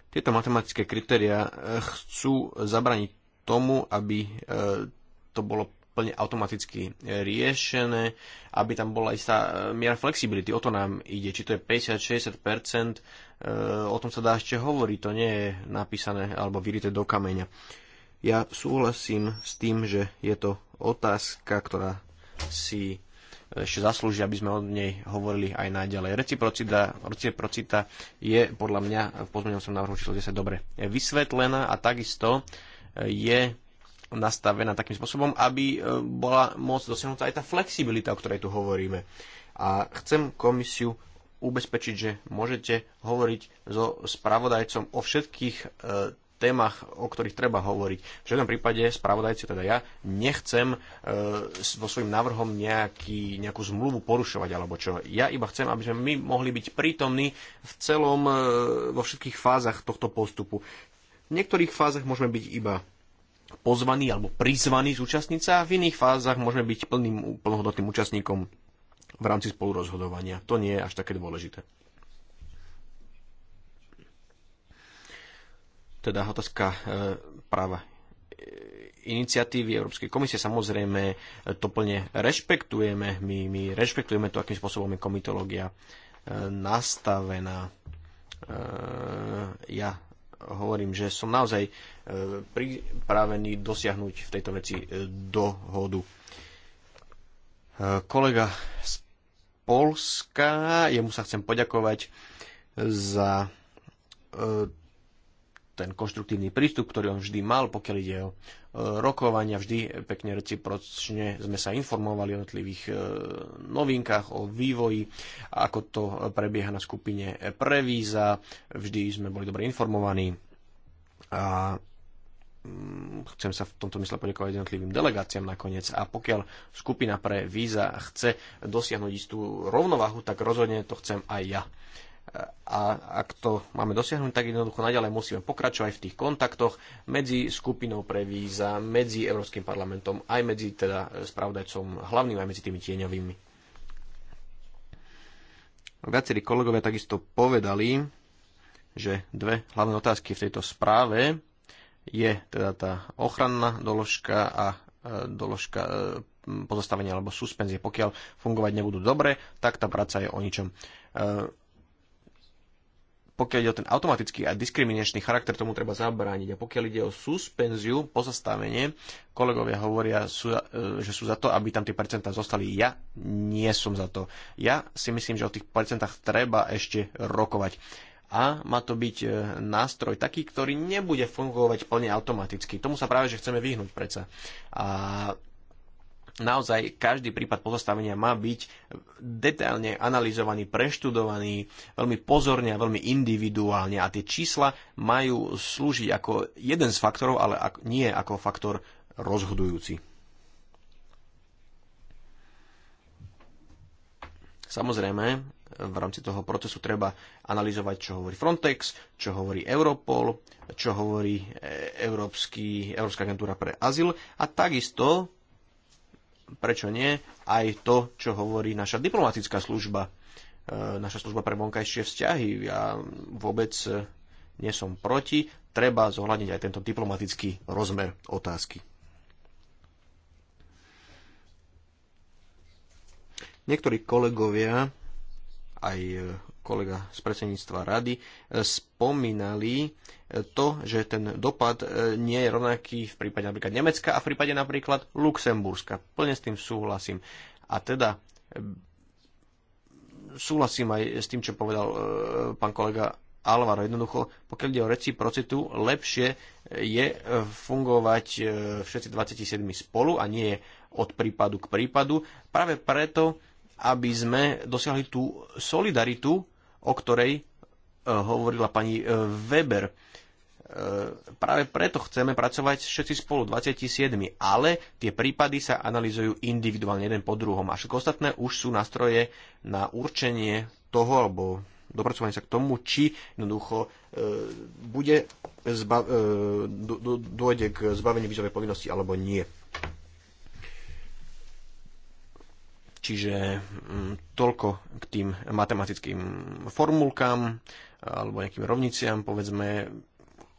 Tieto matematické kritéria e, chcú zabraniť tomu, aby e, to bolo plne automaticky riešené, aby tam bola istá e, miera flexibility. O to nám ide, či to je 50-60%, e, o tom sa dá ešte hovoriť, to nie je napísané alebo vyrité do kameňa. Ja súhlasím s tým, že je to otázka, ktorá si ešte zaslúži, aby sme od nej hovorili aj naďalej. Reciprocita, reciprocita je podľa mňa v som návrhu číslo 10 dobre vysvetlená a takisto e, je nastavená takým spôsobom, aby e, bola môcť dosiahnutá aj tá flexibilita, o ktorej tu hovoríme. A chcem komisiu ubezpečiť, že môžete hovoriť so spravodajcom o všetkých e, témach, o ktorých treba hovoriť. V žiadnom prípade spravodajci, teda ja, nechcem e, vo svojim návrhom nejaký, nejakú zmluvu porušovať alebo čo. Ja iba chcem, aby sme my mohli byť prítomní v celom, e, vo všetkých fázach tohto postupu. V niektorých fázach môžeme byť iba pozvaní alebo prizvaní zúčastniť sa v iných fázach môžeme byť plným, plnohodnotným účastníkom v rámci spolurozhodovania. To nie je až také dôležité. teda otázka e, práva e, iniciatívy Európskej komisie. Samozrejme, e, to plne rešpektujeme. My, my rešpektujeme to, akým spôsobom je komitológia nastavená. Ja hovorím, že som naozaj pripravený dosiahnuť v tejto veci dohodu. Kolega z Polska, jemu sa chcem poďakovať za ten konštruktívny prístup, ktorý on vždy mal, pokiaľ ide o e, rokovania, vždy pekne recipročne sme sa informovali o jednotlivých e, novinkách, o vývoji, ako to prebieha na skupine Prevíza, vždy sme boli dobre informovaní a mm, chcem sa v tomto mysle poďakovať jednotlivým delegáciám nakoniec a pokiaľ skupina pre víza chce dosiahnuť istú rovnovahu, tak rozhodne to chcem aj ja a ak to máme dosiahnuť, tak jednoducho naďalej musíme pokračovať v tých kontaktoch medzi skupinou pre víza, medzi Európskym parlamentom, aj medzi teda spravodajcom hlavným, aj medzi tými tieňovými. Viacerí kolegovia takisto povedali, že dve hlavné otázky v tejto správe je teda tá ochranná doložka a e, doložka e, pozastavenia alebo suspenzie. Pokiaľ fungovať nebudú dobre, tak tá práca je o ničom e, pokiaľ ide o ten automatický a diskriminačný charakter, tomu treba zabrániť. A pokiaľ ide o suspenziu, pozastavenie, kolegovia hovoria, sú, e, že sú za to, aby tam tie percentá zostali. Ja nie som za to. Ja si myslím, že o tých percentách treba ešte rokovať. A má to byť e, nástroj taký, ktorý nebude fungovať plne automaticky. Tomu sa práve, že chceme vyhnúť predsa. A naozaj každý prípad pozastavenia má byť detailne analyzovaný, preštudovaný, veľmi pozorne a veľmi individuálne a tie čísla majú slúžiť ako jeden z faktorov, ale nie ako faktor rozhodujúci. Samozrejme, v rámci toho procesu treba analyzovať, čo hovorí Frontex, čo hovorí Europol, čo hovorí e, Európsky, Európska agentúra pre azyl a takisto prečo nie, aj to, čo hovorí naša diplomatická služba, e, naša služba pre vonkajšie vzťahy. Ja vôbec nie som proti, treba zohľadniť aj tento diplomatický rozmer otázky. Niektorí kolegovia, aj kolega z predsedníctva rady e, spomínali e, to, že ten dopad e, nie je rovnaký v prípade napríklad Nemecka a v prípade napríklad Luxemburska. Plne s tým súhlasím. A teda súhlasím aj s tým, čo povedal pán kolega Alvaro. Jednoducho, pokiaľ ide o reciprocitu, lepšie je fungovať všetci 27 spolu a nie od prípadu k prípadu. Práve preto, aby sme dosiahli tú solidaritu, o ktorej e, hovorila pani e, Weber. E, práve preto chceme pracovať všetci spolu, 27, ale tie prípady sa analyzujú individuálne jeden po druhom a všetko ostatné už sú nástroje na určenie toho, alebo dopracovanie sa k tomu, či jednoducho e, bude zba, e, dôjde k zbaveniu vízovej povinnosti alebo nie. Čiže mm, toľko k tým matematickým formulkám alebo nejakým rovniciam, povedzme,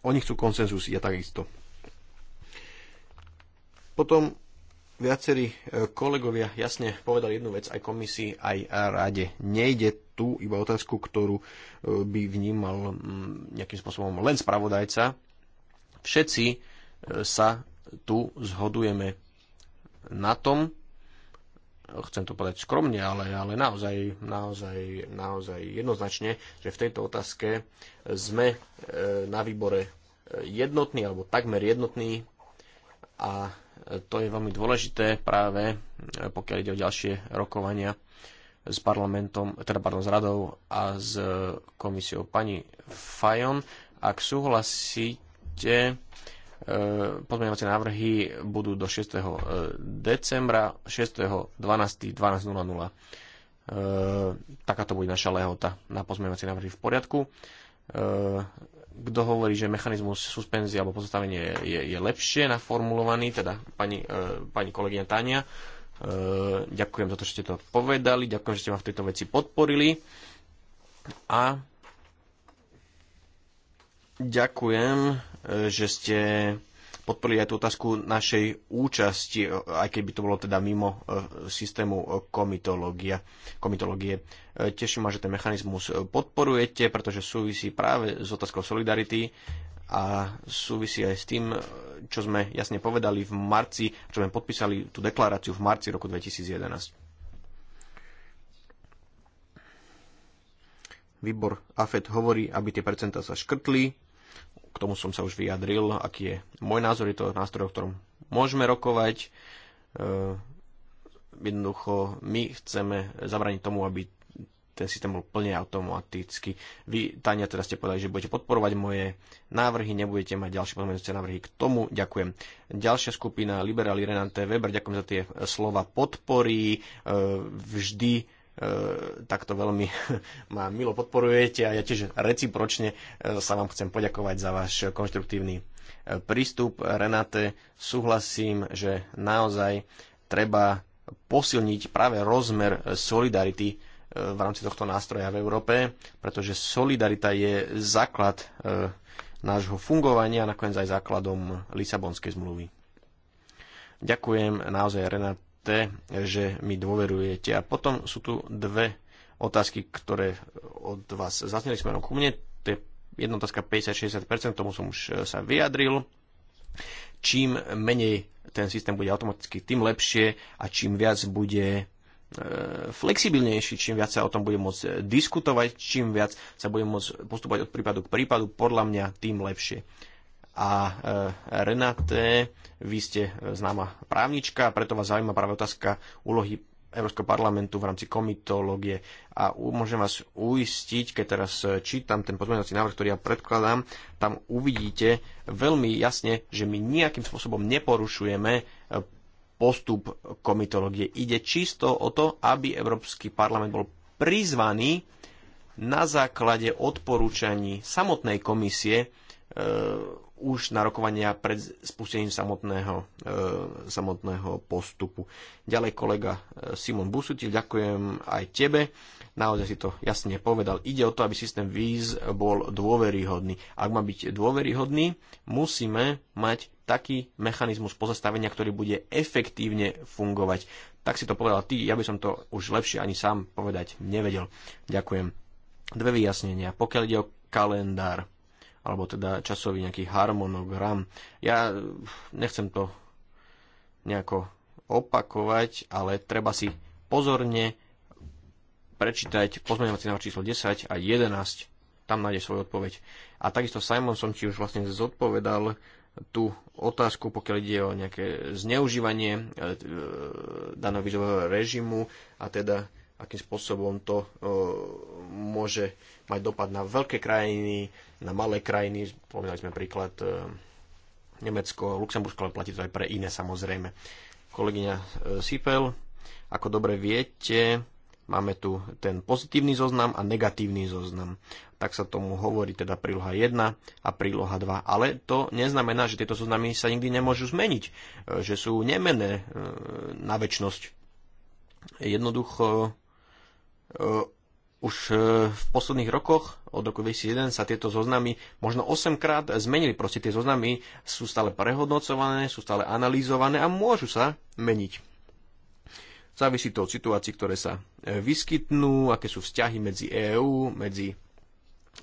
oni chcú konsenzus, ja takisto. Potom viacerí e, kolegovia jasne povedali jednu vec aj komisii, aj rade. Nejde tu iba otázku, ktorú e, by vnímal mm, nejakým spôsobom len spravodajca. Všetci e, sa tu zhodujeme na tom, chcem to povedať skromne, ale, ale naozaj, naozaj, naozaj jednoznačne, že v tejto otázke sme e, na výbore e, jednotní alebo takmer jednotní a e, to je veľmi dôležité práve pokiaľ ide o ďalšie rokovania s parlamentom, teda pardon, s radou a s komisiou. Pani Fajon, ak súhlasíte, E, pozmeňovacie návrhy budú do 6. E, decembra, 6. 12. 12.00. Takáto bude naša lehota na pozmeňovacie návrhy v poriadku. E, kto hovorí, že mechanizmus suspenzie alebo pozastavenie je, je lepšie naformulovaný, teda pani, pani kolegyňa Tania, ďakujem za to, že ste to povedali, ďakujem, že ste ma v tejto veci podporili a ďakujem E, že ste podporili aj tú otázku našej účasti, e, aj keby to bolo teda mimo e, systému komitológia, komitológie. Teším ma, že ten mechanizmus podporujete, pretože súvisí práve s otázkou solidarity a súvisí aj s tým, čo sme jasne povedali v marci, čo sme podpísali tú deklaráciu v marci roku 2011. Výbor AFED hovorí, aby tie percentá sa škrtli, k tomu som sa už vyjadril, aký je môj názor, je to nástroj, o ktorom môžeme rokovať. E, jednoducho my chceme zabraniť tomu, aby ten systém bol plne automaticky. Vy, Tania, teraz ste povedali, že budete podporovať moje návrhy, nebudete mať ďalšie pozmeňujúce návrhy. K tomu ďakujem. Ďalšia skupina, Liberali Renante Weber, ďakujem za tie slova podpory. E, vždy E, takto veľmi ma milo podporujete a ja tiež recipročne e, sa vám chcem poďakovať za váš konštruktívny e, prístup. Renate, súhlasím, že naozaj treba posilniť práve rozmer solidarity v rámci tohto nástroja v Európe, pretože solidarita je základ nášho fungovania a nakoniec aj základom Lisabonskej zmluvy. Ďakujem naozaj Renate dôležité, že mi dôverujete. A potom sú tu dve otázky, ktoré od vás zazneli smerom ku mne. To je jedna otázka 50-60%, tomu som už e, sa vyjadril. Čím menej ten systém bude automaticky, tým lepšie a čím viac bude e, flexibilnejší, čím viac sa o tom bude môcť e, diskutovať, čím viac sa bude môcť postupovať od prípadu k prípadu, podľa mňa tým lepšie a e, Renate, vy ste e, známa právnička, preto vás zaujíma práve otázka úlohy Európskeho parlamentu v rámci komitológie. A môžem vás uistiť, keď teraz e, čítam ten pozmeňovací návrh, ktorý ja predkladám, tam uvidíte veľmi jasne, že my nejakým spôsobom neporušujeme postup komitológie. Ide čisto o to, aby Európsky parlament bol prizvaný na základe odporúčaní samotnej komisie už na rokovania pred spustením samotného, e, samotného postupu. Ďalej kolega e, Simon Busutil, ďakujem aj tebe. Naozaj si to jasne povedal. Ide o to, aby systém víz bol dôveryhodný. Ak má byť dôveryhodný, musíme mať taký mechanizmus pozastavenia, ktorý bude efektívne fungovať. Tak si to povedal ty, ja by som to už lepšie ani sám povedať nevedel. Ďakujem. Dve vyjasnenia. Pokiaľ ide o kalendár, alebo teda časový nejaký harmonogram. Ja nechcem to nejako opakovať, ale treba si pozorne prečítať pozmeňovací návrh číslo 10 a 11. Tam nájdeš svoju odpoveď. A takisto Simon som ti už vlastne zodpovedal tú otázku, pokiaľ ide o nejaké zneužívanie e, e, daného režimu a teda akým spôsobom to e, môže mať dopad na veľké krajiny, na malé krajiny. Spomínali sme príklad e, Nemecko, Luxembursko, ale platí to aj pre iné samozrejme. Kolegyňa e, Sipel, ako dobre viete, máme tu ten pozitívny zoznam a negatívny zoznam. Tak sa tomu hovorí teda príloha 1 a príloha 2. Ale to neznamená, že tieto zoznamy sa nikdy nemôžu zmeniť, e, že sú nemené na väčnosť. Jednoducho už e, v posledných rokoch, od roku 2001, sa tieto zoznamy možno 8 krát zmenili. Proste tie zoznamy sú stále prehodnocované, sú stále analýzované a môžu sa meniť. Závisí to od situácií, ktoré sa e, vyskytnú, aké sú vzťahy medzi EÚ, medzi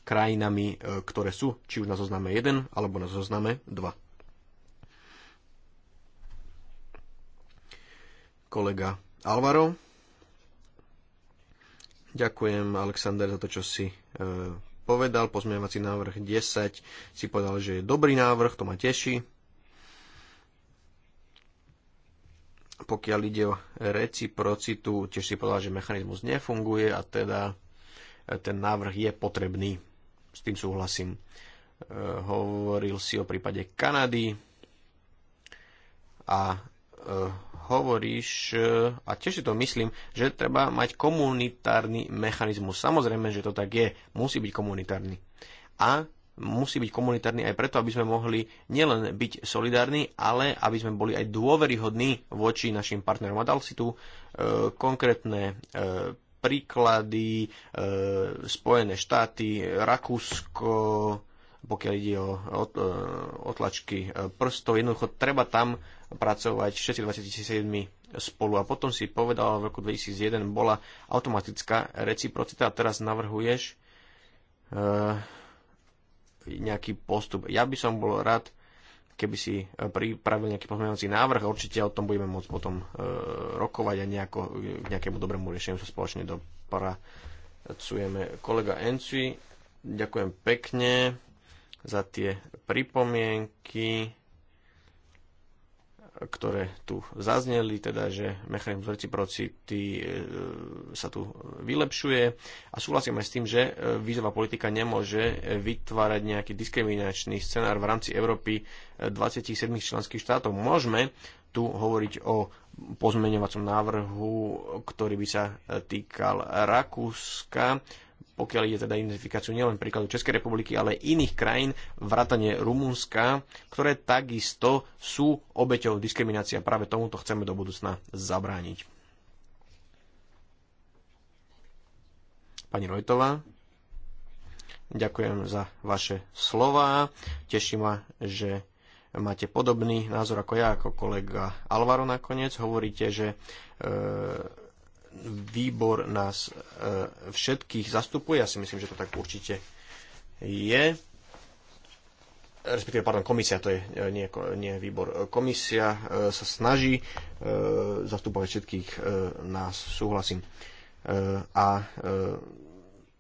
krajinami, e, ktoré sú či už na zozname 1 alebo na zozname 2. Kolega Alvaro Ďakujem, Alexander, za to, čo si e, povedal. Pozmeňovací návrh 10 si povedal, že je dobrý návrh, to ma teší. Pokiaľ ide o reciprocitu, tiež si povedal, že mechanizmus nefunguje a teda e, ten návrh je potrebný. S tým súhlasím. E, hovoril si o prípade Kanady a e, hovoríš, e, a tiež si to myslím, že treba mať komunitárny mechanizmus. Samozrejme, že to tak je. Musí byť komunitárny. A musí byť komunitárny aj preto, aby sme mohli nielen byť solidárni, ale aby sme boli aj dôveryhodní voči našim partnerom. A dal si tu e, konkrétne e, príklady, e, Spojené štáty, Rakúsko, pokiaľ ide o, o, o e, otlačky e, prstov, jednoducho treba tam pracovať všetci 27 spolu. A potom si povedal, v roku 2001 bola automatická reciprocita a teraz navrhuješ e, nejaký postup. Ja by som bol rád, keby si e, pripravil nejaký pozmeňovací návrh a určite o tom budeme môcť potom e, rokovať a nejako, k nejakému dobrému riešeniu sa spoločne dopracujeme. Kolega Enci, ďakujem pekne za tie pripomienky ktoré tu zazneli, teda že mechanizmus reciprocity e, sa tu vylepšuje a súhlasím aj s tým, že e, vízová politika nemôže e, vytvárať nejaký diskriminačný scenár v rámci Európy 27 členských štátov. Môžeme tu hovoriť o pozmeňovacom návrhu, ktorý by sa týkal Rakúska pokiaľ ide teda identifikáciu nielen príkladu Českej republiky, ale iných krajín, vrátane Rumunska, ktoré takisto sú obeťou diskriminácia. Práve tomuto chceme do budúcna zabrániť. Pani Rojtová, ďakujem za vaše slova. Teší ma, že máte podobný názor ako ja, ako kolega Alvaro nakoniec. Hovoríte, že e, výbor nás e, všetkých zastupuje. Ja si myslím, že to tak určite je. Respektíve, pardon, komisia, to je e, nie, nie výbor. Komisia e, sa snaží zastupovať všetkých nás, súhlasím. A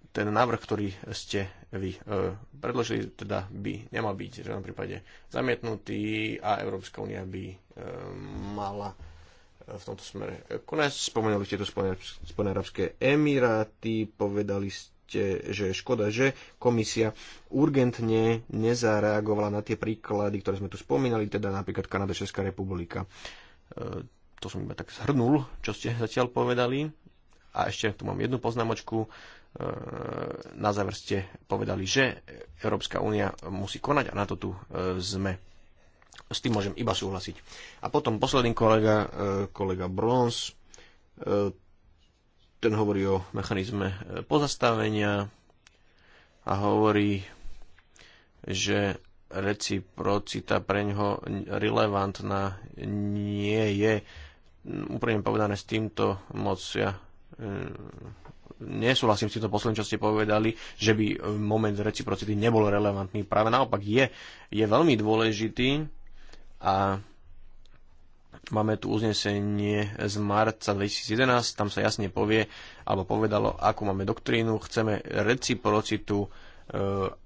ten návrh, ktorý ste vy predložili, teda by nemal byť v žiadnom prípade zamietnutý a Európska únia by mala v tomto smere konať. Spomenuli ste tu Spojené arabské emiráty, povedali ste, že je škoda, že komisia urgentne nezareagovala na tie príklady, ktoré sme tu spomínali, teda napríklad Kanada, Česká republika. E, to som iba tak zhrnul, čo ste zatiaľ povedali. A ešte tu mám jednu poznámočku. E, na záver ste povedali, že Európska únia musí konať a na to tu e, sme s tým môžem iba súhlasiť. A potom posledný kolega, e, kolega Bronze, ten hovorí o mechanizme e, pozastavenia a hovorí, že reciprocita pre ňoho relevantná nie je. Úprimne povedané s týmto moc ja e, nesúhlasím s týmto posledným, čo ste povedali, že by moment reciprocity nebol relevantný. Práve naopak je, je veľmi dôležitý a Máme tu uznesenie z marca 2011, tam sa jasne povie, alebo povedalo, akú máme doktrínu. Chceme reciprocitu e,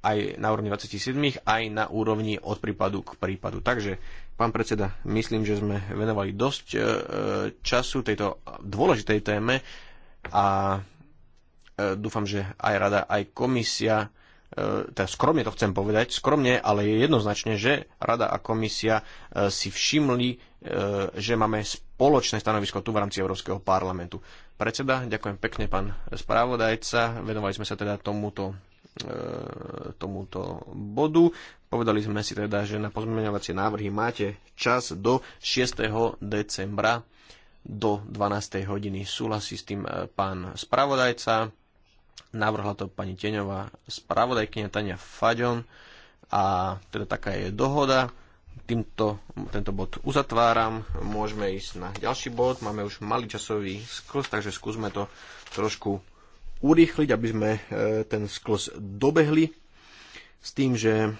aj na úrovni 27, aj na úrovni od prípadu k prípadu. Takže, pán predseda, myslím, že sme venovali dosť e, času tejto dôležitej téme a e, dúfam, že aj rada, aj komisia E, teda skromne to chcem povedať, skromne, ale je jednoznačne, že Rada a komisia e, si všimli, e, že máme spoločné stanovisko tu v rámci Európskeho parlamentu. Predseda, ďakujem pekne, pán správodajca. Venovali sme sa teda tomuto tomuto bodu. Povedali sme si teda, že na pozmeňovacie návrhy máte čas do 6. decembra do 12. hodiny. Súhlasí s tým pán spravodajca. Navrhla to pani Teňová spravodajkynia Tania Faďon a teda taká je dohoda. Týmto, tento bod uzatváram. Môžeme ísť na ďalší bod. Máme už malý časový sklz, takže skúsme to trošku urýchliť, aby sme e, ten sklz dobehli. S tým, že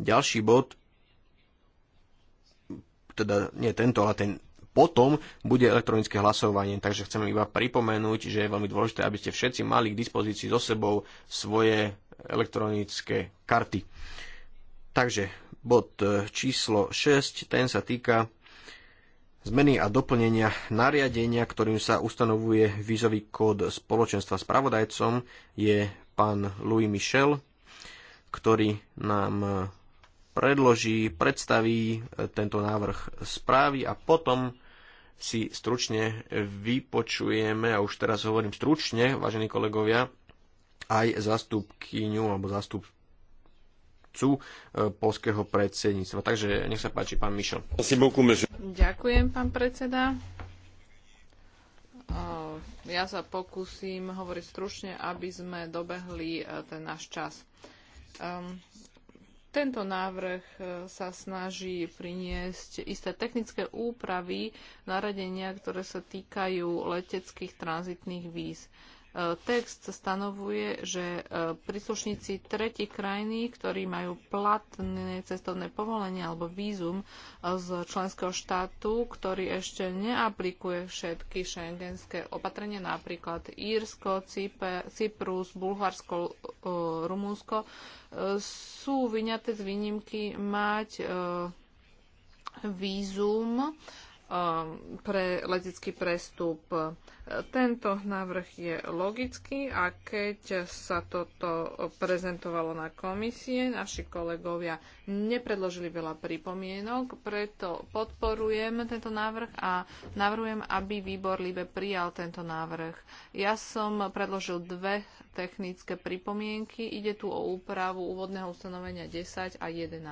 ďalší bod, teda nie tento, ale ten potom bude elektronické hlasovanie. Takže chcem iba pripomenúť, že je veľmi dôležité, aby ste všetci mali k dispozícii so sebou svoje elektronické karty. Takže bod e, číslo 6, ten sa týka zmeny a doplnenia nariadenia, ktorým sa ustanovuje vízový kód spoločenstva spravodajcom, je pán Louis Michel, ktorý nám e, predloží, predstaví e, tento návrh správy a potom si stručne vypočujeme, a už teraz hovorím stručne, vážení kolegovia, aj zastupkyňu alebo zastupcu e, polského predsedníctva. Takže nech sa páči, pán Mišo. Ďakujem, pán predseda. E, ja sa pokúsim hovoriť stručne, aby sme dobehli e, ten náš čas. Ehm, tento návrh e, sa snaží priniesť isté technické úpravy naradenia, ktoré sa týkajú leteckých tranzitných víz. E, text stanovuje, že e, príslušníci tretí krajiny, ktorí majú platné cestovné povolenie alebo vízum e, z členského štátu, ktorý ešte neaplikuje všetky šengenské opatrenia, napríklad Írsko, Cyprus, Bulharsko, Rumunsko, sú vyňaté z výnimky mať vízum Um, pre letecký prestup. Tento návrh je logický a keď sa toto prezentovalo na komisie, naši kolegovia nepredložili veľa pripomienok, preto podporujem tento návrh a navrhujem, aby výbor Libe prijal tento návrh. Ja som predložil dve technické pripomienky. Ide tu o úpravu úvodného ustanovenia 10 a 11.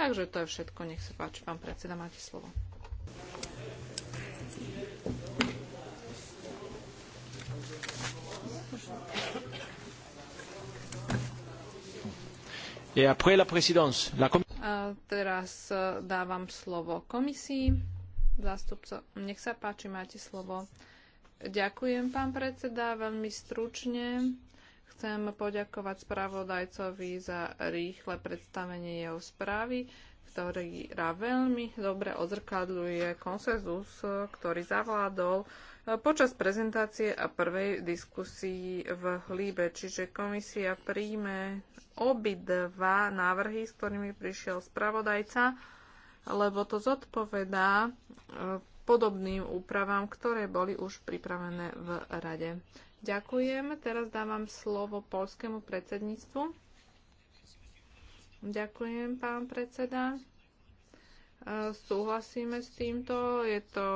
Takže to je všetko. Nech sa páči, pán predseda, máte slovo. Et après la présidence, la com- A teraz e, dávam slovo komisii. Zástupco, nech sa páči, máte slovo. Ďakujem, pán predseda, veľmi stručne. Chcem poďakovať spravodajcovi za rýchle predstavenie jeho správy, ktorá veľmi dobre odzrkadľuje konsenzus, ktorý zavládol počas prezentácie a prvej diskusii v Líbe. Čiže komisia príjme obidva návrhy, s ktorými prišiel spravodajca, lebo to zodpovedá e, podobným úpravám, ktoré boli už pripravené v Rade. Ďakujem. Teraz dávam slovo polskému predsedníctvu. Ďakujem, pán predseda. Súhlasíme s týmto, je to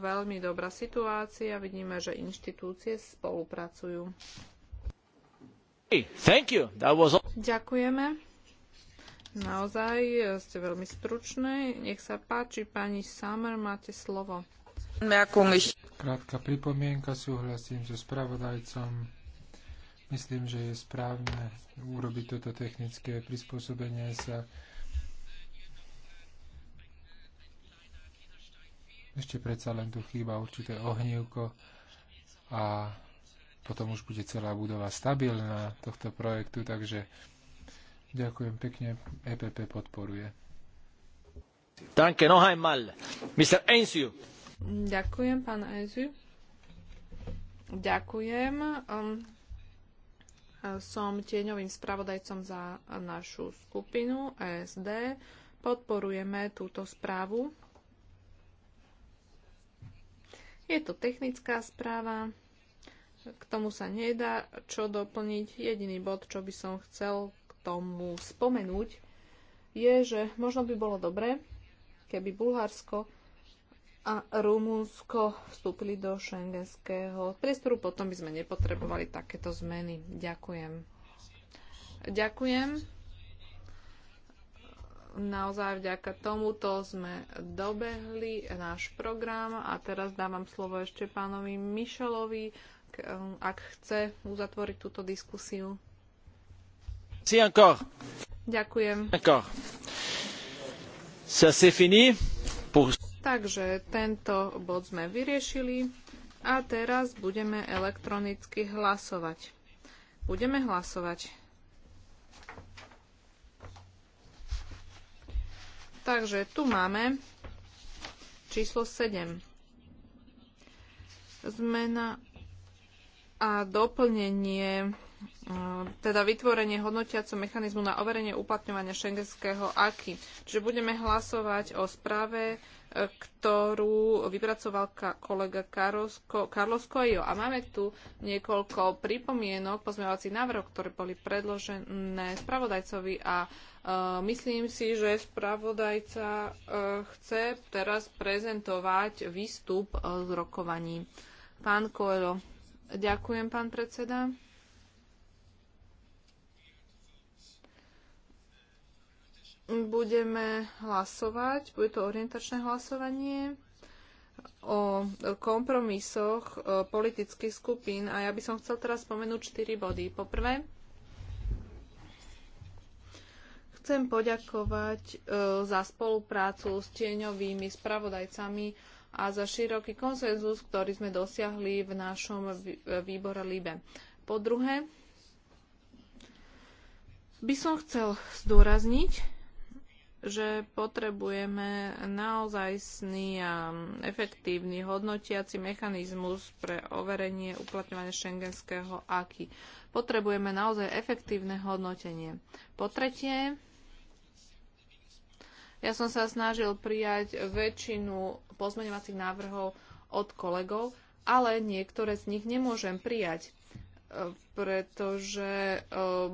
veľmi dobrá situácia, vidíme, že inštitúcie spolupracujú. Was... Ďakujeme. Naozaj ste veľmi stručné. Nech sa páči, pani Summer, máte slovo. Krátka pripomienka, súhlasím so spravodajcom. Myslím, že je správne urobiť toto technické prispôsobenie sa Ešte predsa len tu chýba určité ohnívko a potom už bude celá budova stabilná tohto projektu, takže ďakujem pekne, EPP podporuje. Danke noch einmal, Mr. Ensiu. Ďakujem, pán Ensiu. Ďakujem. Um, som tieňovým spravodajcom za našu skupinu ESD. Podporujeme túto správu. Je to technická správa, k tomu sa nedá čo doplniť. Jediný bod, čo by som chcel k tomu spomenúť, je, že možno by bolo dobré, keby Bulharsko a Rumúnsko vstúpili do šengenského priestoru, potom by sme nepotrebovali takéto zmeny. Ďakujem. Ďakujem naozaj vďaka tomuto sme dobehli náš program a teraz dávam slovo ešte pánovi Mišelovi, um, ak chce uzatvoriť túto diskusiu. Si encore. Ďakujem. Encore. Ça c'est fini. Pour... Takže tento bod sme vyriešili a teraz budeme elektronicky hlasovať. Budeme hlasovať. Takže tu máme číslo 7. Zmena a doplnenie teda vytvorenie hodnotiaceho mechanizmu na overenie uplatňovania šengenského aky. Čiže budeme hlasovať o správe, e, ktorú vypracoval kolega Karosko, Carlos Coelho. A máme tu niekoľko pripomienok, pozmeňovacích návrhov, ktoré boli predložené spravodajcovi a e, myslím si, že spravodajca e, chce teraz prezentovať výstup z rokovaní. Pán Koelo. Ďakujem, pán predseda. budeme hlasovať, bude to orientačné hlasovanie o kompromisoch e, politických skupín a ja by som chcel teraz spomenúť 4 body. Poprvé, chcem poďakovať e, za spoluprácu s tieňovými spravodajcami a za široký konsenzus, ktorý sme dosiahli v našom e, výbore LIBE. Po druhé, by som chcel zdôrazniť, že potrebujeme naozaj sný a efektívny hodnotiaci mechanizmus pre overenie uplatňovania šengenského aky. Potrebujeme naozaj efektívne hodnotenie. Po tretie, ja som sa snažil prijať väčšinu pozmeňovacích návrhov od kolegov, ale niektoré z nich nemôžem prijať pretože e,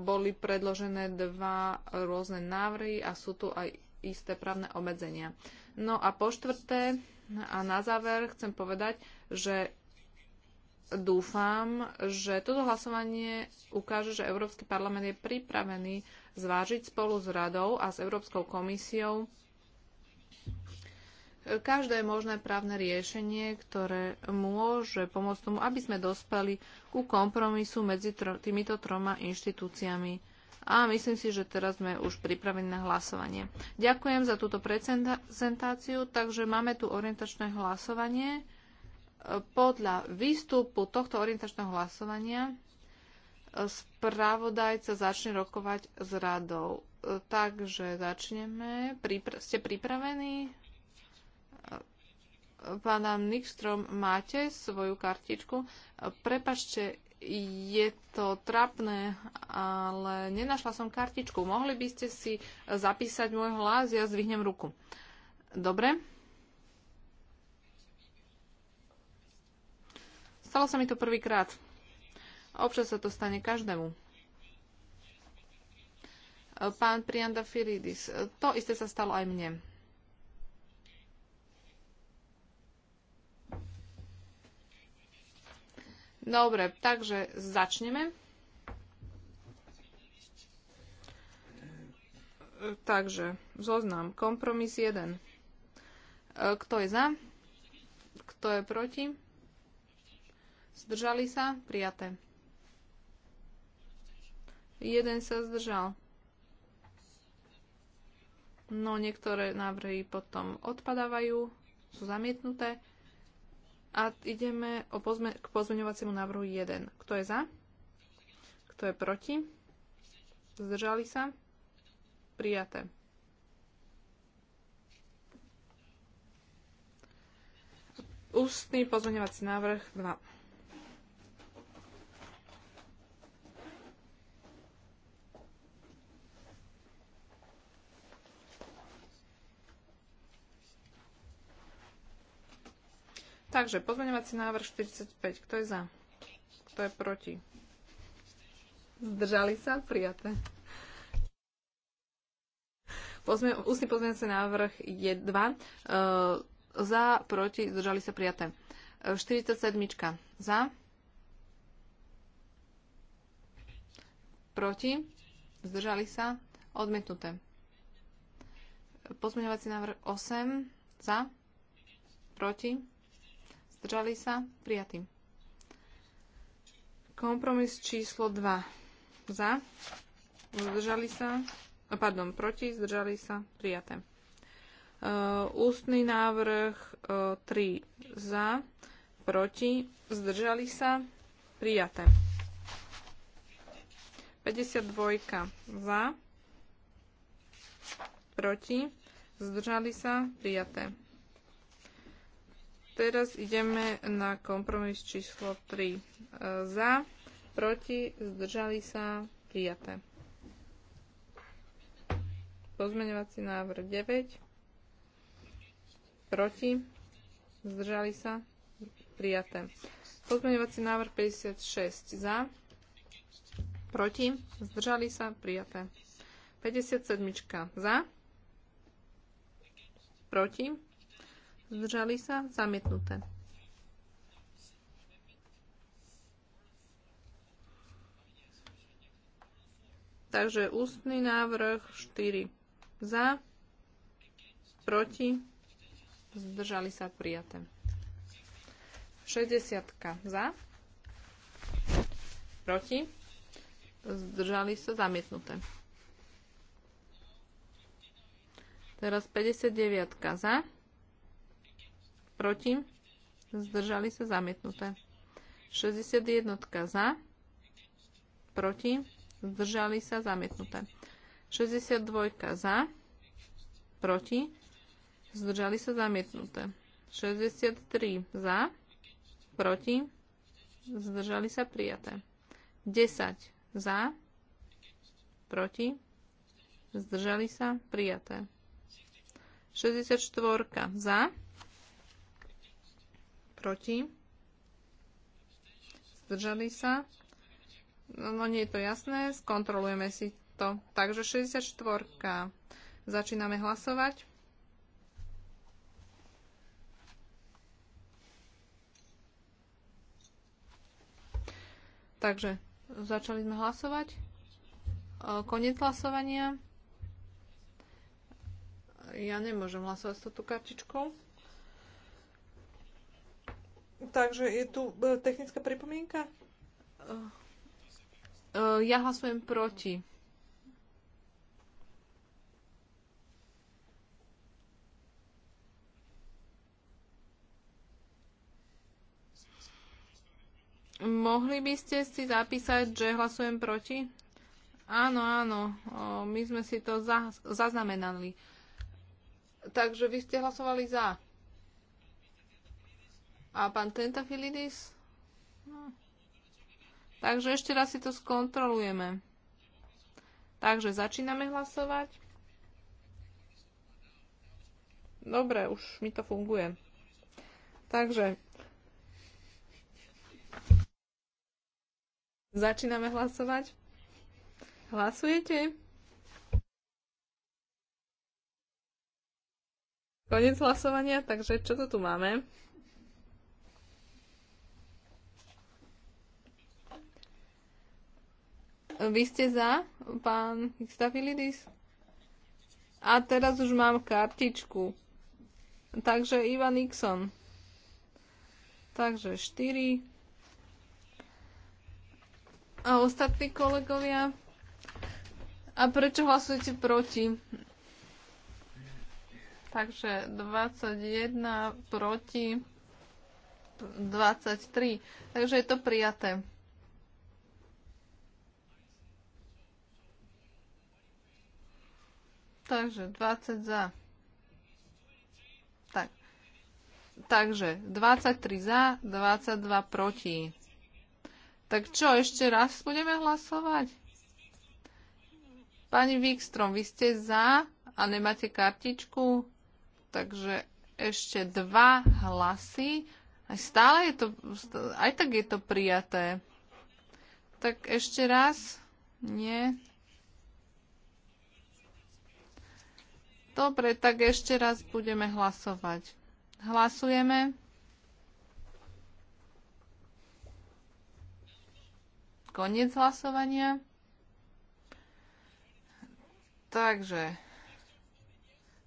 boli predložené dva rôzne návrhy a sú tu aj isté právne obmedzenia. No a po štvrté a na záver chcem povedať, že dúfam, že toto hlasovanie ukáže, že Európsky parlament je pripravený zvážiť spolu s Radou a s Európskou komisiou každé možné právne riešenie, ktoré môže pomôcť tomu, aby sme dospeli ku kompromisu medzi tro- týmito troma inštitúciami. A myslím si, že teraz sme už pripravení na hlasovanie. Ďakujem za túto prezentáciu, takže máme tu orientačné hlasovanie. Podľa výstupu tohto orientačného hlasovania spravodajca začne rokovať s radou. Takže začneme. Pripra- ste pripravení? Pána Nikstrom, máte svoju kartičku? Prepačte, je to trapné, ale nenašla som kartičku. Mohli by ste si zapísať môj hlas? Ja zdvihnem ruku. Dobre. Stalo sa mi to prvýkrát. Občas sa to stane každému. Pán Prianda Firidis, to isté sa stalo aj mne. Dobre, takže začneme. Takže zoznam. Kompromis 1. E, kto je za? Kto je proti? Zdržali sa? Prijaté. Jeden sa zdržal. No, niektoré návrhy potom odpadávajú, sú zamietnuté. A ideme o pozme- k pozmeňovaciemu návrhu 1. Kto je za? Kto je proti? Zdržali sa? Prijaté. Ústny pozmeňovací návrh 2. Takže pozmeňovací návrh 45. Kto je za? Kto je proti? Zdržali sa? Prijaté. Pozme, ústny pozmeňovací návrh je 2. E, za, proti, zdržali sa prijaté. 47. E, za. Proti. Zdržali sa. Odmietnuté. Pozmeňovací návrh 8. Za. Proti. Zdržali sa? Prijatý. Kompromis číslo 2. Za. Zdržali sa? Pardon, proti. Zdržali sa? Prijaté. Uh, ústny návrh uh, e, 3 za, proti, zdržali sa, prijaté. 52 za, proti, zdržali sa, prijaté. Teraz ideme na kompromis číslo 3. E, za, proti, zdržali sa, prijaté. Pozmeňovací návrh 9. Proti, zdržali sa, prijaté. Pozmeňovací návrh 56. Za, proti, zdržali sa, prijaté. 57. Za, proti, Zdržali sa? Zamietnuté. Takže ústny návrh 4 za, proti, zdržali sa prijaté. 60 za, proti, zdržali sa zamietnuté. Teraz 59 za, proti, zdržali sa zamietnuté. 61 za, proti, zdržali sa zamietnuté. 62 za, proti, zdržali sa zamietnuté. 63 za, proti, zdržali sa prijaté. 10 za, proti, zdržali sa prijaté. 64 za, proti, zdržali sa. No, no nie je to jasné, skontrolujeme si to. Takže 64. Začíname hlasovať. Takže začali sme hlasovať. E, koniec hlasovania. Ja nemôžem hlasovať s touto kartičkou. Takže je tu e, technická pripomienka? E, e, ja hlasujem proti. Mohli by ste si zapísať, že hlasujem proti? Áno, áno, my sme si to zaznamenali. Takže vy ste hlasovali za. A pán Tentafilidis? No. Takže ešte raz si to skontrolujeme. Takže začíname hlasovať. Dobre, už mi to funguje. Takže začíname hlasovať. Hlasujete? Konec hlasovania, takže čo to tu máme? Vy ste za, pán Xtafilidis? A teraz už mám kartičku. Takže Ivan Nixon. Takže 4. A ostatní kolegovia? A prečo hlasujete proti? Takže 21 proti 23. Takže je to prijaté. Takže 20 za. Tak. Takže 23 za, 22 proti. Tak čo, ešte raz budeme hlasovať? Pani Wikstrom, vy ste za a nemáte kartičku, takže ešte dva hlasy. Aj stále je to, aj tak je to prijaté. Tak ešte raz? Nie. Dobre, tak ešte raz budeme hlasovať. Hlasujeme. Koniec hlasovania. Takže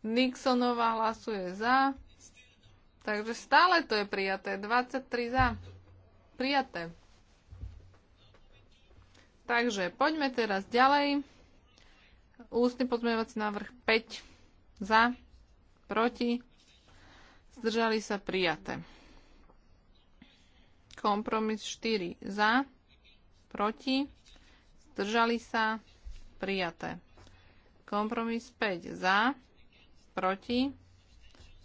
Nixonová hlasuje za. Takže stále to je prijaté. 23 za. Prijaté. Takže poďme teraz ďalej. Ústny pozmeňovací návrh 5. Za? Proti? Zdržali sa prijaté. Kompromis 4. Za? Proti? Zdržali sa prijaté. Kompromis 5. Za? Proti?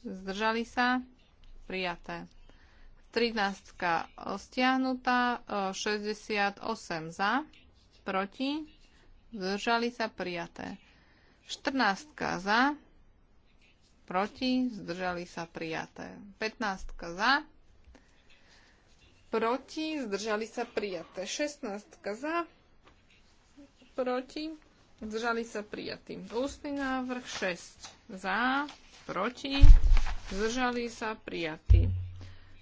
Zdržali sa prijaté. 13 stiahnutá, 68 za, proti, zdržali sa prijaté. 14 za, proti, zdržali sa prijaté. 15 za, proti, zdržali sa prijaté. 16 za, proti, zdržali sa prijatým. Ústny návrh 6 za, proti, zdržali sa prijatý.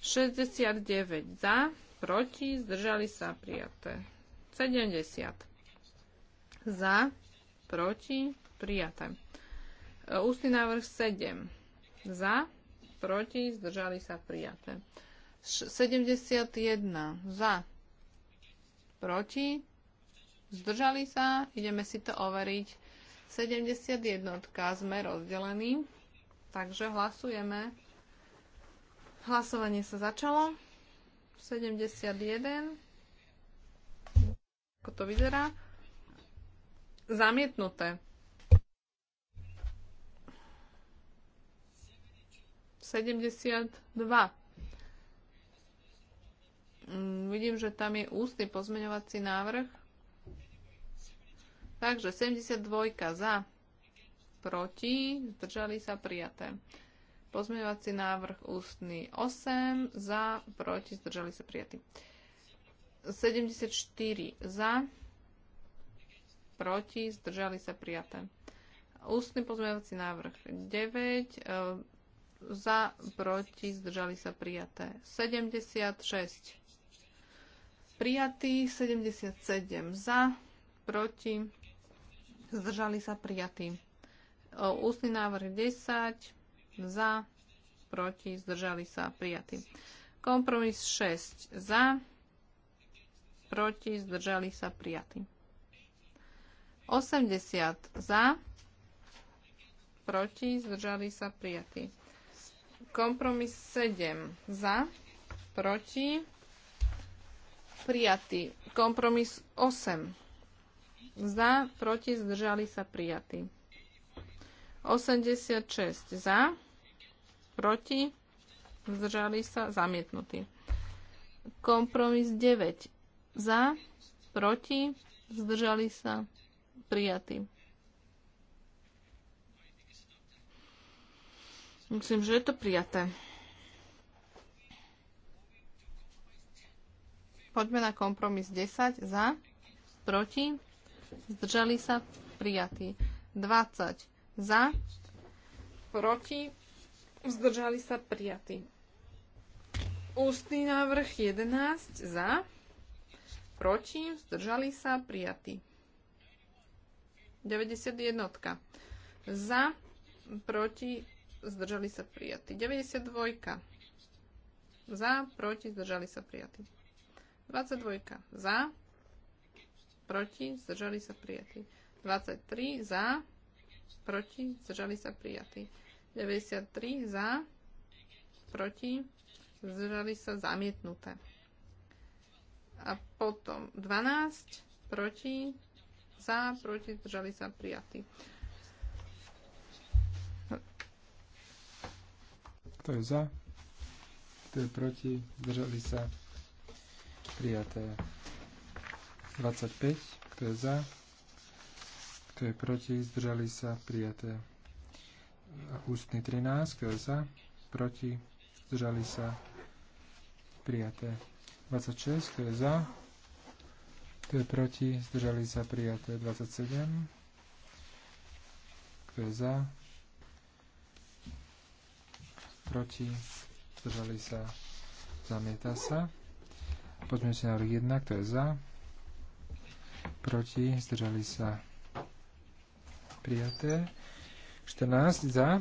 69 za, proti, zdržali sa prijaté. 70 za, proti, prijaté. E, ústny návrh 7. Za, proti, zdržali sa prijaté. 71. Za, proti, zdržali sa. Ideme si to overiť. 71. Sme rozdelení, takže hlasujeme. Hlasovanie sa začalo. 71. Ako to vyzerá? Zamietnuté. 72. Mm, vidím, že tam je ústny pozmeňovací návrh. Takže 72 za, proti, zdržali sa prijaté. Pozmeňovací návrh ústny 8 za, proti, zdržali sa prijatí. 74 za, proti, zdržali sa prijaté. Ústny pozmeňovací návrh 9, za, proti, zdržali sa prijaté. 76 prijatý, 77 za, proti, zdržali sa prijatý. Ústny návrh 10 za, proti, zdržali sa prijatý. Kompromis 6 za, proti, zdržali sa prijatý. 80 za, proti, zdržali sa prijatý. Kompromis 7 za, proti, prijatý. Kompromis 8 za, proti, zdržali sa prijatý. 86 za, proti, zdržali sa zamietnutý. Kompromis 9 za, proti, zdržali sa prijatý. Myslím, že je to prijaté. Poďme na kompromis 10 za, proti, zdržali sa, prijatý. 20 za, proti, zdržali sa, prijatý. Ústny návrh 11 za, proti, zdržali sa, prijatý. 91 za, proti, zdržali sa prijatí. 92 za, proti, zdržali sa prijatí. 22 za, proti, zdržali sa prijatí. 23 za, proti, zdržali sa prijatí. 93 za, proti, zdržali sa zamietnuté. A potom 12 proti, za, proti, zdržali sa prijatí. Kto je za? Kto je proti? Zdržali sa? Prijaté. 25. Kto je za? Kto je proti? Zdržali sa? Prijaté. Ústny 13. Kto je za? Proti? Zdržali sa? Prijaté. 26. Kto je za? Kto je proti? Zdržali sa? Prijaté. 27. Kto je za? proti, zdržali sa, zamieta sa. poďme na rok 1, kto je za, proti, zdržali sa, prijaté. 14 za,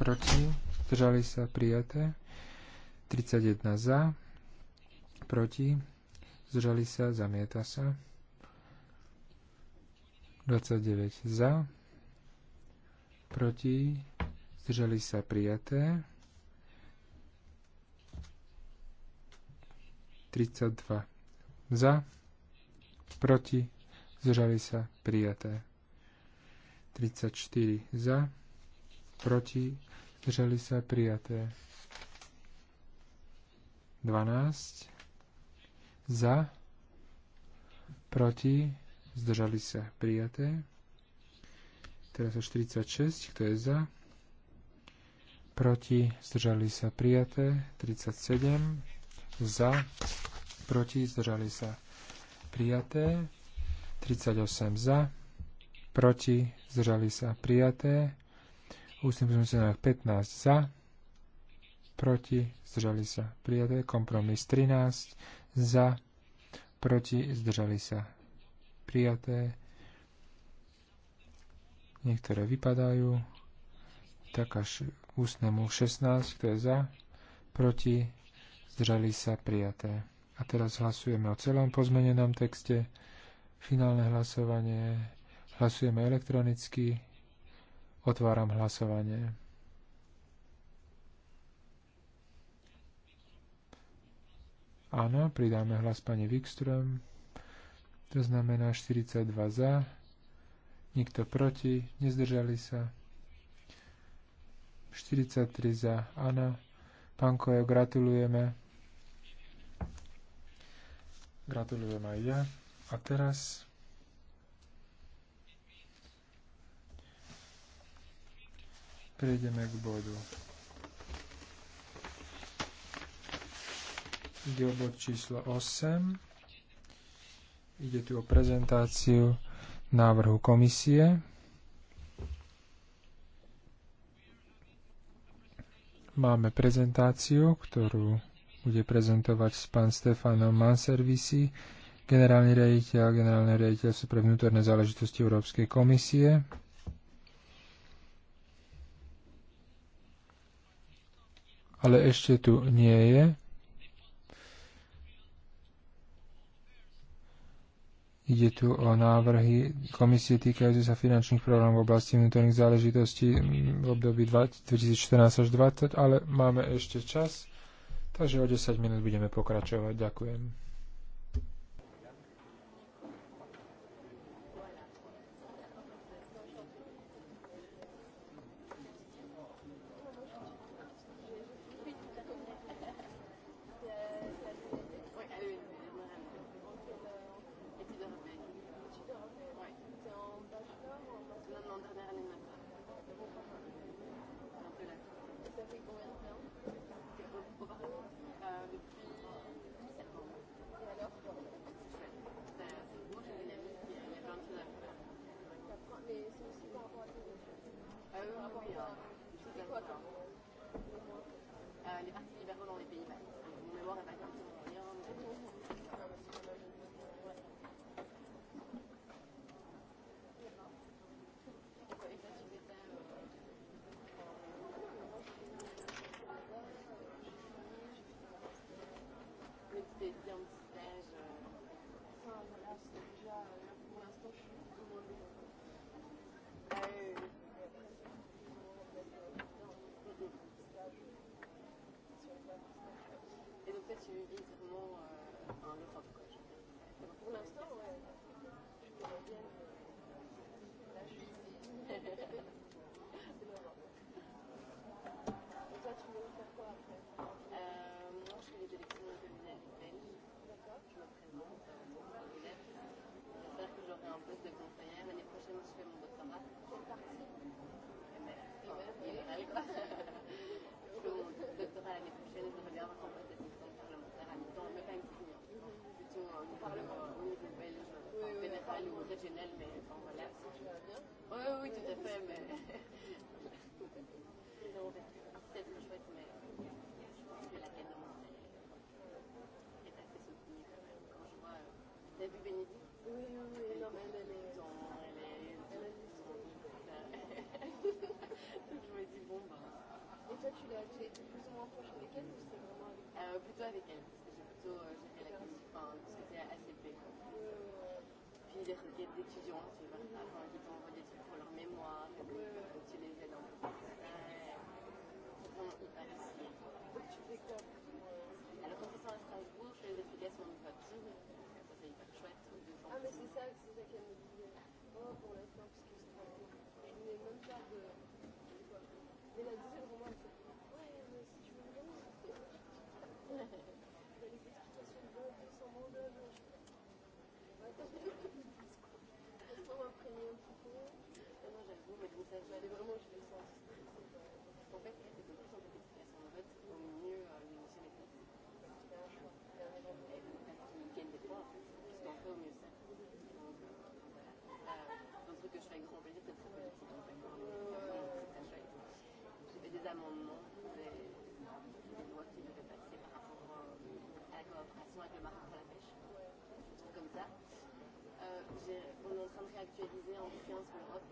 proti, zdržali sa, prijaté. 31 za, proti, zdržali sa, zamieta sa. 29 za, proti, zdržali sa prijaté. 32 za, proti, zdržali sa prijaté. 34 za, proti, zdržali sa prijaté. 12 za, proti, zdržali sa prijaté. Teraz až 46, kto je za, proti, zdržali sa prijaté, 37, za, proti, zdržali sa prijaté, 38 za, proti, zdržali sa prijaté, ústnym pozmeňujúcim 15 za, proti, zdržali sa prijaté, kompromis 13 za, proti, zdržali sa prijaté, niektoré vypadajú, tak až ústnemu 16, kto je za, proti, zdržali sa prijaté. A teraz hlasujeme o celom pozmenenom texte. Finálne hlasovanie. Hlasujeme elektronicky. Otváram hlasovanie. Áno, pridáme hlas pani Wikström. To znamená 42 za, nikto proti, nezdržali sa. 43 za. Ana, pán Kojo, gratulujeme. Gratulujem aj ja. A teraz prejdeme k bodu. Ide o bod číslo 8. Ide tu o prezentáciu návrhu komisie. Máme prezentáciu, ktorú bude prezentovať s pán Stefano Manservisi, generálny riaditeľ, generálne sú pre vnútorné záležitosti Európskej komisie. Ale ešte tu nie je. Ide tu o návrhy komisie týkajúce sa finančných programov v oblasti vnútorných záležitostí v období 2014 až 2020, ale máme ešte čas, takže o 10 minút budeme pokračovať. Ďakujem. tu l'as fait plus ou moins proche avec elle ou c'était vraiment avec elle euh, Plutôt avec elle, parce que j'ai plutôt euh, fait la question, parce que c'est ACP. Quoi. Euh... Puis les requêtes d'étudiants, tu vois, mm-hmm. avant qu'ils t'envoient des trucs pour leur mémoire, et puis, euh... tu les aides en plus. Donc tu fais quoi pour, euh... Alors quand ils sont à Strasbourg, je fais des explications de j'allais vraiment, les sens. En fait, elle était plus embêtée qu'elle s'en fait au mieux euh, les lycées Et C'était un choix. Elle des en fait, qui mieux ça. Donc, voilà. Là, un truc que je fais avec grand plaisir, c'est J'ai fait des amendements, des lois qui devaient passer par rapport à la coopération avec le marché pour la pêche. Comme ça. Euh, on est en train de réactualiser en 15 l'Europe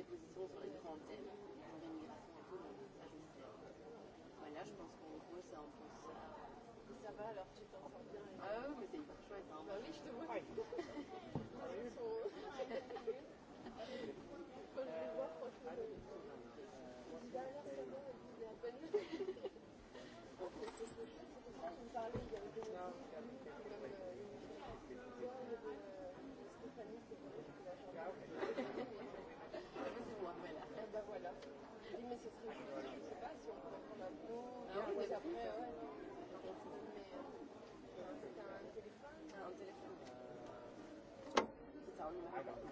des positions sur une trentaine de migrations et tout, donc ça je sais. Voilà, je pense qu'en gros c'est un peu ça. ça va alors, tu t'en sens bien Ah oui, mais c'est hyper chouette. Hein. Bah oui, je te vois. Ah Thank you. si on un téléphone. un téléphone. C'est un numéro.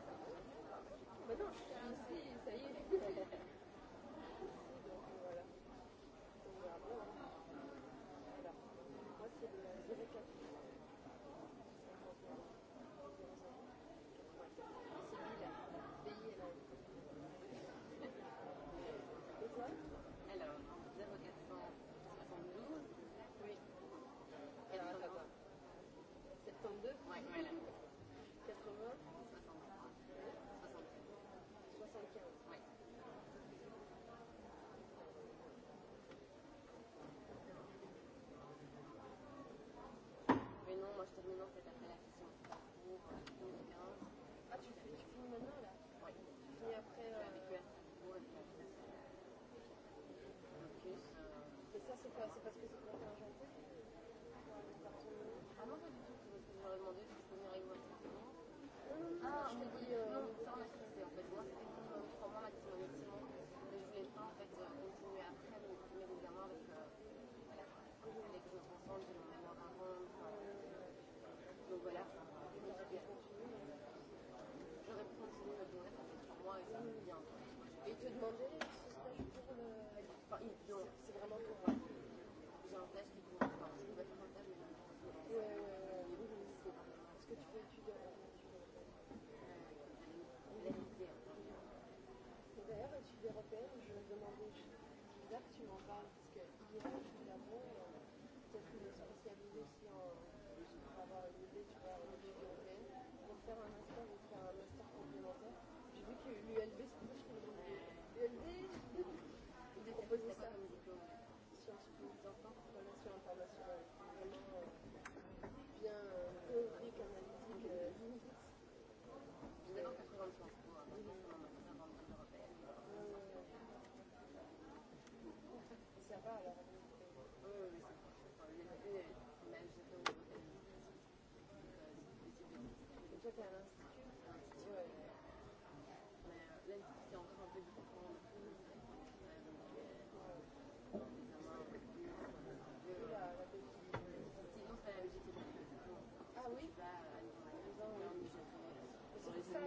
c'est parce que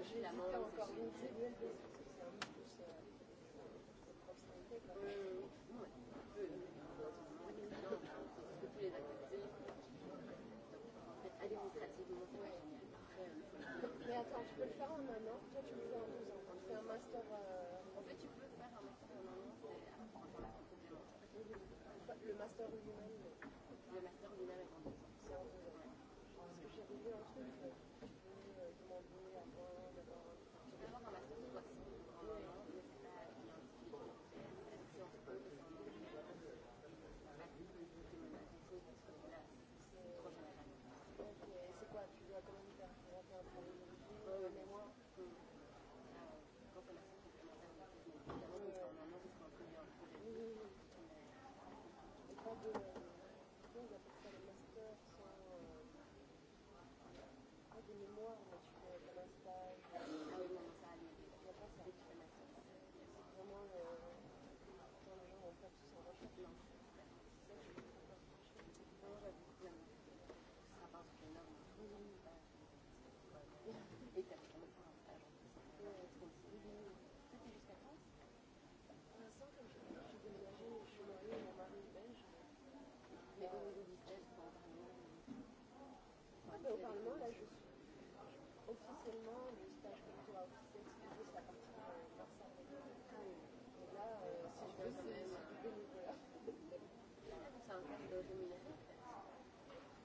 évidemment. Administrativement, Mais attends, tu peux le faire en un an Toi, tu en ans. master. En fait, tu peux faire un master Le master humain.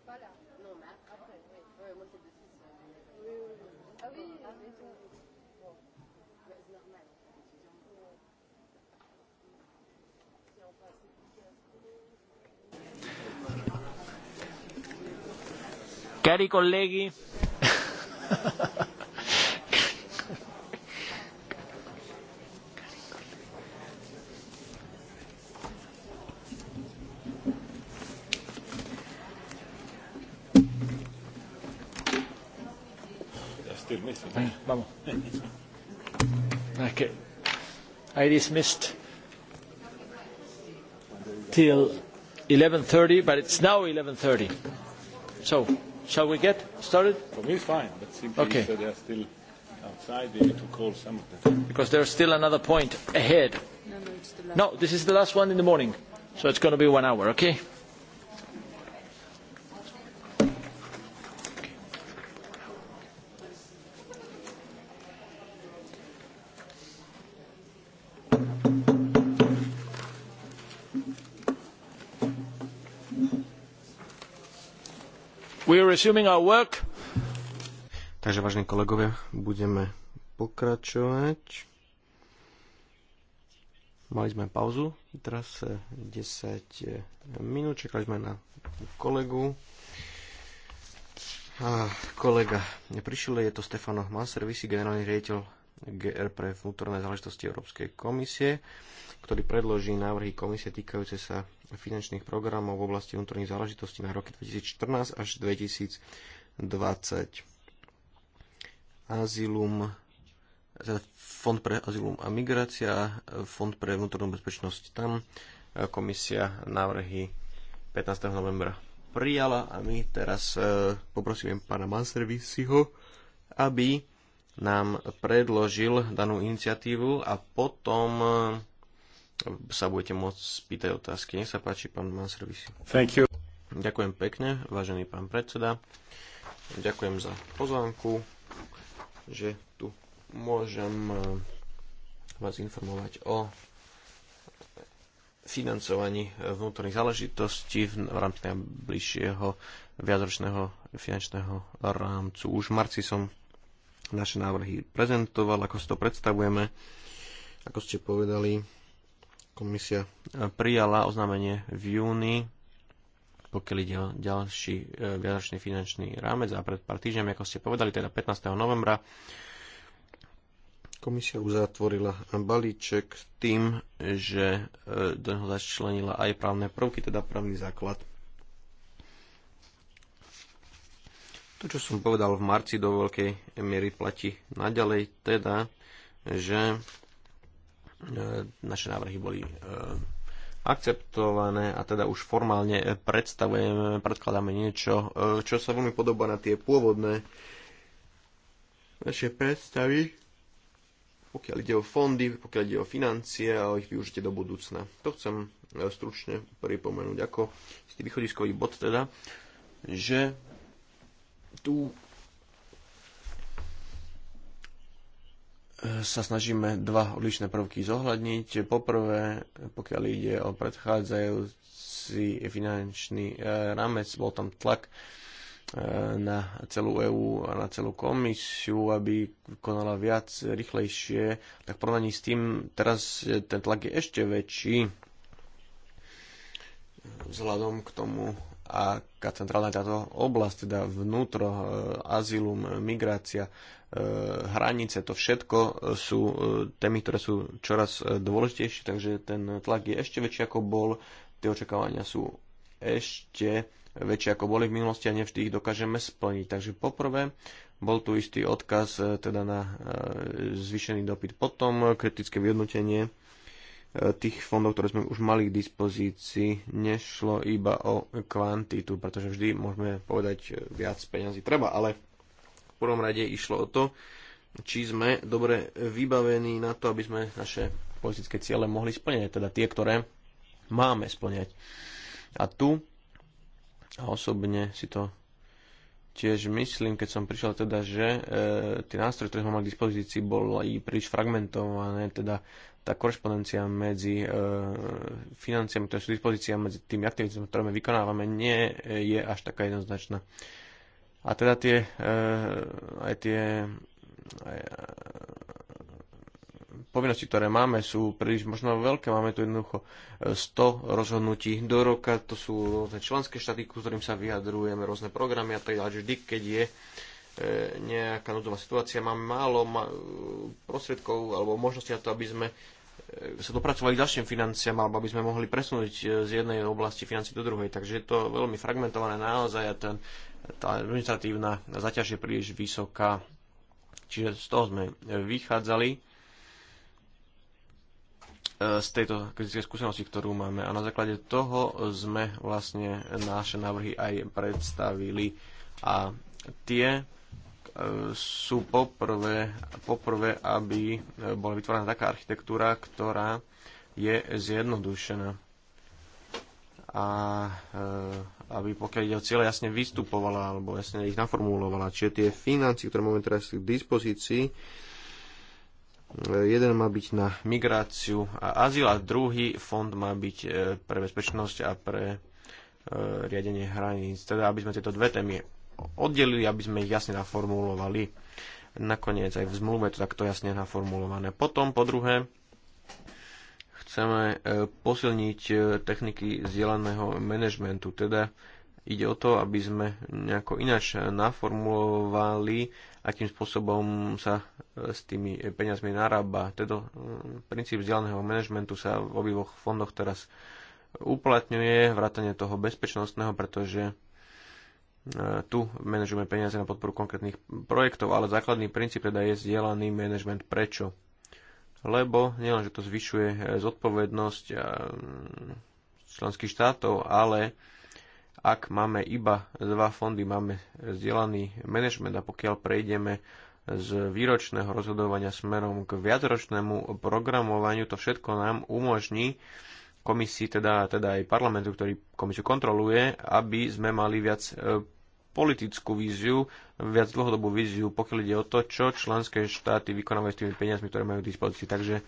pas Non, mais après, oui. Ouais, moi, c'est de Suisse. Oui, oui, Ah oui, ah, oui. Bon. Mais c'est normal. Si on passe Cari colleghi, vamos. Okay. I dismissed till 11.30, but it's now 11.30. So, shall we get started? For me, it's fine, but simply okay. So they are still outside, they need to call some of them. Because there's still another point ahead. No, no, it's the last no this is the last one in the morning, so it's going to be one hour, okay? Takže, vážení kolegovia, budeme pokračovať. Mali sme pauzu, teraz 10 eh, eh, minút, čakali sme na kolegu. A kolega neprišiel, je to Stefano vysi generálny riaditeľ GR pre vnútorné záležitosti Európskej komisie, ktorý predloží návrhy komisie týkajúce sa finančných programov v oblasti vnútorných záležitostí na roky 2014 až 2020. Azylum, teda Fond pre azylum a migrácia, Fond pre vnútornú bezpečnosť tam, e, komisia návrhy 15. novembra prijala a my teraz e, poprosíme pána Manservisiho, aby nám predložil danú iniciatívu a potom eh, sa budete môcť spýtať otázky. Nech sa páči, pán Manservis. Thank you. Ďakujem pekne, vážený pán predseda. Ďakujem za pozvánku, že tu môžem eh, vás informovať o financovaní vnútorných záležitostí v rámci najbližšieho viacročného finančného rámcu. Už v marci som naše návrhy prezentoval, ako si to predstavujeme. Ako ste povedali, komisia prijala oznámenie v júni, pokiaľ ide o ďalší e, viacročný finančný rámec a pred pár týždňami, ako ste povedali, teda 15. novembra, komisia uzatvorila balíček tým, že e, do neho začlenila aj právne prvky, teda právny základ To, čo som povedal v marci do veľkej miery platí naďalej, teda, že e, naše návrhy boli e, akceptované a teda už formálne predstavujeme, predkladáme niečo, e, čo sa veľmi podobá na tie pôvodné naše predstavy, pokiaľ ide o fondy, pokiaľ ide o financie a o ich využite do budúcna. To chcem stručne pripomenúť ako istý východiskový bod teda, že tu sa snažíme dva odlišné prvky zohľadniť. Poprvé, pokiaľ ide o predchádzajúci finančný eh, rámec, bol tam tlak eh, na celú EÚ a na celú komisiu, aby konala viac, rýchlejšie, tak v porovnaní s tým teraz ten tlak je ešte väčší vzhľadom k tomu a centrálna táto oblasť, teda vnútro, e, azylum, migrácia, e, hranice, to všetko sú e, témy, ktoré sú čoraz dôležitejšie, takže ten tlak je ešte väčší ako bol, tie očakávania sú ešte väčšie ako boli v minulosti a nevždy ich dokážeme splniť. Takže poprvé bol tu istý odkaz teda na zvýšený dopyt, potom kritické vyhodnotenie tých fondov, ktoré sme už mali k dispozícii, nešlo iba o kvantitu, pretože vždy môžeme povedať e, viac peňazí treba, ale v prvom rade išlo o to, či sme dobre vybavení na to, aby sme naše politické ciele mohli splňať, teda tie, ktoré máme splňať. A tu, a osobne si to tiež myslím, keď som prišiel teda, že e, tie nástroje, ktoré sme mali k dispozícii, boli príliš fragmentované, teda tá korešpondencia medzi e, financiami, ktoré sú dispozícia medzi tými aktivitami, ktoré my vykonávame, nie je až taká jednoznačná. A teda tie, e, aj tie aj, e, povinnosti, ktoré máme, sú príliš možno veľké. Máme tu jednoducho 100 e, rozhodnutí do roka, to sú rôzne členské štáty, ku ktorým sa vyjadrujeme, rôzne programy a tak ďalej. Vždy, keď je E, nejaká núdzová situácia, máme málo e, prostriedkov alebo možnosti na to, aby sme e, sa dopracovali k ďalším financiám alebo aby sme mohli presunúť z jednej oblasti financí do druhej. Takže je to veľmi fragmentované naozaj a ten, tá administratívna zaťaž je príliš vysoká. Čiže z toho sme vychádzali z tejto kritickej skúsenosti, ktorú máme. A na základe toho sme vlastne naše návrhy aj predstavili. A tie sú poprvé, poprvé, aby bola vytvorená taká architektúra, ktorá je zjednodušená. A e, aby pokiaľ ide o cieľe, jasne vystupovala alebo jasne ich naformulovala. Čiže tie financie, ktoré máme teraz k dispozícii, e, jeden má byť na migráciu a azyl a druhý fond má byť e, pre bezpečnosť a pre riadenie hraníc. Teda aby sme tieto dve témy oddelili, aby sme ich jasne naformulovali. Nakoniec aj v zmluve to takto jasne naformulované. Potom, po druhé, chceme e, posilniť e, techniky zdieľaného manažmentu, teda ide o to, aby sme nejako ináč naformulovali, akým spôsobom sa e, s tými peniazmi narába. Teda princíp vzdialeného manažmentu sa v obidvoch fondoch teraz uplatňuje, vrátanie toho bezpečnostného, pretože E, tu manažujeme peniaze na podporu konkrétnych projektov, ale základný princíp teda je zdieľaný manažment. Prečo? Lebo nielenže to zvyšuje e, zodpovednosť e, členských štátov, ale ak máme iba dva fondy, máme zdieľaný manažment a pokiaľ prejdeme z výročného rozhodovania smerom k viacročnému programovaniu, to všetko nám umožní komisii, teda, teda aj parlamentu, ktorý komisiu kontroluje, aby sme mali viac politickú víziu, viac dlhodobú víziu, pokiaľ ide o to, čo členské štáty vykonávajú s tými peniazmi, ktoré majú k dispozícii. Takže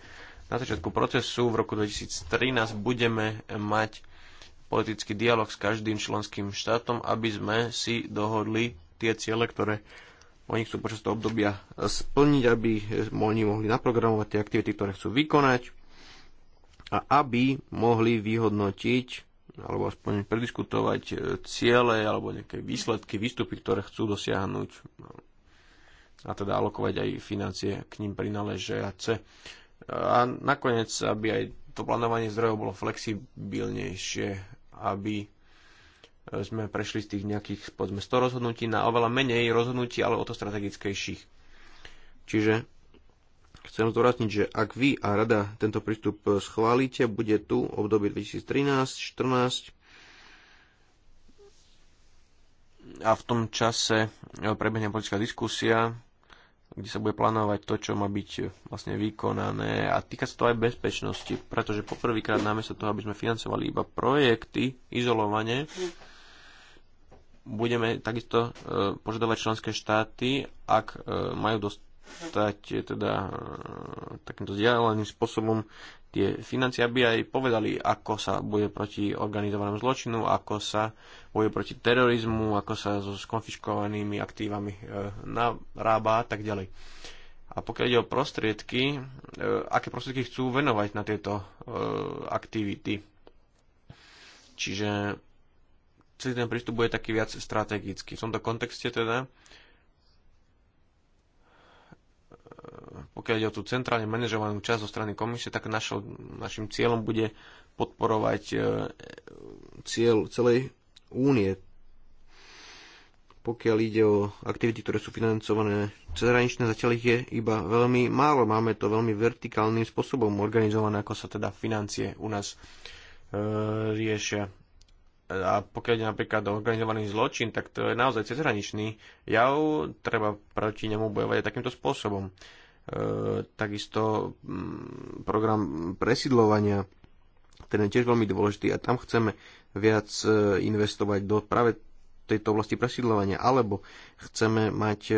na začiatku procesu v roku 2013 budeme mať politický dialog s každým členským štátom, aby sme si dohodli tie ciele, ktoré oni chcú počas toho obdobia splniť, aby oni mohli naprogramovať tie aktivity, ktoré chcú vykonať a aby mohli vyhodnotiť alebo aspoň prediskutovať e, ciele alebo nejaké výsledky, výstupy, ktoré chcú dosiahnuť no. a teda alokovať aj financie k ním prináležiace. A nakoniec, aby aj to plánovanie zdrojov bolo flexibilnejšie, aby e, sme prešli z tých nejakých, povedzme, 100 rozhodnutí na oveľa menej rozhodnutí, ale o to strategickejších. Čiže Chcem zdôrazniť, že ak vy a rada tento prístup e, schválite, bude tu obdobie 2013-2014 a v tom čase e, prebehne politická diskusia, kde sa bude plánovať to, čo má byť e, vlastne vykonané a týka sa to aj bezpečnosti, pretože poprvýkrát namiesto toho, aby sme financovali iba projekty izolovane, budeme takisto požadovať členské štáty, ak majú dosť stať eh, teda eh, takýmto vzdialeným spôsobom tie financie, aby aj povedali, ako sa bude proti organizovanému zločinu, ako sa bude proti terorizmu, ako sa so skonfiškovanými aktívami e, narába a tak ďalej. A pokiaľ ide o prostriedky, e, aké prostriedky chcú venovať na tieto e, aktivity. Čiže celý ten prístup bude taký viac strategický. V tomto kontexte teda pokiaľ ide o tú centrálne manažovanú časť zo strany komisie, tak našo, našim cieľom bude podporovať e, cieľ celej únie. Pokiaľ ide o aktivity, ktoré sú financované cezhraničné, zatiaľ ich je iba veľmi málo. Máme to veľmi vertikálnym spôsobom organizované, ako sa teda financie u nás e, riešia. A pokiaľ ide napríklad o organizovaný zločin, tak to je naozaj cezhraničný jav, treba proti nemu bojovať aj takýmto spôsobom. E, E, takisto mm, program presidlovania, ten je tiež veľmi dôležitý a tam chceme viac e, investovať do práve tejto oblasti presídľovania, alebo chceme mať e,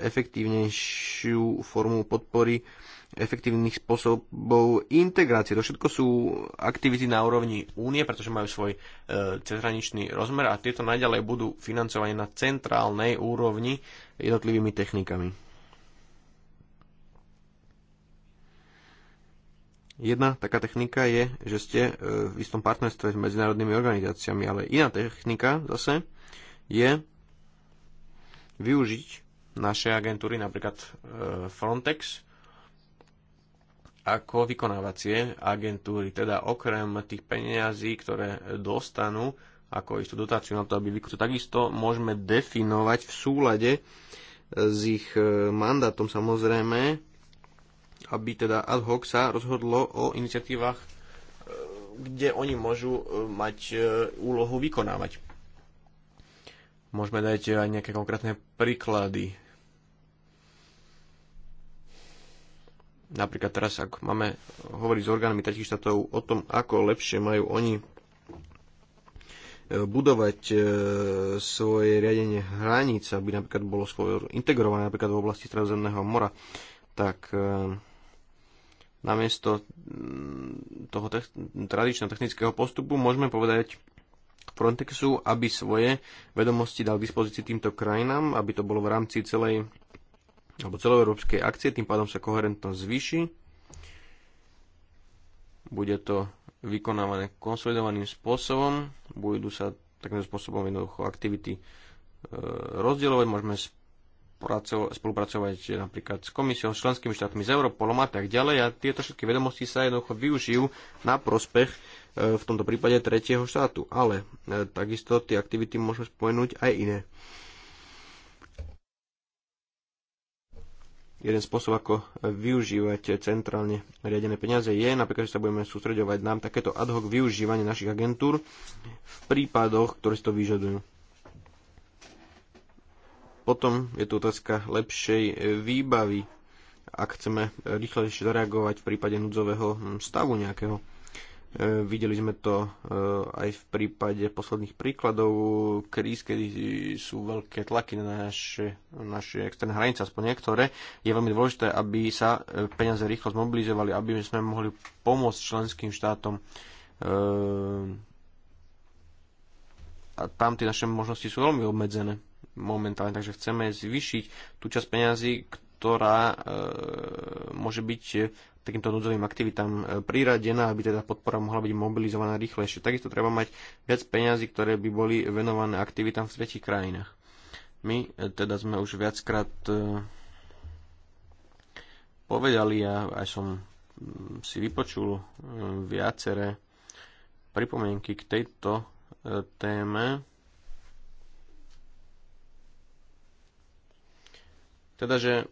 efektívnejšiu formu podpory efektívnych spôsobov integrácie. To všetko sú aktivity na úrovni únie, pretože majú svoj cezhraničný rozmer a tieto najďalej budú financované na centrálnej úrovni jednotlivými technikami. Jedna taká technika je, že ste e, v istom partnerstve s medzinárodnými organizáciami, ale iná technika zase je využiť naše agentúry, napríklad e, Frontex, ako vykonávacie agentúry, teda okrem tých peniazí, ktoré dostanú ako istú dotáciu na to, aby vykonali. Takisto môžeme definovať v súlade s ich e, mandátom samozrejme aby teda ad hoc sa rozhodlo o iniciatívach, e, kde oni môžu e, mať e, úlohu vykonávať. Môžeme dať aj nejaké konkrétne príklady. Napríklad teraz, ak máme hovoriť s orgánmi tretich štátov o tom, ako lepšie majú oni budovať svoje riadenie hraníc, aby napríklad bolo skôr integrované napríklad v oblasti Stredozemného mora, tak namiesto mm, toho te- tradičného technického postupu môžeme povedať Frontexu, aby svoje vedomosti dal k dispozícii týmto krajinám, aby to bolo v rámci celej alebo celoeurópskej akcie, tým pádom sa koherentnosť zvýši. Bude to vykonávané konsolidovaným spôsobom, budú sa takýmto spôsobom jednoducho aktivity e, rozdielovať, môžeme spolupracovať napríklad s komisiou, s členskými štátmi, s Europolom a tak ďalej a tieto všetky vedomosti sa jednoducho využijú na prospech e, v tomto prípade tretieho štátu. Ale e, takisto tie aktivity môžeme spomenúť aj iné. jeden spôsob, ako využívať centrálne riadené peniaze je, napríklad, že sa budeme sústredovať nám takéto ad hoc využívanie našich agentúr v prípadoch, ktoré si to vyžadujú. Potom je tu otázka lepšej e, výbavy, ak chceme rýchlejšie zareagovať v prípade núdzového stavu nejakého. E, videli sme to e, aj v prípade posledných príkladov kríz, kedy sú veľké tlaky na naše, naše externé hranice, aspoň niektoré. Je veľmi dôležité, aby sa peniaze rýchlo zmobilizovali, aby sme mohli pomôcť členským štátom. A tam tie naše možnosti sú veľmi obmedzené momentálne, takže chceme zvyšiť tú časť peňazí, ktorá e, môže byť takýmto núdzovým aktivitám e, priradená, aby teda podpora mohla byť mobilizovaná rýchlejšie. Takisto treba mať viac peňazí, ktoré by boli venované aktivitám v tretich krajinách. My e, teda sme už viackrát e, povedali a aj som mm, si vypočul e, viaceré pripomienky k tejto e, téme Teda, že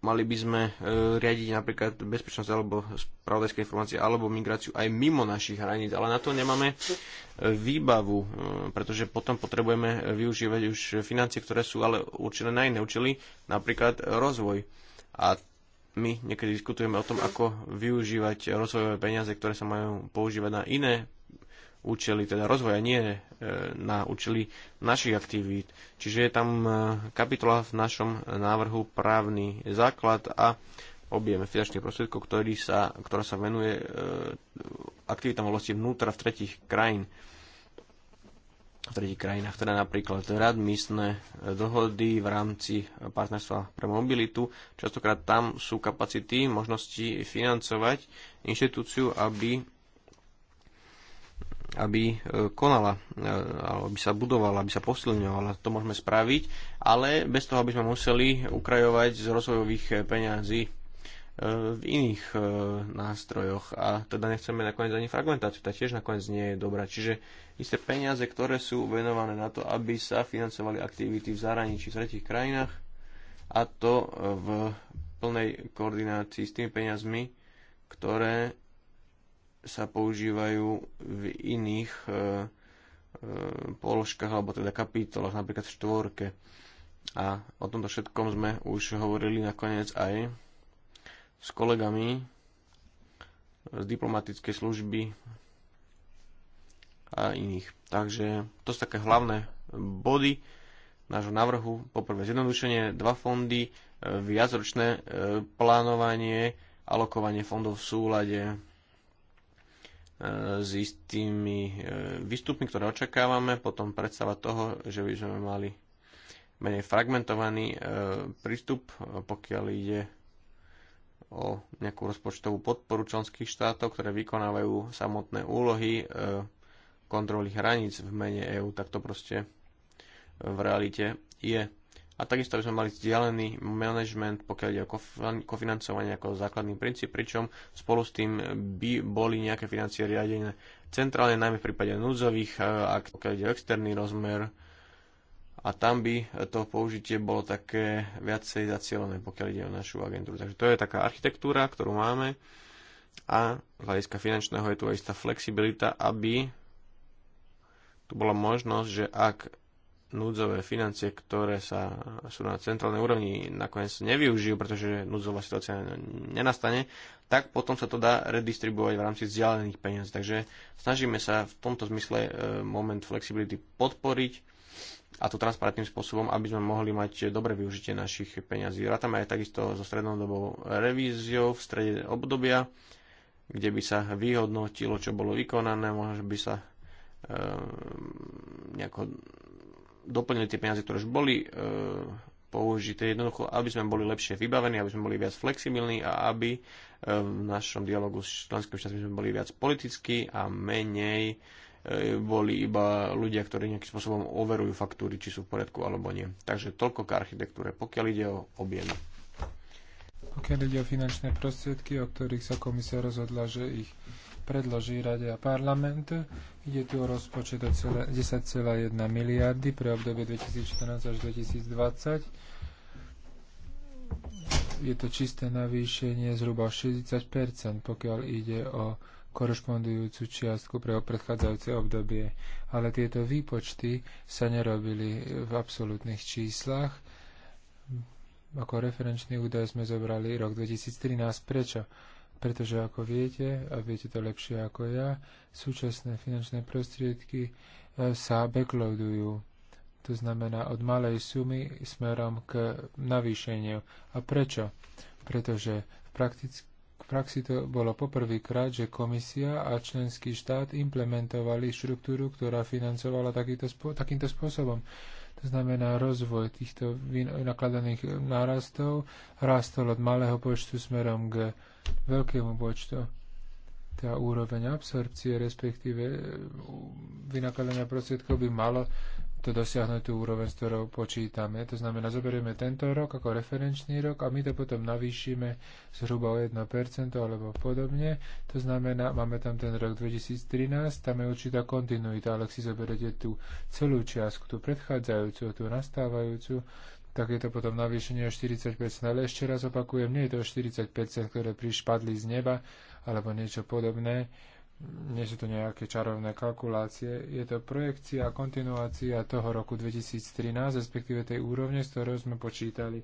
mali by sme e, riadiť napríklad bezpečnosť alebo spravodajské informácie alebo migráciu aj mimo našich hraníc, ale na to nemáme e, výbavu, e, pretože potom potrebujeme využívať už financie, ktoré sú ale určené na iné účely, napríklad rozvoj. A my niekedy diskutujeme o tom, ako využívať rozvojové peniaze, ktoré sa majú používať na iné účely teda rozvoja, nie e, na účely našich aktivít. Čiže je tam e, kapitola v našom návrhu právny základ a objem finančných prostriedkov, ktorý sa, ktorá sa venuje e, aktivitám vlasti vnútra v tretich krajín v tretich krajinách, teda napríklad radmístne dohody v rámci partnerstva pre mobilitu. Častokrát tam sú kapacity, možnosti financovať inštitúciu, aby aby e, konala, e, alebo aby sa budovala, aby sa posilňovala. To môžeme spraviť, ale bez toho, aby sme museli ukrajovať z rozvojových peňazí e, v iných nástrojoch a teda nechceme nakoniec ani fragmentáciu, tá tiež nakoniec nie je dobrá. Čiže isté peniaze, ktoré sú venované na to, aby sa financovali aktivity v zahraničí v tretich krajinách a to v plnej koordinácii s tými peniazmi, ktoré sa používajú v iných e, e, položkách alebo teda kapitolách, napríklad v štvorke. A o tomto všetkom sme už hovorili nakoniec aj s kolegami z diplomatickej služby a iných. Takže to sú také hlavné body nášho návrhu. Poprvé zjednodušenie, dva fondy, e, viacročné e, plánovanie, alokovanie fondov v súlade E, s istými e, výstupmi, ktoré očakávame, potom predstava toho, že by sme mali menej fragmentovaný e, prístup, pokiaľ ide o nejakú rozpočtovú podporu členských štátov, ktoré vykonávajú samotné úlohy kontroly hraníc v mene EÚ, tak to proste v realite je a takisto by sme mali vzdialený management, pokiaľ ide o kofinancovanie ako základný princíp, pričom spolu s tým by boli nejaké financie riadené centrálne, najmä v prípade núdzových, e, ak pokiaľ ide o externý rozmer, a tam by to použitie bolo také viacej zacielené, pokiaľ ide o našu agentúru. Takže to je taká architektúra, ktorú máme a z hľadiska finančného je tu aj istá flexibilita, aby tu bola možnosť, že ak núdzové financie, ktoré sa, sú na centrálnej úrovni, nakoniec nevyužijú, pretože núdzová situácia nenastane, tak potom sa to dá redistribuovať v rámci vzdialených peniaz. Takže snažíme sa v tomto zmysle e, moment flexibility podporiť a to transparentným spôsobom, aby sme mohli mať dobre využitie našich peňazí. Rátame aj takisto so dobou revíziou v strede obdobia, kde by sa vyhodnotilo, čo bolo vykonané, možno by sa e, nejako doplnili tie peniaze, ktoré už boli e, použité, jednoducho, aby sme boli lepšie vybavení, aby sme boli viac flexibilní a aby e, v našom dialogu s členským štátmi sme boli viac politickí a menej e, boli iba ľudia, ktorí nejakým spôsobom overujú faktúry, či sú v poriadku alebo nie. Takže toľko k architektúre, pokiaľ ide o objemy. Pokiaľ ide o finančné prostriedky, o ktorých sa komisia rozhodla, že ich predloží Rade a parlamentu. Ide tu o rozpočet o 10,1 miliardy pre obdobie 2014 až 2020. Je to čisté navýšenie zhruba 60 pokiaľ ide o korešpondujúcu čiastku pre predchádzajúce obdobie. Ale tieto výpočty sa nerobili v absolútnych číslach. Ako referenčný údaj sme zobrali rok 2013. Prečo? pretože ako viete, a viete to lepšie ako ja, súčasné finančné prostriedky e, sa backloadujú. To znamená od malej sumy smerom k navýšeniu. A prečo? Pretože v, v praxi to bolo poprvýkrát, že komisia a členský štát implementovali štruktúru, ktorá financovala takýto takýmto spôsobom to znamená rozvoj týchto nakladaných nárastov, rastol od malého počtu smerom k veľkému počtu. Tá úroveň absorpcie, respektíve vynakladania prostriedkov by malo to dosiahnuť tú úroveň, s ktorou počítame. To znamená, zoberieme tento rok ako referenčný rok a my to potom navýšime zhruba o 1% alebo podobne. To znamená, máme tam ten rok 2013, tam je určitá kontinuita, ale ak si zoberete tú celú čiastku, tú predchádzajúcu, tú nastávajúcu, tak je to potom navýšenie o 40%. Ale ešte raz opakujem, nie je to o 40%, ktoré prišpadli z neba alebo niečo podobné nie sú to nejaké čarovné kalkulácie, je to projekcia a kontinuácia toho roku 2013, respektíve tej úrovne, z ktorou sme počítali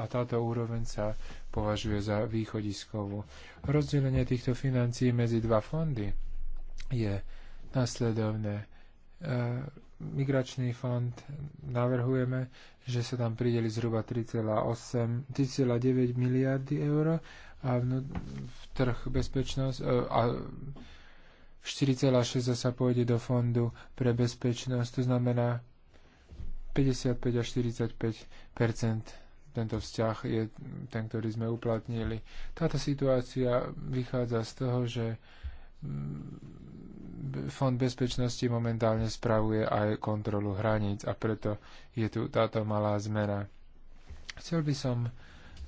a táto úroveň sa považuje za východiskovú. Rozdelenie týchto financií medzi dva fondy je nasledovné. E, migračný fond navrhujeme, že sa tam prideli zhruba 3,8, 3,9 miliardy eur a v trh bezpečnosť e, a 4,6 sa pôjde do fondu pre bezpečnosť, to znamená 55 až 45 tento vzťah je ten, ktorý sme uplatnili. Táto situácia vychádza z toho, že mm, Fond bezpečnosti momentálne spravuje aj kontrolu hraníc a preto je tu táto malá zmena. Chcel by som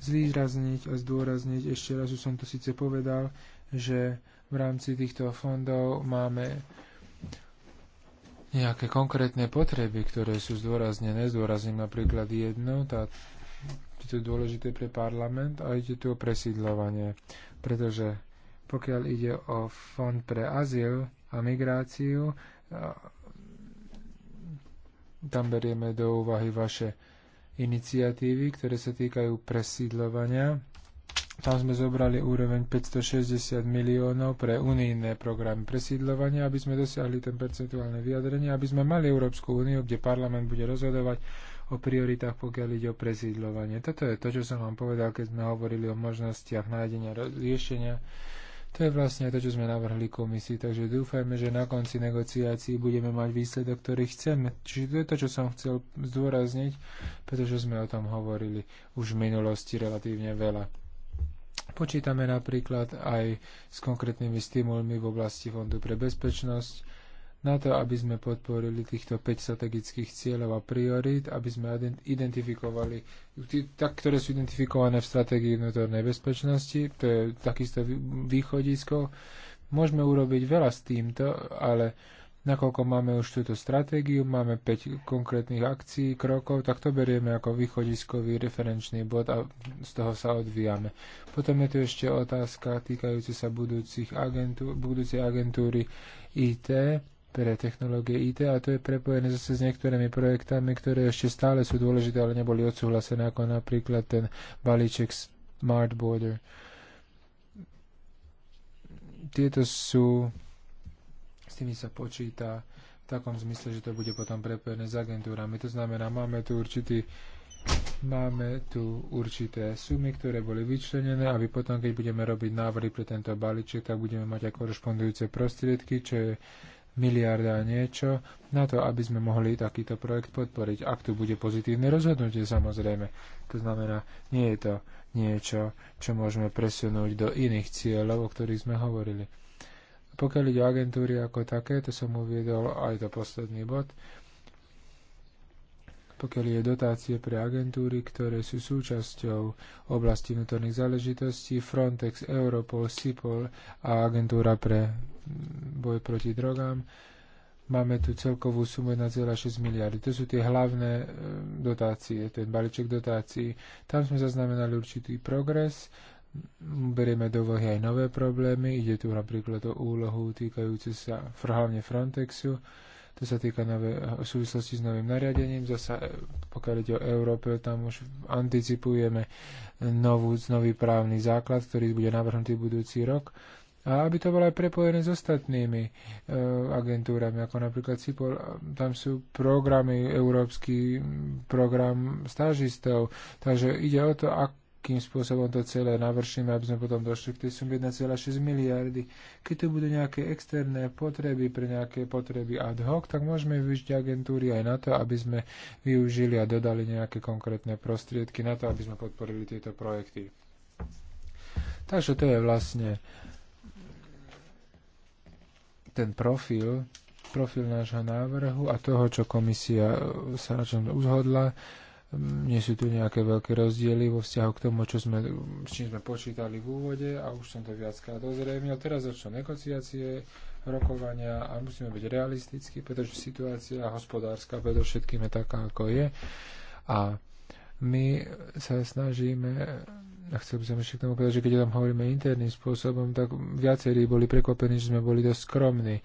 zvýrazniť a zdôrazniť, ešte raz už som to síce povedal, že v rámci týchto fondov máme nejaké konkrétne potreby, ktoré sú zdôraznené. Zdôrazním napríklad jedno, tá, je to dôležité pre parlament a ide tu o presídľovanie. pretože pokiaľ ide o fond pre azyl a migráciu, tam berieme do úvahy vaše iniciatívy, ktoré sa týkajú presídľovania tam sme zobrali úroveň 560 miliónov pre unijné programy presídľovania, aby sme dosiahli ten percentuálne vyjadrenie, aby sme mali Európsku úniu, kde parlament bude rozhodovať o prioritách, pokiaľ ide o presídľovanie. Toto je to, čo som vám povedal, keď sme hovorili o možnostiach nájdenia riešenia. To je vlastne to, čo sme navrhli komisii, takže dúfajme, že na konci negociácií budeme mať výsledok, ktorý chceme. Čiže to je to, čo som chcel zdôrazniť, pretože sme o tom hovorili už v minulosti relatívne veľa. Počítame napríklad aj s konkrétnymi stimulmi v oblasti Fondu pre bezpečnosť, na to, aby sme podporili týchto 5 strategických cieľov a priorít, aby sme identifikovali, tak, ktoré sú identifikované v stratégii vnútornej bezpečnosti, to je takisto východisko. Môžeme urobiť veľa s týmto, ale Nakoľko máme už túto stratégiu, máme 5 konkrétnych akcií, krokov, tak to berieme ako východiskový referenčný bod a z toho sa odvíjame. Potom je tu ešte otázka týkajúca sa budúcich agentú, budúcej agentúry IT pre technológie IT a to je prepojené zase s niektorými projektami, ktoré ešte stále sú dôležité, ale neboli odsúhlasené, ako napríklad ten balíček Smart Border. Tieto sú s tými sa počíta v takom zmysle, že to bude potom prepojené s agentúrami. To znamená, máme tu určitý Máme tu určité sumy, ktoré boli vyčlenené a vy potom, keď budeme robiť návrhy pre tento balíček, tak budeme mať aj korešpondujúce prostriedky, čo je miliarda a niečo, na to, aby sme mohli takýto projekt podporiť. Ak tu bude pozitívne rozhodnutie, samozrejme. To znamená, nie je to niečo, čo môžeme presunúť do iných cieľov, o ktorých sme hovorili. Pokiaľ ide o agentúry ako také, to som uviedol aj to posledný bod, pokiaľ je dotácie pre agentúry, ktoré sú súčasťou oblasti vnútorných záležitostí, Frontex, Europol, SIPOL a agentúra pre boj proti drogám. Máme tu celkovú sumu 1,6 miliardy. To sú tie hlavné eh, dotácie, ten balíček dotácií. Tam sme zaznamenali určitý progres berieme do úvahy aj nové problémy. Ide tu napríklad o úlohu týkajúcu sa hlavne Frontexu. To sa týka nové, v súvislosti s novým nariadením. Zasa, e, pokiaľ ide o Európe, tam už anticipujeme novú, nový právny základ, ktorý bude navrhnutý budúci rok. A aby to bolo aj prepojené s ostatnými e, agentúrami, ako napríklad CIPOL, tam sú programy, európsky program stážistov. Takže ide o to, ak akým spôsobom to celé navršíme, aby sme potom došli k tej sume 1,6 miliardy. Keď to budú nejaké externé potreby pre nejaké potreby ad hoc, tak môžeme využiť agentúry aj na to, aby sme využili a dodali nejaké konkrétne prostriedky na to, aby sme podporili tieto projekty. Takže to je vlastne ten profil, profil nášho návrhu a toho, čo komisia sa na čom uzhodla nie sú tu nejaké veľké rozdiely vo vzťahu k tomu, čo sme, s čím sme počítali v úvode a už som to viackrát ozrejmil. Teraz začnú negociácie, rokovania a musíme byť realistickí, pretože situácia hospodárska predovšetkým je taká, ako je. A my sa snažíme a chcel by som ešte k tomu povedať, že keď tam hovoríme interným spôsobom, tak viacerí boli prekvapení, že sme boli dosť skromní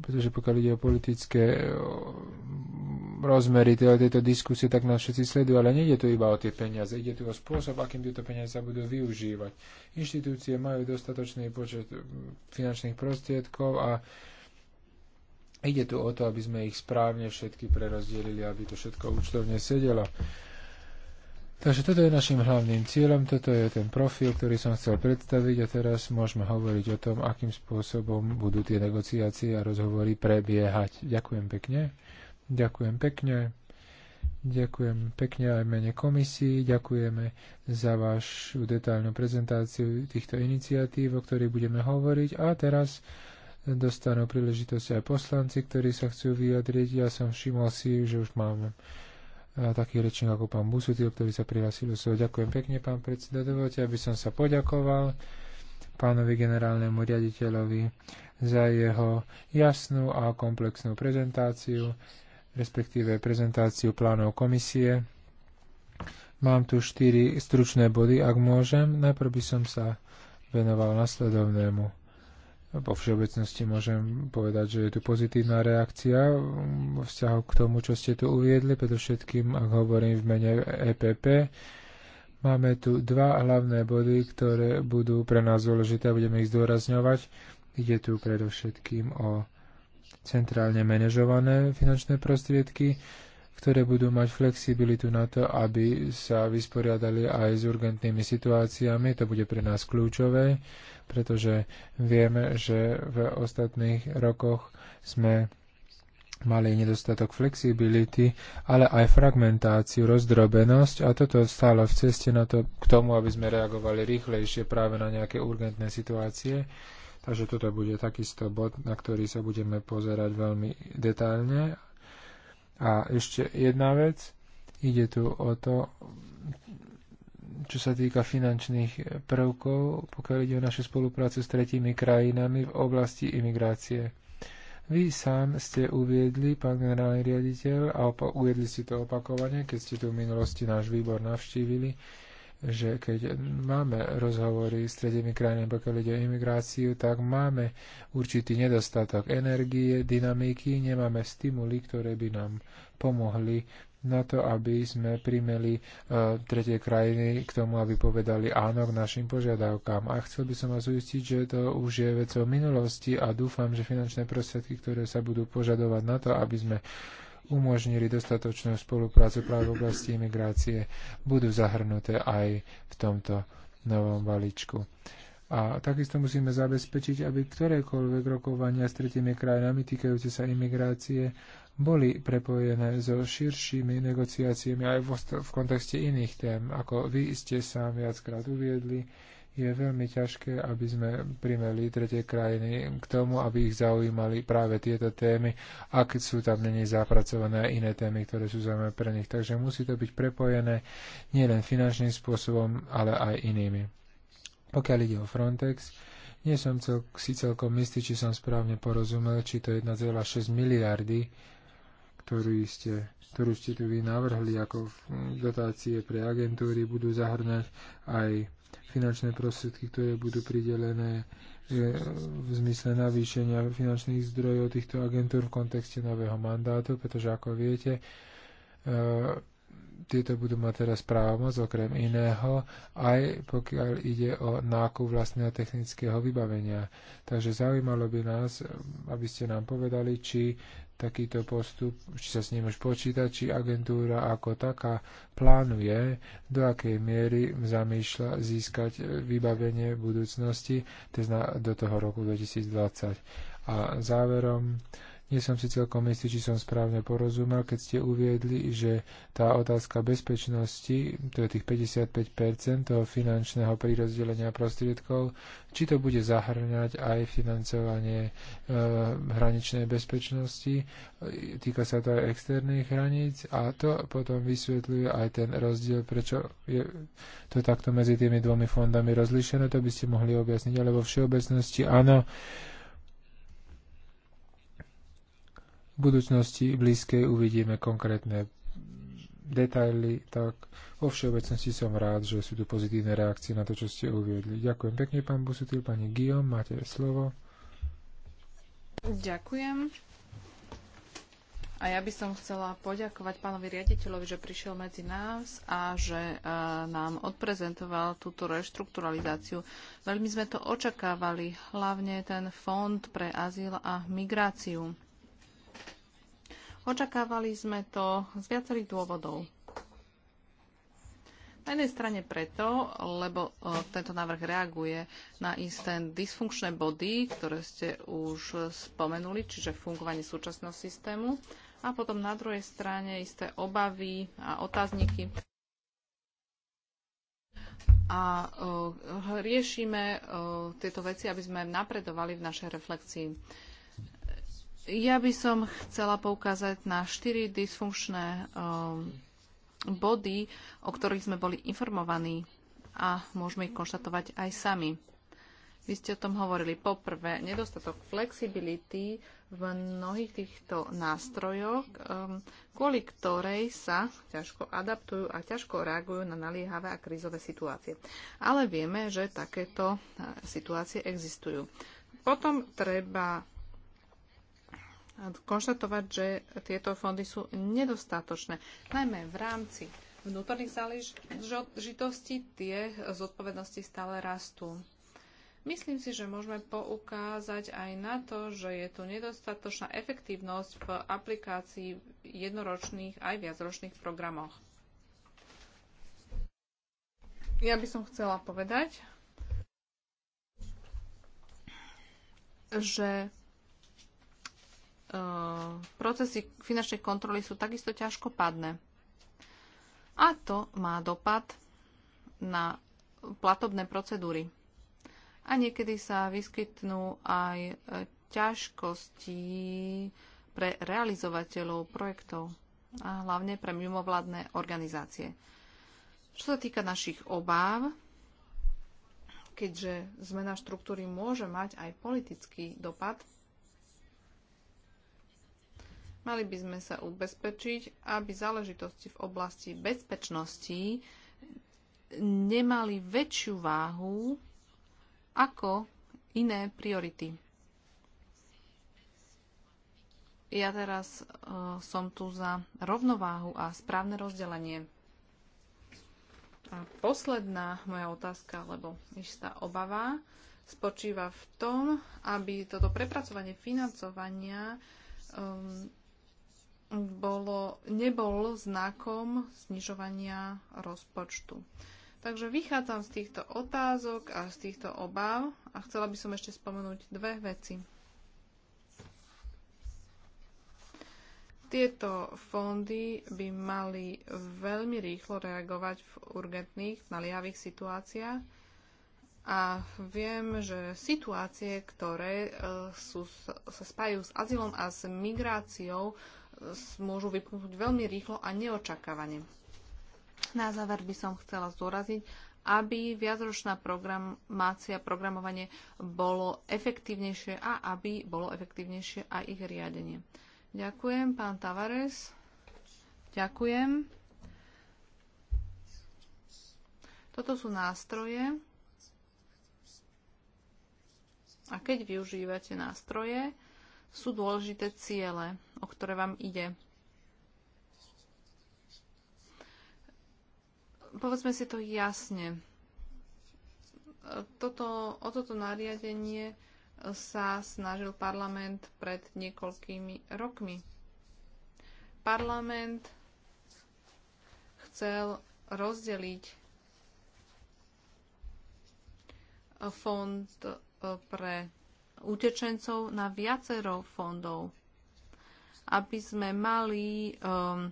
pretože pokiaľ ide o politické e, rozmery tejto diskusie, tak nás všetci sledujú, ale nejde tu iba o tie peniaze, ide tu o spôsob, akým tieto peniaze sa budú využívať. Inštitúcie majú dostatočný počet finančných prostriedkov a ide tu o to, aby sme ich správne všetky prerozdelili, aby to všetko účtovne sedelo. Takže toto je našim hlavným cieľom, toto je ten profil, ktorý som chcel predstaviť a teraz môžeme hovoriť o tom, akým spôsobom budú tie negociácie a rozhovory prebiehať. Ďakujem pekne. Ďakujem pekne. Ďakujem pekne aj mene komisii, ďakujeme za vašu detailnú prezentáciu týchto iniciatív, o ktorých budeme hovoriť. A teraz dostanú príležitosť aj poslanci, ktorí sa chcú vyjadriť. Ja som všimol si, že už máme takých rečník ako pán Busutil, ktorý sa prihlásil. So, ďakujem pekne, pán predseda. Dovolte, aby som sa poďakoval pánovi generálnemu riaditeľovi za jeho jasnú a komplexnú prezentáciu, respektíve prezentáciu plánov komisie. Mám tu štyri stručné body, ak môžem. Najprv by som sa venoval nasledovnému. Vo všeobecnosti môžem povedať, že je tu pozitívna reakcia vo vzťahu k tomu, čo ste tu uviedli, predovšetkým, ak hovorím v mene EPP. Máme tu dva hlavné body, ktoré budú pre nás dôležité a budeme ich zdôrazňovať. Ide tu predovšetkým o centrálne manažované finančné prostriedky, ktoré budú mať flexibilitu na to, aby sa vysporiadali aj s urgentnými situáciami. To bude pre nás kľúčové pretože vieme, že v ostatných rokoch sme mali nedostatok flexibility, ale aj fragmentáciu, rozdrobenosť a toto stálo v ceste na to, k tomu, aby sme reagovali rýchlejšie práve na nejaké urgentné situácie. Takže toto bude takisto bod, na ktorý sa budeme pozerať veľmi detailne. A ešte jedna vec. Ide tu o to, čo sa týka finančných prvkov, pokiaľ ide o našu spoluprácu s tretími krajinami v oblasti imigrácie. Vy sám ste uviedli, pán generálny riaditeľ, a uviedli ste to opakovane, keď ste tu v minulosti náš výbor navštívili, že keď máme rozhovory s tretimi krajinami, pokiaľ ide o imigráciu, tak máme určitý nedostatok energie, dynamiky, nemáme stimuly, ktoré by nám pomohli na to, aby sme primeli uh, tretie krajiny k tomu, aby povedali áno k našim požiadavkám. A chcel by som vás ujistiť, že to už je vecou minulosti a dúfam, že finančné prostriedky, ktoré sa budú požadovať na to, aby sme umožnili dostatočnú spoluprácu práve v oblasti imigrácie, budú zahrnuté aj v tomto novom balíčku. A takisto musíme zabezpečiť, aby ktorékoľvek rokovania s tretimi krajinami týkajúce sa imigrácie boli prepojené so širšími negociáciami aj v, v kontexte iných tém, ako vy ste sám viackrát uviedli je veľmi ťažké, aby sme primeli tretie krajiny k tomu, aby ich zaujímali práve tieto témy, ak sú tam není zapracované iné témy, ktoré sú zaujímavé pre nich. Takže musí to byť prepojené nielen finančným spôsobom, ale aj inými. Pokiaľ ide o Frontex, nie som cel, si celkom istý, či som správne porozumel, či to je 1,6 miliardy, ktorú ste ktorú ste tu vy navrhli ako dotácie pre agentúry, budú zahrňať aj finančné prostriedky, ktoré budú pridelené že v zmysle navýšenia finančných zdrojov týchto agentúr v kontexte nového mandátu, pretože ako viete, e, tieto budú mať teraz právomoc okrem iného, aj pokiaľ ide o nákup vlastného technického vybavenia. Takže zaujímalo by nás, aby ste nám povedali, či takýto postup, či sa s ním už počíta, či agentúra ako taká plánuje, do akej miery zamýšľa získať vybavenie v budúcnosti do toho roku 2020. A záverom, nie som si celkom istý, či som správne porozumel, keď ste uviedli, že tá otázka bezpečnosti, to je tých 55% toho finančného prirozdelenia prostriedkov, či to bude zahrňať aj financovanie e, hraničnej bezpečnosti, týka sa to aj externých hraníc a to potom vysvetľuje aj ten rozdiel, prečo je to takto medzi tými dvomi fondami rozlišené, to by ste mohli objasniť, ale vo všeobecnosti áno, budúcnosti blízkej uvidíme konkrétne detaily, tak vo všeobecnosti som rád, že sú tu pozitívne reakcie na to, čo ste uviedli. Ďakujem pekne, pán Busutil, pani Guillaume, máte slovo. Ďakujem. A ja by som chcela poďakovať pánovi riaditeľovi, že prišiel medzi nás a že e, nám odprezentoval túto reštrukturalizáciu. Veľmi sme to očakávali, hlavne ten fond pre azyl a migráciu. Očakávali sme to z viacerých dôvodov. Na jednej strane preto, lebo e, tento návrh reaguje na isté dysfunkčné body, ktoré ste už spomenuli, čiže fungovanie súčasného systému a potom na druhej strane isté obavy a otázniky. A e, riešime e, tieto veci, aby sme napredovali v našej reflexii. Ja by som chcela poukázať na štyri dysfunkčné um, body, o ktorých sme boli informovaní a môžeme ich konštatovať aj sami. Vy ste o tom hovorili. Poprvé, nedostatok flexibility v mnohých týchto nástrojoch, um, kvôli ktorej sa ťažko adaptujú a ťažko reagujú na naliehavé a krízové situácie. Ale vieme, že takéto uh, situácie existujú. Potom treba konštatovať, že tieto fondy sú nedostatočné. Najmä v rámci vnútorných záležitostí tie zodpovednosti stále rastú. Myslím si, že môžeme poukázať aj na to, že je tu nedostatočná efektívnosť v aplikácii jednoročných aj viacročných programoch. Ja by som chcela povedať, že E, procesy finančnej kontroly sú takisto ťažko padné. A to má dopad na platobné procedúry. A niekedy sa vyskytnú aj ťažkosti pre realizovateľov projektov a hlavne pre mimovládne organizácie. Čo sa týka našich obáv, keďže zmena štruktúry môže mať aj politický dopad, Mali by sme sa ubezpečiť, aby záležitosti v oblasti bezpečnosti nemali väčšiu váhu ako iné priority. Ja teraz uh, som tu za rovnováhu a správne rozdelenie. A posledná moja otázka, lebo istá obava spočíva v tom, aby toto prepracovanie financovania um, bolo, nebol znakom znižovania rozpočtu. Takže vychádzam z týchto otázok a z týchto obáv a chcela by som ešte spomenúť dve veci. Tieto fondy by mali veľmi rýchlo reagovať v urgentných, naliavých situáciách a viem, že situácie, ktoré e, sú, sa spájajú s azylom a s migráciou, môžu vypnúť veľmi rýchlo a neočakávane. Na záver by som chcela zdôraziť, aby viacročná programácia, programovanie bolo efektívnejšie a aby bolo efektívnejšie aj ich riadenie. Ďakujem, pán Tavares. Ďakujem. Toto sú nástroje. A keď využívate nástroje, sú dôležité ciele o ktoré vám ide. Povedzme si to jasne. Toto, o toto nariadenie sa snažil parlament pred niekoľkými rokmi. Parlament chcel rozdeliť fond pre utečencov na viacero fondov aby sme mali um,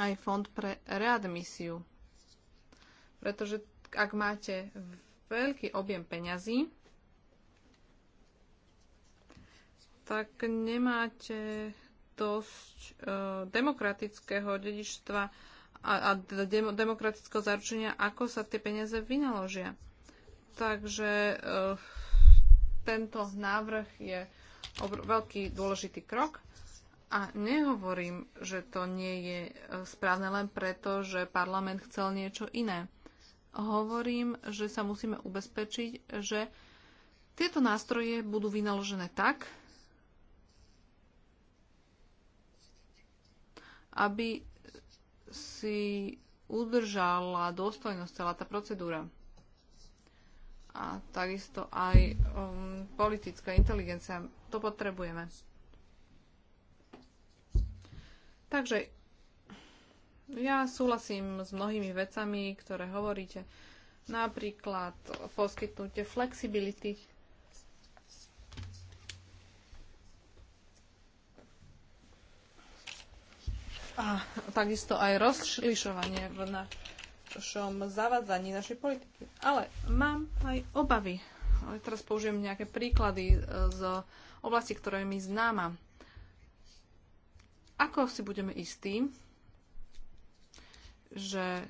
aj fond pre readmisiu. Pretože ak máte veľký objem peňazí, tak nemáte dosť uh, demokratického dedičstva a, a dem, demokratického zaručenia, ako sa tie peniaze vynaložia. Takže uh, tento návrh je veľký dôležitý krok a nehovorím, že to nie je e, správne len preto, že parlament chcel niečo iné. Hovorím, že sa musíme ubezpečiť, že tieto nástroje budú vynaložené tak, aby si udržala dôstojnosť celá tá procedúra. A takisto aj um, politická inteligencia. To potrebujeme. Takže ja súhlasím s mnohými vecami, ktoré hovoríte. Napríklad poskytnutie flexibility. A takisto aj rozšlišovanie v našom zavadzaní našej politiky. Ale mám aj obavy. Teraz použijem nejaké príklady e, z oblasti, ktoré mi známa ako si budeme istí, že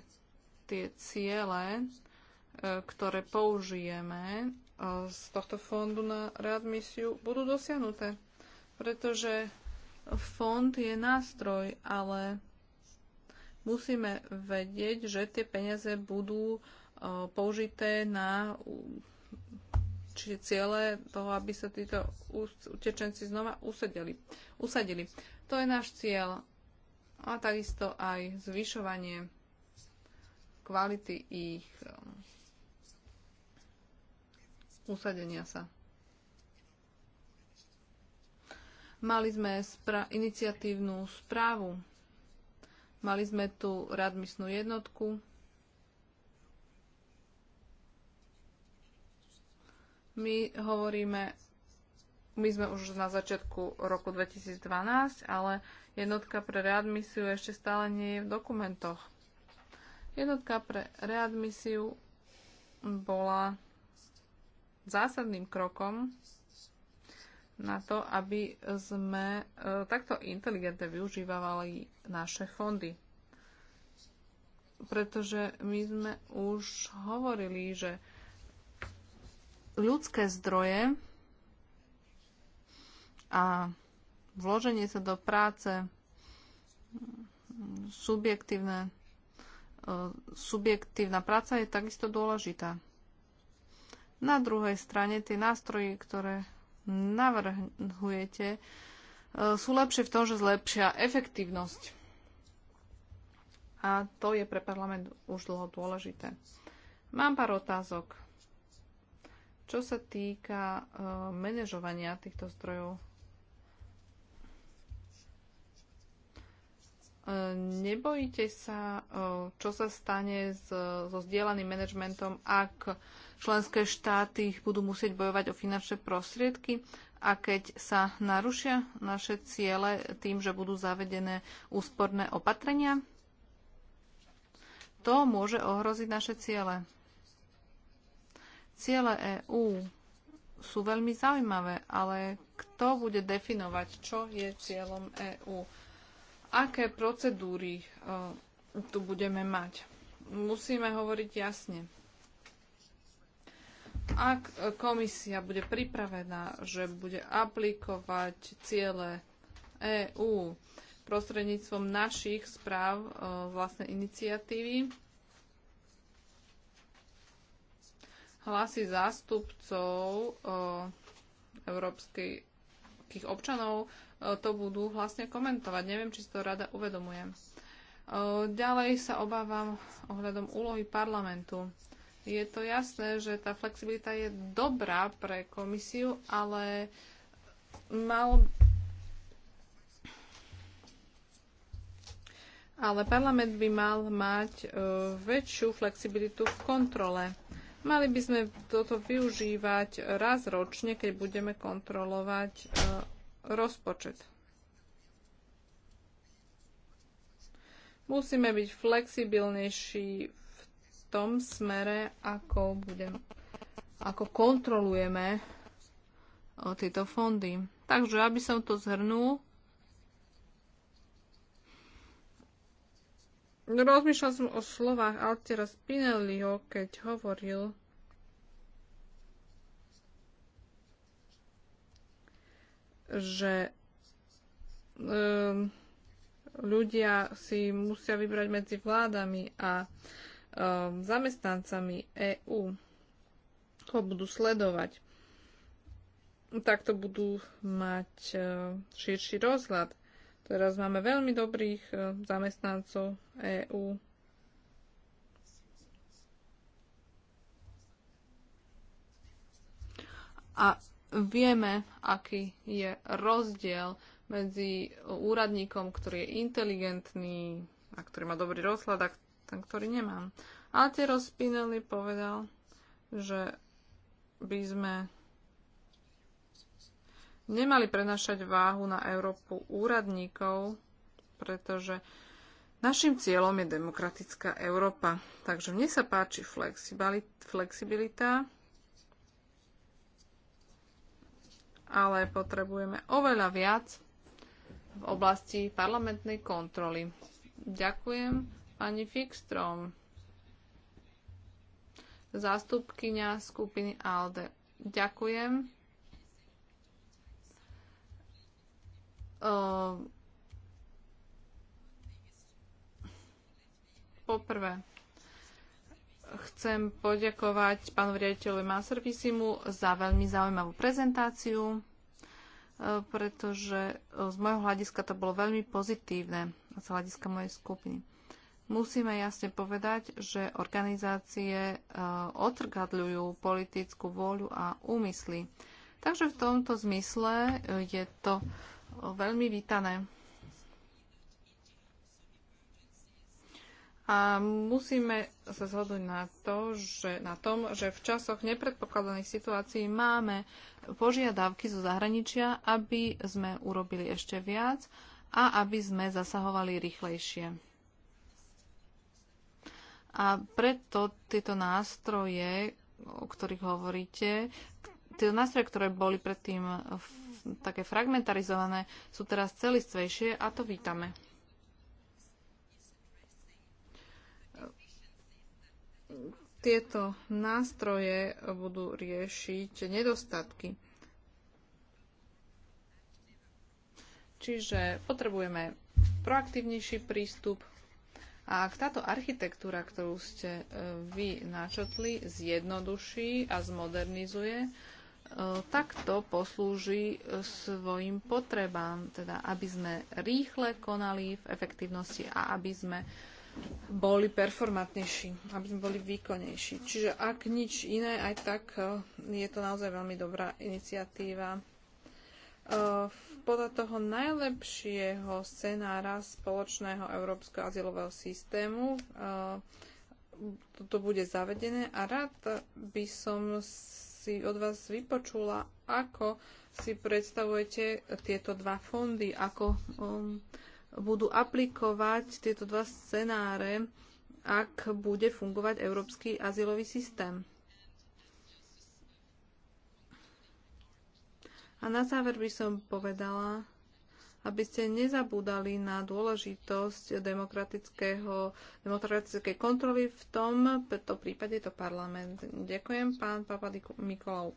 tie ciele, e, ktoré použijeme e, z tohto fondu na readmisiu, budú dosiahnuté? Pretože fond je nástroj, ale musíme vedieť, že tie peniaze budú e, použité na čiže ciele toho, aby sa títo utečenci znova usadili. usadili. To je náš cieľ a takisto aj zvyšovanie kvality ich um, usadenia sa. Mali sme spra- iniciatívnu správu, mali sme tu radmisnú jednotku, my hovoríme my sme už na začiatku roku 2012, ale jednotka pre readmisiu ešte stále nie je v dokumentoch. Jednotka pre readmisiu bola zásadným krokom na to, aby sme e, takto inteligentne využívali naše fondy. Pretože my sme už hovorili, že ľudské zdroje a vloženie sa do práce, subjektívne, e, subjektívna práca je takisto dôležitá. Na druhej strane tie nástroje, ktoré navrhujete, e, sú lepšie v tom, že zlepšia efektívnosť. A to je pre parlament už dlho dôležité. Mám pár otázok. Čo sa týka e, manažovania týchto zdrojov Nebojíte sa, čo sa stane so zdieľaným manažmentom, ak členské štáty budú musieť bojovať o finančné prostriedky a keď sa narušia naše ciele tým, že budú zavedené úsporné opatrenia? To môže ohroziť naše ciele. Ciele EÚ sú veľmi zaujímavé, ale kto bude definovať, čo je cieľom EÚ? aké procedúry e, tu budeme mať. Musíme hovoriť jasne. Ak e, komisia bude pripravená, že bude aplikovať ciele EÚ prostredníctvom našich správ e, vlastnej iniciatívy, hlasy zástupcov európskych občanov to budú vlastne komentovať. Neviem, či si to rada uvedomujem. E, ďalej sa obávam ohľadom úlohy parlamentu. Je to jasné, že tá flexibilita je dobrá pre komisiu, ale mal... Ale parlament by mal mať e, väčšiu flexibilitu v kontrole. Mali by sme toto využívať raz ročne, keď budeme kontrolovať e, rozpočet. Musíme byť flexibilnejší v tom smere, ako, budem, ako kontrolujeme tieto fondy. Takže, aby som to zhrnul, rozmýšľal som o slovách Altiera Spinelliho, keď hovoril, že um, ľudia si musia vybrať medzi vládami a um, zamestnancami EÚ, Ho budú sledovať. Takto budú mať uh, širší rozhľad. Teraz máme veľmi dobrých uh, zamestnancov EÚ. A vieme, aký je rozdiel medzi úradníkom, ktorý je inteligentný a ktorý má dobrý rozhľad a ten, ktorý nemám. tie Spinelli povedal, že by sme nemali prenašať váhu na Európu úradníkov, pretože našim cieľom je demokratická Európa. Takže mne sa páči flexibilita, ale potrebujeme oveľa viac v oblasti parlamentnej kontroly. Ďakujem pani Fikstrom, zástupkyňa skupiny ALDE. Ďakujem. Ehm, poprvé, chcem poďakovať pánu riaditeľovi Maservisimu za veľmi zaujímavú prezentáciu, e, pretože e, z môjho hľadiska to bolo veľmi pozitívne, z hľadiska mojej skupiny. Musíme jasne povedať, že organizácie e, otrgadľujú politickú vôľu a úmysly. Takže v tomto zmysle je to veľmi vítané. A musíme sa zhodnúť na, to, že, na tom, že v časoch nepredpokladaných situácií máme požiadavky zo zahraničia, aby sme urobili ešte viac a aby sme zasahovali rýchlejšie. A preto tieto nástroje, o ktorých hovoríte, tie nástroje, ktoré boli predtým také fragmentarizované, sú teraz celistvejšie a to vítame. Tieto nástroje budú riešiť nedostatky. Čiže potrebujeme proaktívnejší prístup a ak táto architektúra, ktorú ste e, vy načotli, zjednoduší a zmodernizuje, e, takto poslúži e, svojim potrebám, teda aby sme rýchle konali v efektívnosti a aby sme boli performantnejší, aby sme boli výkonnejší. Čiže ak nič iné, aj tak e, je to naozaj veľmi dobrá iniciatíva. E, podľa toho najlepšieho scenára spoločného európskeho azylového systému toto e, bude zavedené a rád by som si od vás vypočula, ako si predstavujete tieto dva fondy, ako budú aplikovať tieto dva scenáre, ak bude fungovať európsky azylový systém. A na záver by som povedala, aby ste nezabúdali na dôležitosť demokratického, demokratickej kontroly v tom prípade je to parlament. Ďakujem, pán Papa Mikolov.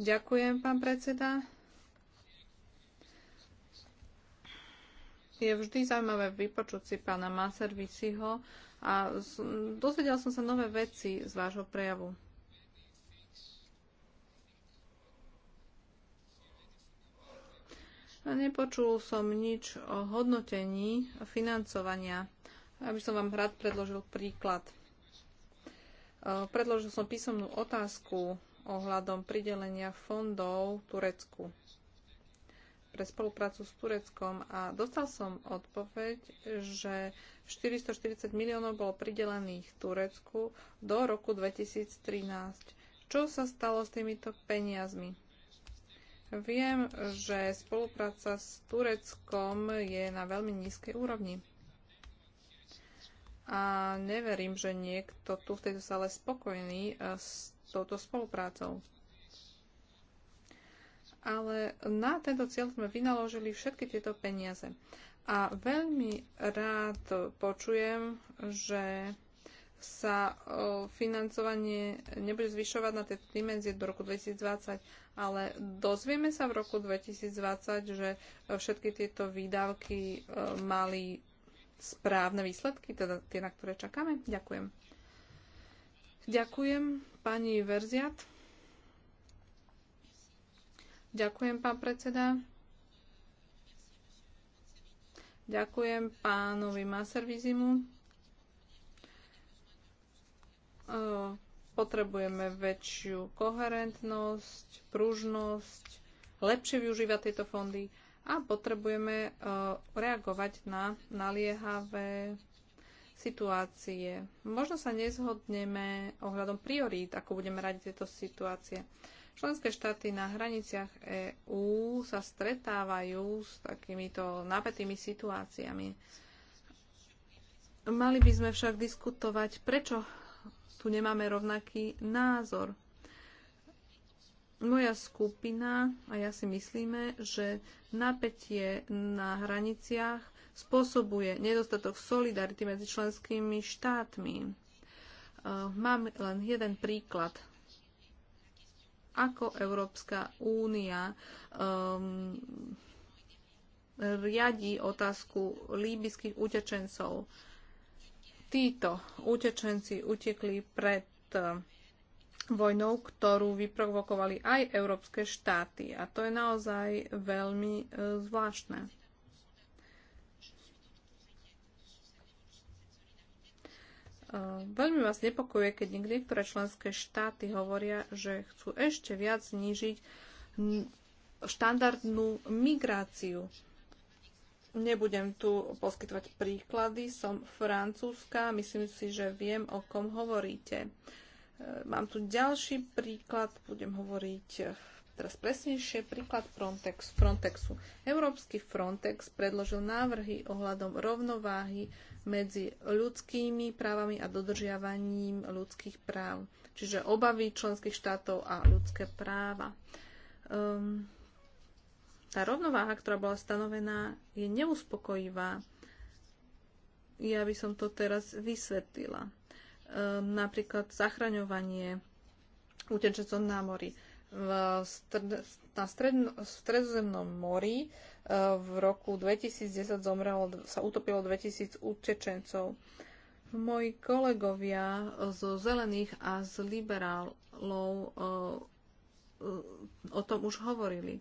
Ďakujem, pán predseda. je vždy zaujímavé vypočuť si pána Maservisiho a dozvedel som sa nové veci z vášho prejavu. Nepočul som nič o hodnotení financovania. Aby som vám rád predložil príklad. E, predložil som písomnú otázku ohľadom pridelenia fondov Turecku pre spoluprácu s Tureckom a dostal som odpoveď, že 440 miliónov bolo pridelených Turecku do roku 2013. Čo sa stalo s týmito peniazmi? Viem, že spolupráca s Tureckom je na veľmi nízkej úrovni. A neverím, že niekto tu v tejto sále spokojný eh, s touto spoluprácou ale na tento cieľ sme vynaložili všetky tieto peniaze. A veľmi rád počujem, že sa financovanie nebude zvyšovať na tieto dimenzie do roku 2020, ale dozvieme sa v roku 2020, že všetky tieto výdavky mali správne výsledky, teda tie, na ktoré čakáme? Ďakujem. Ďakujem, pani Verziat. Ďakujem, pán predseda. Ďakujem pánovi Maservizimu. Potrebujeme väčšiu koherentnosť, pružnosť, lepšie využívať tieto fondy a potrebujeme reagovať na naliehavé situácie. Možno sa nezhodneme ohľadom priorít, ako budeme radiť tieto situácie. Členské štáty na hraniciach EÚ sa stretávajú s takýmito napätými situáciami. Mali by sme však diskutovať, prečo tu nemáme rovnaký názor. Moja skupina a ja si myslíme, že napätie na hraniciach spôsobuje nedostatok solidarity medzi členskými štátmi. Ehm, mám len jeden príklad ako Európska únia um, riadi otázku líbyských utečencov. Títo utečenci utekli pred uh, vojnou, ktorú vyprovokovali aj európske štáty. A to je naozaj veľmi uh, zvláštne. Ehm, veľmi vás nepokojuje, keď niektoré členské štáty hovoria, že chcú ešte viac znížiť štandardnú migráciu. Nebudem tu poskytovať príklady, som francúzska, myslím si, že viem, o kom hovoríte. Ehm, mám tu ďalší príklad, budem hovoriť eh, teraz presnejšie, príklad Frontex, Frontexu. Európsky Frontex predložil návrhy ohľadom rovnováhy medzi ľudskými právami a dodržiavaním ľudských práv. Čiže obavy členských štátov a ľudské práva. Um, tá rovnováha, ktorá bola stanovená, je neuspokojivá. Ja by som to teraz vysvetlila. Um, napríklad zachraňovanie utečencov na mori. V stred, na stred, v stredozemnom mori v roku 2010 zomrelo, sa utopilo 2000 utečencov. Moji kolegovia zo zelených a z liberálov eh, o tom už hovorili.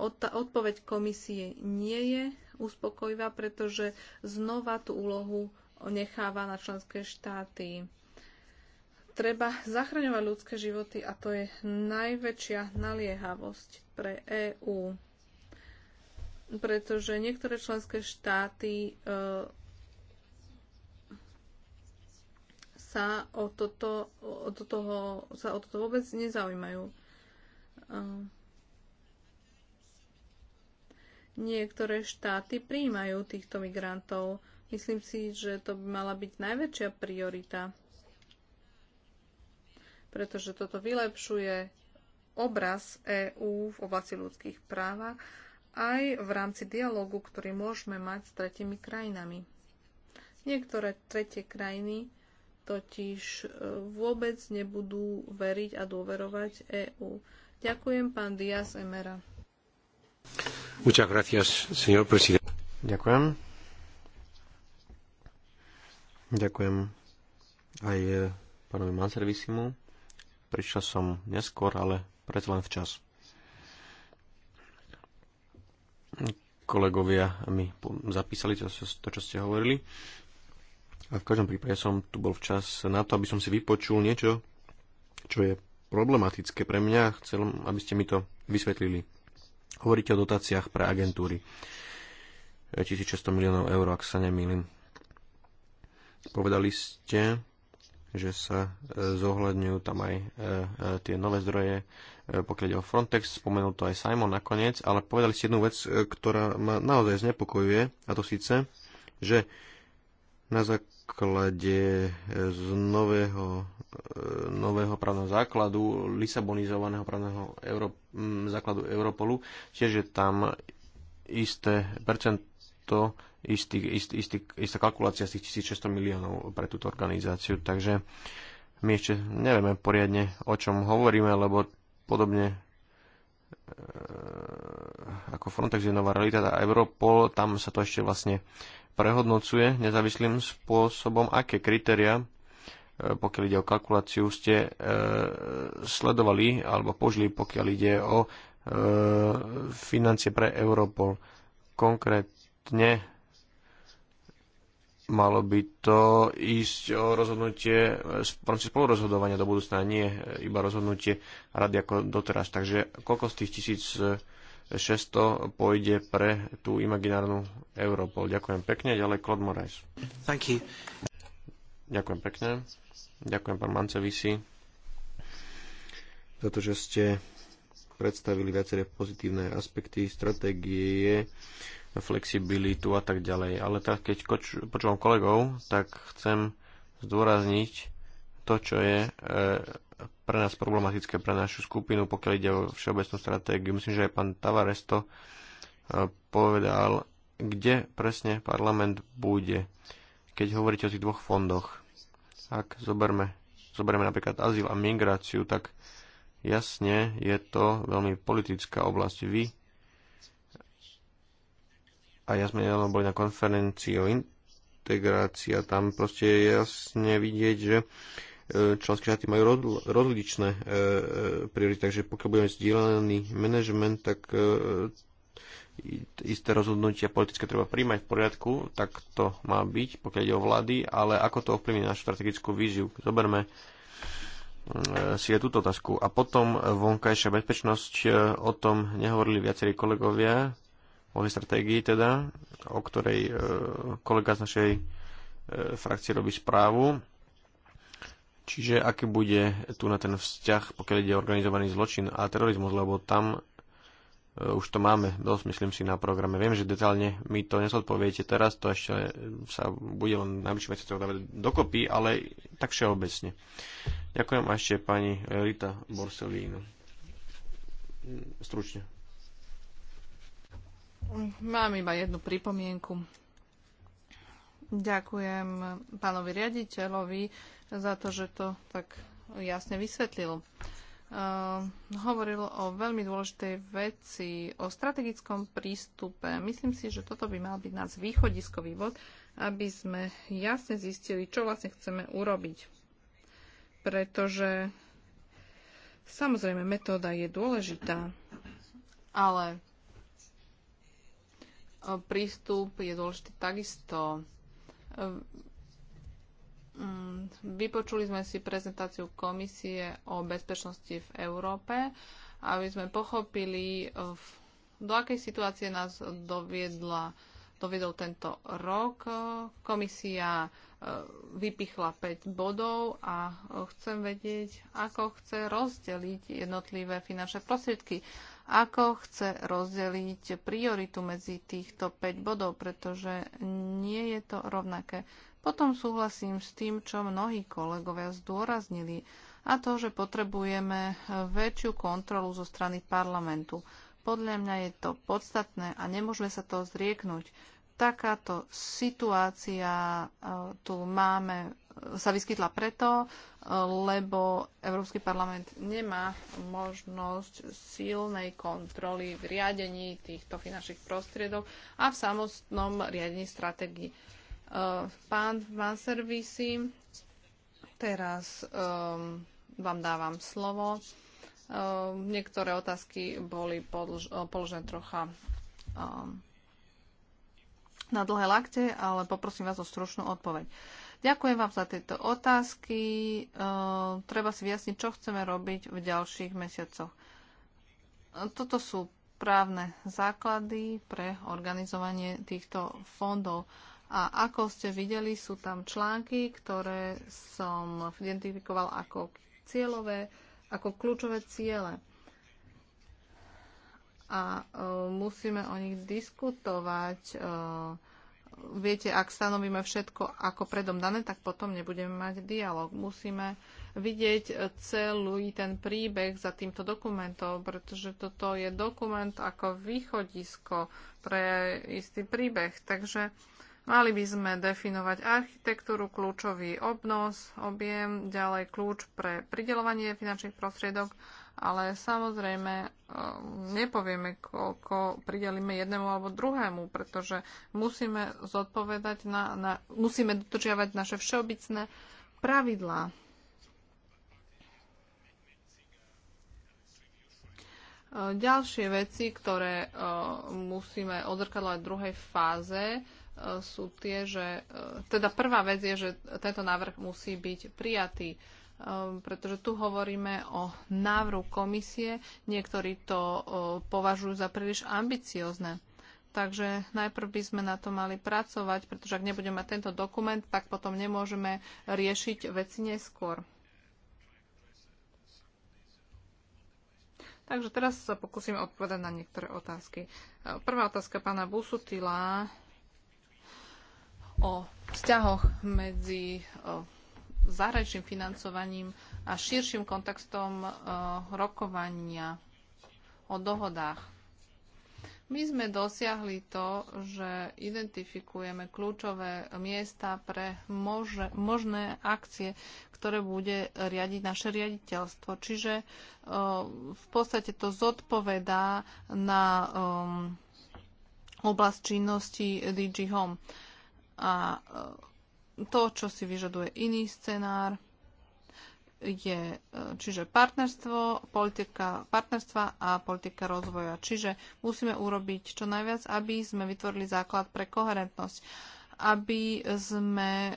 Odpoveď komisie nie je uspokojivá, pretože znova tú úlohu necháva na členské štáty. Treba zachraňovať ľudské životy a to je najväčšia naliehavosť pre EÚ pretože niektoré členské štáty e, sa o toto, o toto, sa o toto vôbec nezaujímajú. E, niektoré štáty prijímajú týchto migrantov. Myslím si, že to by mala byť najväčšia priorita, pretože toto vylepšuje obraz EÚ v oblasti ľudských práv aj v rámci dialogu, ktorý môžeme mať s tretimi krajinami. Niektoré tretie krajiny totiž e, vôbec nebudú veriť a dôverovať EÚ. Ďakujem, pán Dias Emera. Ďakujem. Ďakujem aj e, pánovi Manservisimu. Prišiel som neskôr, ale preto len včas. Kolegovia mi zapísali to, to čo ste hovorili. A v každom prípade som tu bol včas na to, aby som si vypočul niečo, čo je problematické pre mňa. chcel, aby ste mi to vysvetlili. Hovoríte o dotáciách pre agentúry. 1600 e, miliónov eur, ak sa nemýlim. Povedali ste, že sa e, zohľadňujú tam aj e, e, tie nové zdroje, pokiaľ ide o Frontex, spomenul to aj Simon nakoniec, ale povedali ste jednu vec, ktorá ma naozaj znepokojuje, a to síce, že na základe z nového, nového právneho základu, lisabonizovaného právneho Euró- základu Europolu, tiež je tam isté percento istý, istý, istý, istá kalkulácia z tých 1600 miliónov pre túto organizáciu. Takže my ešte nevieme poriadne, o čom hovoríme, lebo podobne e, ako Frontex je nová realita a Europol, tam sa to ešte vlastne prehodnocuje nezávislým spôsobom, aké kritéria, e, pokiaľ ide o kalkuláciu, ste e, sledovali alebo požili, pokiaľ ide o e, financie pre Europol. Konkrétne Malo by to ísť o rozhodnutie v rámci spolurozhodovania do budúcna, nie iba rozhodnutie rady ako doteraz. Takže koľko z tých 1600 pôjde pre tú imaginárnu Europol? Ďakujem pekne. Ďalej Claude Moraes. Thank you. Ďakujem pekne. Ďakujem pán Mancevisi za to, že ste predstavili viaceré pozitívne aspekty stratégie flexibilitu a tak ďalej. Ale tak, keď koč, počúvam kolegov, tak chcem zdôrazniť to, čo je e, pre nás problematické, pre našu skupinu, pokiaľ ide o všeobecnú stratégiu. Myslím, že aj pán Tavares to e, povedal, kde presne parlament bude, keď hovoríte o tých dvoch fondoch. Ak zoberme, zoberme napríklad azyl a migráciu, tak jasne je to veľmi politická oblasť. Vy a ja sme nedávno boli na konferencii o integrácii a tam proste je jasne vidieť, že e, členské štáty majú rozličné e, e, priority, takže pokiaľ budeme sdielaný manažment, tak isté rozhodnutia politické treba príjmať v poriadku, tak to má byť, pokiaľ ide o vlády, ale ako to ovplyvní našu strategickú víziu? Zoberme si aj túto otázku. A potom vonkajšia bezpečnosť, o tom nehovorili viacerí kolegovia, novej stratégii teda, o ktorej e, kolega z našej e, frakcie robí správu. Čiže aký bude tu na ten vzťah, pokiaľ ide organizovaný zločin a terorizmus, lebo tam e, už to máme dosť, myslím si, na programe. Viem, že detálne mi to nesodpoviete teraz, to ešte sa bude len najbližšie mesiace dávať dokopy, ale tak všeobecne. Ďakujem a ešte pani Rita Borsellino. Stručne. Mám iba jednu pripomienku. Ďakujem pánovi riaditeľovi za to, že to tak jasne vysvetlil. Uh, hovoril o veľmi dôležitej veci, o strategickom prístupe. Myslím si, že toto by mal byť nás východiskový bod, aby sme jasne zistili, čo vlastne chceme urobiť. Pretože samozrejme metóda je dôležitá, ale prístup je dôležitý takisto. E, mm, vypočuli sme si prezentáciu komisie o bezpečnosti v Európe, aby sme pochopili, e, do akej situácie nás doviedla, doviedol tento rok. E, Komisia vypichla 5 bodov a chcem vedieť, ako chce rozdeliť jednotlivé finančné prostriedky ako chce rozdeliť prioritu medzi týchto 5 bodov, pretože nie je to rovnaké. Potom súhlasím s tým, čo mnohí kolegovia zdôraznili, a to, že potrebujeme väčšiu kontrolu zo strany parlamentu. Podľa mňa je to podstatné a nemôžeme sa to zrieknúť. Takáto situácia e, tu máme, sa vyskytla preto, lebo Európsky parlament nemá možnosť silnej kontroly v riadení týchto finančných prostriedov a v samostnom riadení stratégií. Eh, pán Van Servisi, teraz um, vám dávam slovo. Um, niektoré otázky boli podlž- položené trocha um, na dlhé lakte, ale poprosím vás o stručnú odpoveď. Uh, Ďakujem vám za tieto otázky. Uh, treba si vyjasniť, čo chceme robiť v ďalších mesiacoch. E, toto sú právne základy pre organizovanie týchto fondov. A ako ste videli, sú tam články, ktoré som identifikoval ako cieľové, ako kľúčové ciele a uh, musíme o nich diskutovať. Uh, viete, ak stanovíme všetko ako predom dané, tak potom nebudeme mať dialog. Musíme vidieť celý ten príbeh za týmto dokumentom, pretože toto je dokument ako východisko pre istý príbeh. Takže mali by sme definovať architektúru, kľúčový obnos, objem, ďalej kľúč pre pridelovanie finančných prostriedok ale samozrejme e, nepovieme, koľko pridelíme jednému alebo druhému, pretože musíme zodpovedať na, na, musíme dotržiavať naše všeobecné pravidlá. E, ďalšie veci, ktoré e, musíme odzrkadľovať v druhej fáze, sú tie, že teda prvá vec je, že tento návrh musí byť prijatý Ehm, pretože tu hovoríme o návru komisie. Niektorí to e, považujú za príliš ambiciozne. Takže najprv by sme na to mali pracovať, pretože ak nebudeme mať tento dokument, tak potom nemôžeme riešiť veci neskôr. Takže teraz sa pokúsim odpovedať na niektoré otázky. Ehm, prvá otázka pána Busutila o vzťahoch medzi e, zahraničným financovaním a širším kontextom e, rokovania o dohodách. My sme dosiahli to, že identifikujeme kľúčové miesta pre možné akcie, ktoré bude riadiť naše riaditeľstvo. Čiže e, v podstate to zodpovedá na e, oblasť činnosti DG Home. A to, čo si vyžaduje iný scenár, je e, čiže partnerstvo, politika partnerstva a politika rozvoja. Čiže musíme urobiť čo najviac, aby sme vytvorili základ pre koherentnosť, aby sme e,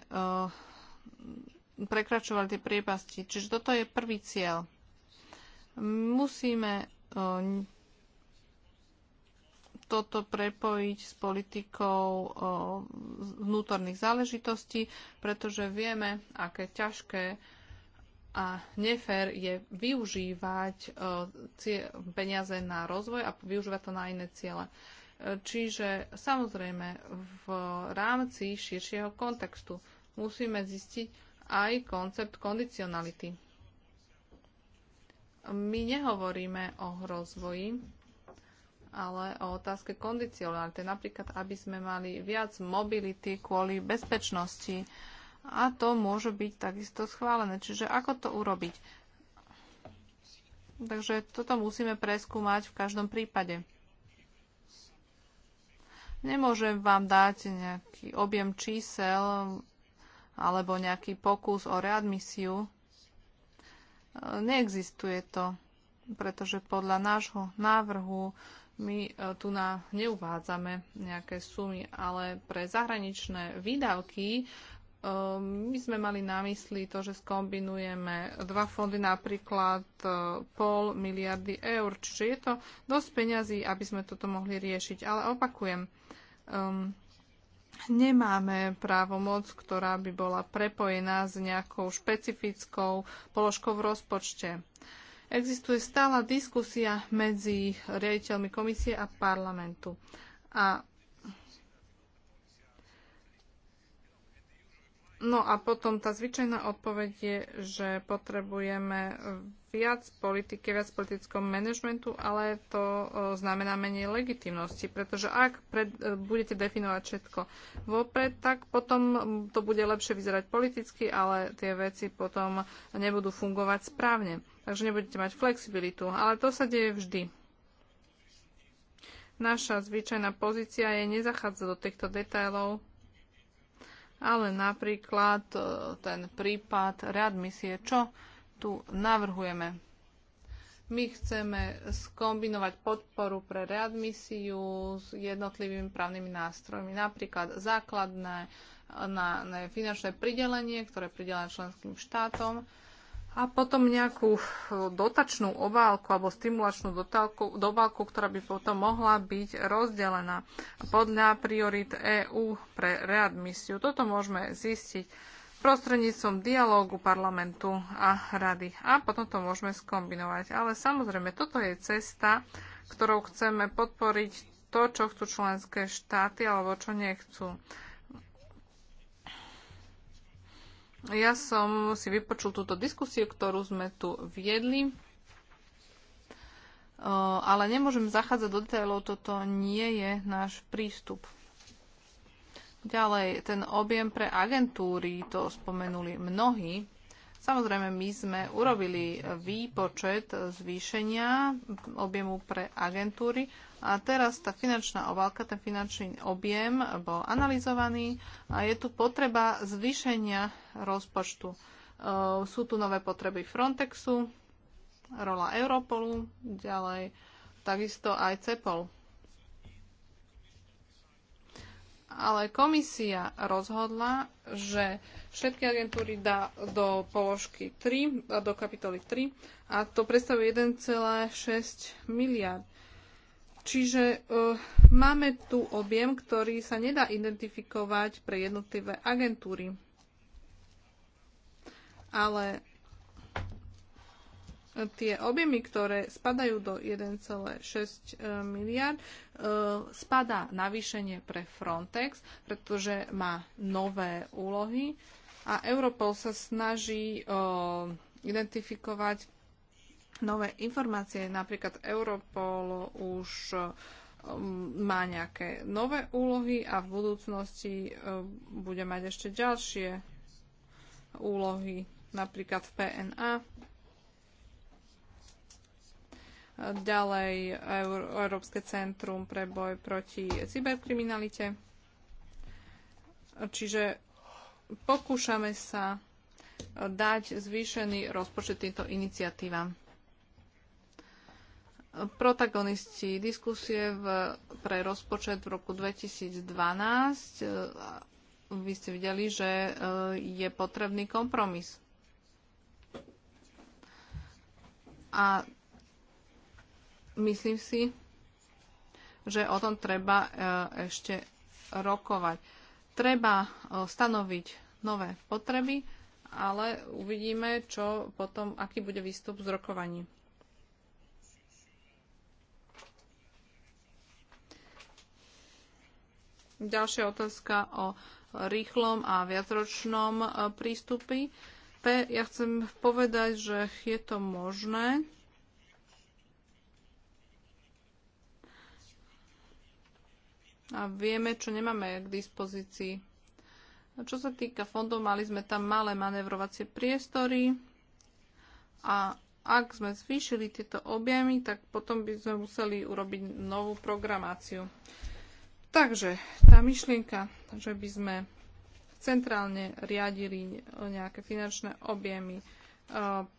prekračovali tie priepasti. Čiže toto je prvý cieľ. Musíme e, toto prepojiť s politikou vnútorných záležitostí, pretože vieme, aké ťažké a nefér je využívať peniaze na rozvoj a využívať to na iné ciele. E, čiže samozrejme v rámci širšieho kontextu musíme zistiť aj koncept kondicionality. My nehovoríme o rozvoji, ale o otázke kondicionality. Napríklad, aby sme mali viac mobility kvôli bezpečnosti a to môže byť takisto schválené. Čiže ako to urobiť? Takže toto musíme preskúmať v každom prípade. Nemôžem vám dať nejaký objem čísel alebo nejaký pokus o readmisiu. Neexistuje to, pretože podľa nášho návrhu my e, tu na neuvádzame nejaké sumy, ale pre zahraničné výdavky e, my sme mali na mysli to, že skombinujeme dva fondy napríklad e, pol miliardy eur. Čiže je to dosť peňazí, aby sme toto mohli riešiť. Ale opakujem, um, nemáme právomoc, ktorá by bola prepojená s nejakou špecifickou položkou v rozpočte. Uh, Existuje stála diskusia medzi riaditeľmi komisie a parlamentu. A No a potom tá zvyčajná odpoveď je, že potrebujeme viac politike, viac politickom manažmentu, ale to e, znamená menej legitimnosti, pretože ak pred, e, budete definovať všetko vopred, tak potom to bude lepšie vyzerať politicky, ale tie veci potom nebudú fungovať správne. Takže nebudete mať flexibilitu, ale to sa deje vždy. Naša zvyčajná pozícia je nezachádzať do týchto detailov, ale napríklad e, ten prípad readmisie, čo tu navrhujeme. My chceme skombinovať podporu pre readmisiu s jednotlivými právnymi nástrojmi, napríklad základné na, na finančné pridelenie, ktoré pridelené členským štátom, a potom nejakú eh, dotačnú obálku alebo stimulačnú dotálku, dobálku, ktorá by potom mohla byť rozdelená podľa priorit EÚ pre readmisiu. Toto môžeme zistiť prostredníctvom dialógu parlamentu a rady. A potom to môžeme skombinovať. Ale samozrejme, toto je cesta, ktorou chceme podporiť to, čo chcú členské štáty alebo čo nechcú. Ja som si vypočul túto diskusiu, ktorú sme tu viedli, ale nemôžem zachádzať do detailov, toto nie je náš prístup. Ďalej, ten objem pre agentúry, to spomenuli mnohí. Samozrejme, my sme urobili výpočet zvýšenia objemu pre agentúry a teraz tá finančná obálka, ten finančný objem bol analyzovaný a je tu potreba zvýšenia rozpočtu. E, sú tu nové potreby Frontexu, rola Europolu, ďalej takisto aj CEPOL. ale komisia rozhodla, že všetky agentúry dá do položky 3, do kapitoly 3 a to predstavuje 1,6 miliard. Čiže e, máme tu objem, ktorý sa nedá identifikovať pre jednotlivé agentúry. Ale tie objemy, ktoré spadajú do 1,6 e, miliard, e, spadá navýšenie pre Frontex, pretože má nové úlohy a Europol sa snaží e, identifikovať nové informácie. Napríklad Europol už má nejaké nové úlohy a v budúcnosti bude mať ešte ďalšie úlohy, napríklad v PNA ďalej Európske centrum pre boj proti cyberkriminalite. Čiže pokúšame sa dať zvýšený rozpočet týmto iniciatívam. Protagonisti diskusie v, pre rozpočet v roku 2012 vy ste videli, že e, je potrebný kompromis. A myslím si, že o tom treba e, ešte rokovať. Treba e, stanoviť nové potreby, ale uvidíme, čo potom, aký bude výstup z rokovaní. Ďalšia otázka o rýchlom a viacročnom e, prístupi. Ja chcem povedať, že je to možné a vieme, čo nemáme k dispozícii. A čo sa týka fondov, mali sme tam malé manevrovacie priestory a ak sme zvýšili tieto objemy, tak potom by sme museli urobiť novú programáciu. Takže tá myšlienka, že by sme centrálne riadili nejaké finančné objemy, e,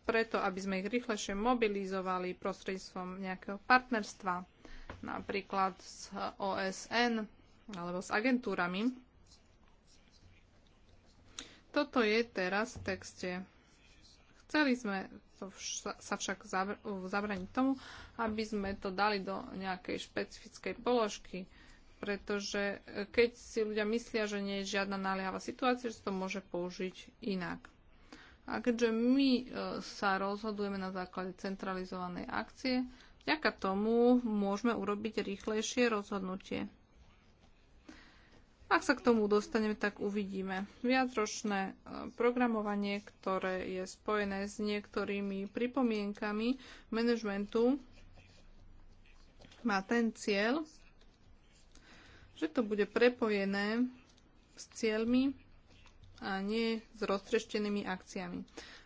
preto aby sme ich rýchlejšie mobilizovali prostredstvom nejakého partnerstva, napríklad s OSN alebo s agentúrami. Toto je teraz v texte. Chceli sme to vš- sa však zabr- zabraniť tomu, aby sme to dali do nejakej špecifickej položky, pretože e, keď si ľudia myslia, že nie je žiadna naliehavá situácia, že sa to môže použiť inak. A keďže my e, sa rozhodujeme na základe centralizovanej akcie, Vďaka tomu môžeme urobiť rýchlejšie rozhodnutie. Ak sa k tomu dostaneme, tak uvidíme. Viacročné e, programovanie, ktoré je spojené s niektorými pripomienkami manažmentu, má ten cieľ, že to bude prepojené s cieľmi a nie s roztreštenými akciami.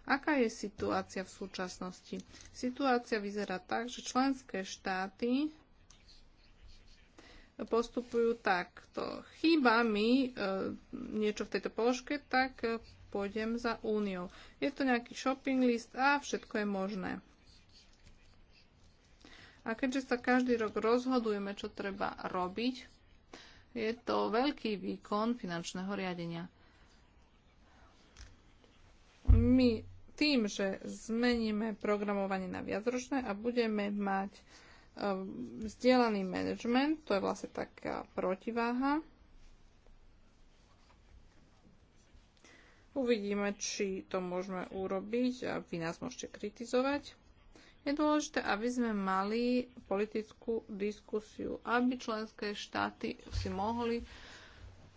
Aká je situácia v súčasnosti? Situácia vyzerá tak, že členské štáty postupujú takto. Chýba mi e, niečo v tejto položke, tak e, pôjdem za úniou. Je to nejaký shopping list a všetko je možné. A keďže sa každý rok rozhodujeme, čo treba robiť, je to veľký výkon finančného riadenia. My tým, že zmeníme programovanie na viacročné a budeme mať e, vzdielaný management, to je vlastne taká protiváha. Uvidíme, či to môžeme urobiť a vy nás môžete kritizovať. Je dôležité, aby sme mali politickú diskusiu, aby členské štáty si mohli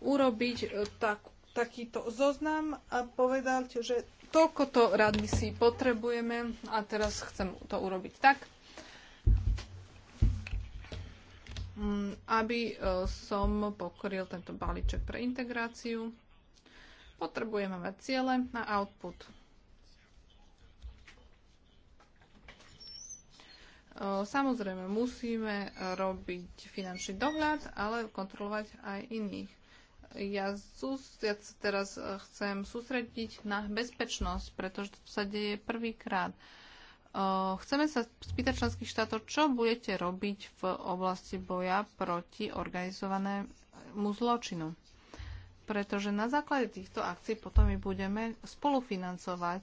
urobiť e, tak, takýto zoznam a povedať, že my si potrebujeme a teraz chcem to urobiť tak, mm, aby e, som pokoril tento balíček pre integráciu. Potrebujeme mať ciele na output. E, samozrejme, musíme robiť finančný dohľad, ale kontrolovať aj iných ja, sus, ja teraz eh, chcem sústrediť na bezpečnosť, pretože to sa deje prvýkrát. Eh, chceme sa spýtať členských štátov, čo budete robiť v oblasti boja proti organizovanému zločinu. Pretože na základe týchto akcií potom my budeme spolufinancovať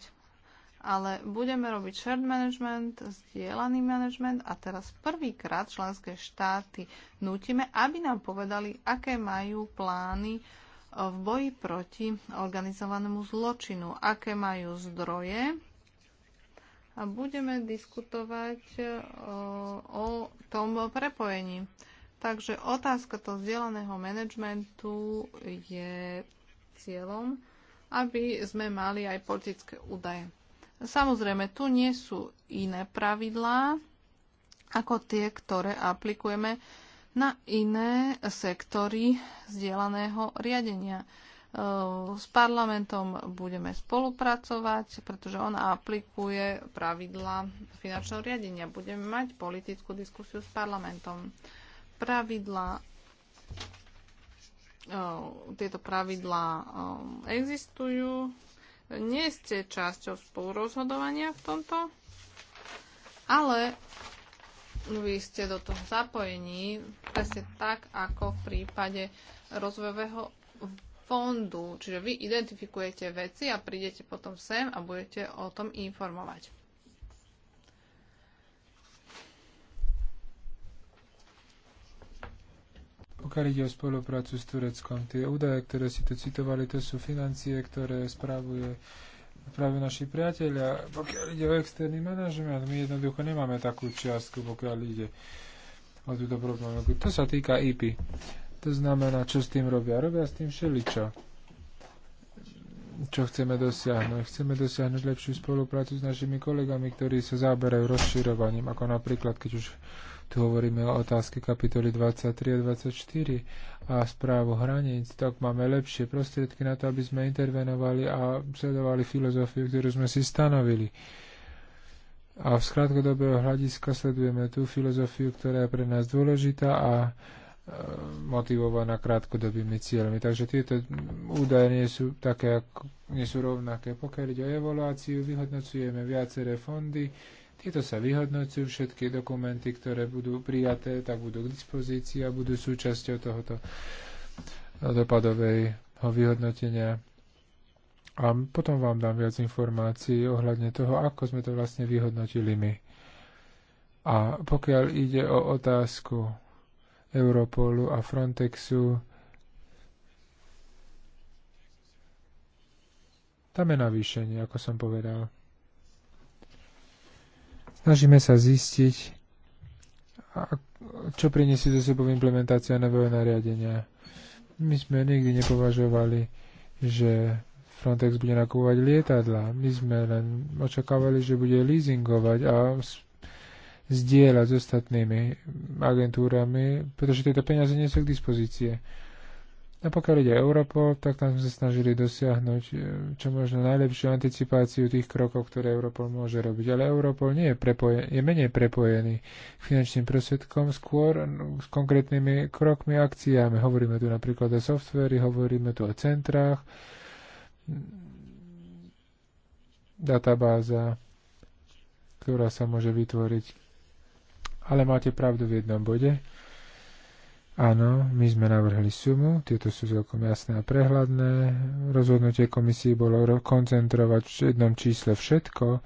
ale budeme robiť shared management, zdieľaný management a teraz prvýkrát členské štáty nutíme, aby nám povedali, aké majú plány e, v boji proti organizovanému zločinu, aké majú zdroje a budeme diskutovať e, o tom prepojení. Takže otázka toho vzdelaného manažmentu je cieľom, aby sme mali aj politické údaje. Samozrejme, tu nie sú iné pravidlá ako tie, ktoré aplikujeme na iné sektory zdieľaného riadenia. E, s parlamentom budeme spolupracovať, pretože on aplikuje pravidla finančného riadenia. Budeme mať politickú diskusiu s parlamentom. Pravidla e, tieto pravidlá e, existujú, nie ste časťou spolurozhodovania v tomto, ale vy ste do toho zapojení presne tak, ako v prípade rozvojového fondu. Čiže vy identifikujete veci a prídete potom sem a budete o tom informovať. Pokiaľ ide o spoluprácu s Tureckom, tie údaje, ktoré si tu citovali, to sú financie, ktoré spravuje práve naši priatelia. Pokiaľ ide o externý manažment, my jednoducho nemáme takú čiastku, pokiaľ ide o túto problematiku. To sa týka IP. To znamená, čo s tým robia. Robia s tým všeličo. Čo chceme dosiahnuť? Chceme dosiahnuť lepšiu spoluprácu s našimi kolegami, ktorí sa záberajú rozširovaním, ako napríklad, keď už tu hovoríme o otázke kapitoly 23 a 24 a správu hraníc, tak máme lepšie prostriedky na to, aby sme intervenovali a sledovali filozofiu, ktorú sme si stanovili. A z krátkodobého hľadiska sledujeme tú filozofiu, ktorá je pre nás dôležitá a e, motivovaná krátkodobými cieľmi. Takže tieto údaje nie sú, také, ako nie sú rovnaké. Pokiaľ ide o evaluáciu, vyhodnocujeme viaceré fondy, tieto sa vyhodnocujú, všetky dokumenty, ktoré budú prijaté, tak budú k dispozícii a budú súčasťou tohoto dopadového vyhodnotenia. A potom vám dám viac informácií ohľadne toho, ako sme to vlastne vyhodnotili my. A pokiaľ ide o otázku Europolu a Frontexu, tam je navýšenie, ako som povedal. Snažíme sa zistiť, čo priniesie zo sebou implementácia nového nariadenia. My sme nikdy nepovažovali, že Frontex bude nakúvať lietadla. My sme len očakávali, že bude leasingovať a zdieľať s ostatnými agentúrami, pretože tieto peniaze nie sú k dispozície. A pokiaľ ide Europol, tak tam sme sa snažili dosiahnuť e, čo možno najlepšiu anticipáciu tých krokov, ktoré Europol môže robiť. Ale Europol nie je, prepojen, je menej prepojený k finančným prosvedkom, skôr s konkrétnymi krokmi, akciami. Hovoríme tu napríklad o softvéri, hovoríme tu o centrách, mm, databáza, ktorá sa môže vytvoriť. Ale máte pravdu v jednom bode Áno, my sme navrhli sumu, tieto sú celkom jasné a prehľadné. Rozhodnutie komisie bolo koncentrovať v jednom čísle všetko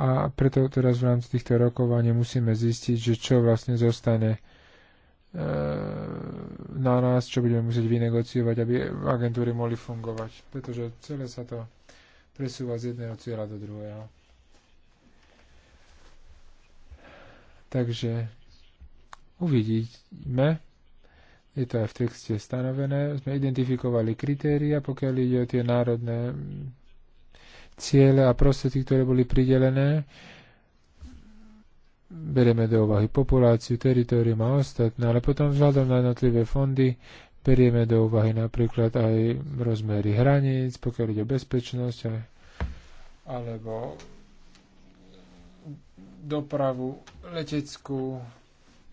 a preto teraz v rámci týchto rokovaní musíme zistiť, že čo vlastne zostane e, na nás, čo budeme musieť vynegociovať, aby agentúry mohli fungovať. Pretože celé sa to presúva z jedného cieľa do druhého. Takže uvidíme, je to aj v texte stanovené, sme identifikovali kritéria, pokiaľ ide o tie národné ciele a prostriedky, ktoré boli pridelené. Bereme do úvahy populáciu, teritorium a ostatné, ale potom vzhľadom na jednotlivé fondy berieme do úvahy napríklad aj rozmery hraníc, pokiaľ ide o bezpečnosť, alebo dopravu leteckú,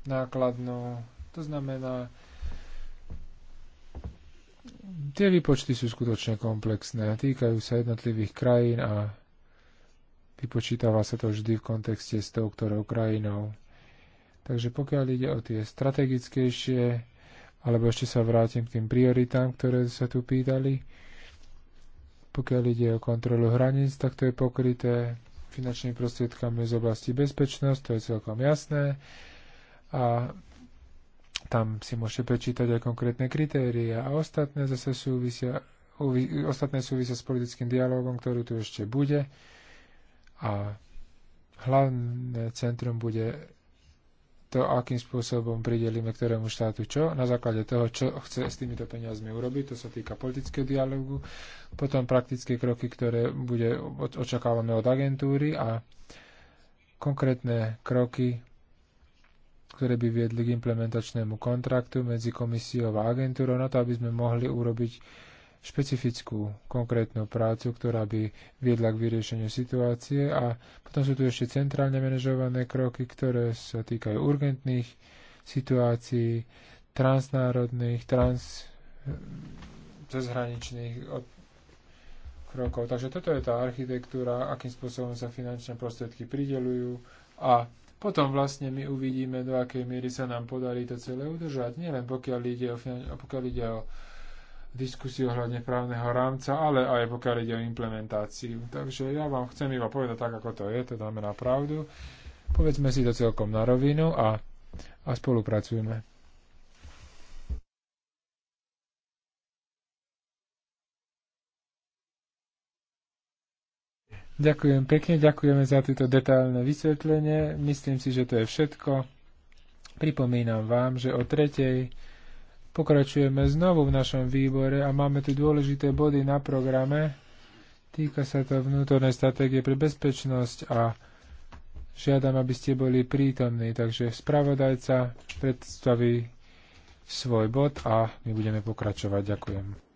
nákladnú. To znamená, tie výpočty sú skutočne komplexné a týkajú sa jednotlivých krajín a vypočítava sa to vždy v kontexte s tou ktorou krajinou. Takže pokiaľ ide o tie strategickejšie, alebo ešte sa vrátim k tým prioritám, ktoré sa tu pýtali, pokiaľ ide o kontrolu hraníc, tak to je pokryté finančnými prostriedkami z oblasti bezpečnosť, to je celkom jasné. A tam si môžete prečítať aj konkrétne kritéria a ostatné zase súvisia, uvi, ostatné súvisia s politickým dialogom, ktorý tu ešte bude. A hlavné centrum bude to, akým spôsobom pridelíme ktorému štátu čo, na základe toho, čo chce s týmito peniazmi urobiť, to sa týka politického dialogu, potom praktické kroky, ktoré bude očakávame od agentúry a konkrétne kroky ktoré by viedli k implementačnému kontraktu medzi komisiou a agentúrou na to, aby sme mohli urobiť špecifickú konkrétnu prácu, ktorá by viedla k vyriešeniu situácie a potom sú tu ešte centrálne manažované kroky, ktoré sa týkajú urgentných situácií, transnárodných, trans cezhraničných krokov. Takže toto je tá architektúra, akým spôsobom sa finančné prostriedky pridelujú a potom vlastne my uvidíme, do akej miery sa nám podarí to celé udržať. Nielen pokiaľ ide o, pokiaľ ide o diskusiu ohľadne právneho rámca, ale aj pokiaľ ide o implementáciu. Takže ja vám chcem iba povedať tak, ako to je, to dáme na pravdu. Povedzme si to celkom na rovinu a, a spolupracujeme. Ďakujem pekne, ďakujeme za toto detailné vysvetlenie. Myslím si, že to je všetko. Pripomínam vám, že o tretej pokračujeme znovu v našom výbore a máme tu dôležité body na programe. Týka sa to vnútornej stratégie pre bezpečnosť a žiadam, aby ste boli prítomní. Takže spravodajca predstaví svoj bod a my budeme pokračovať. Ďakujem.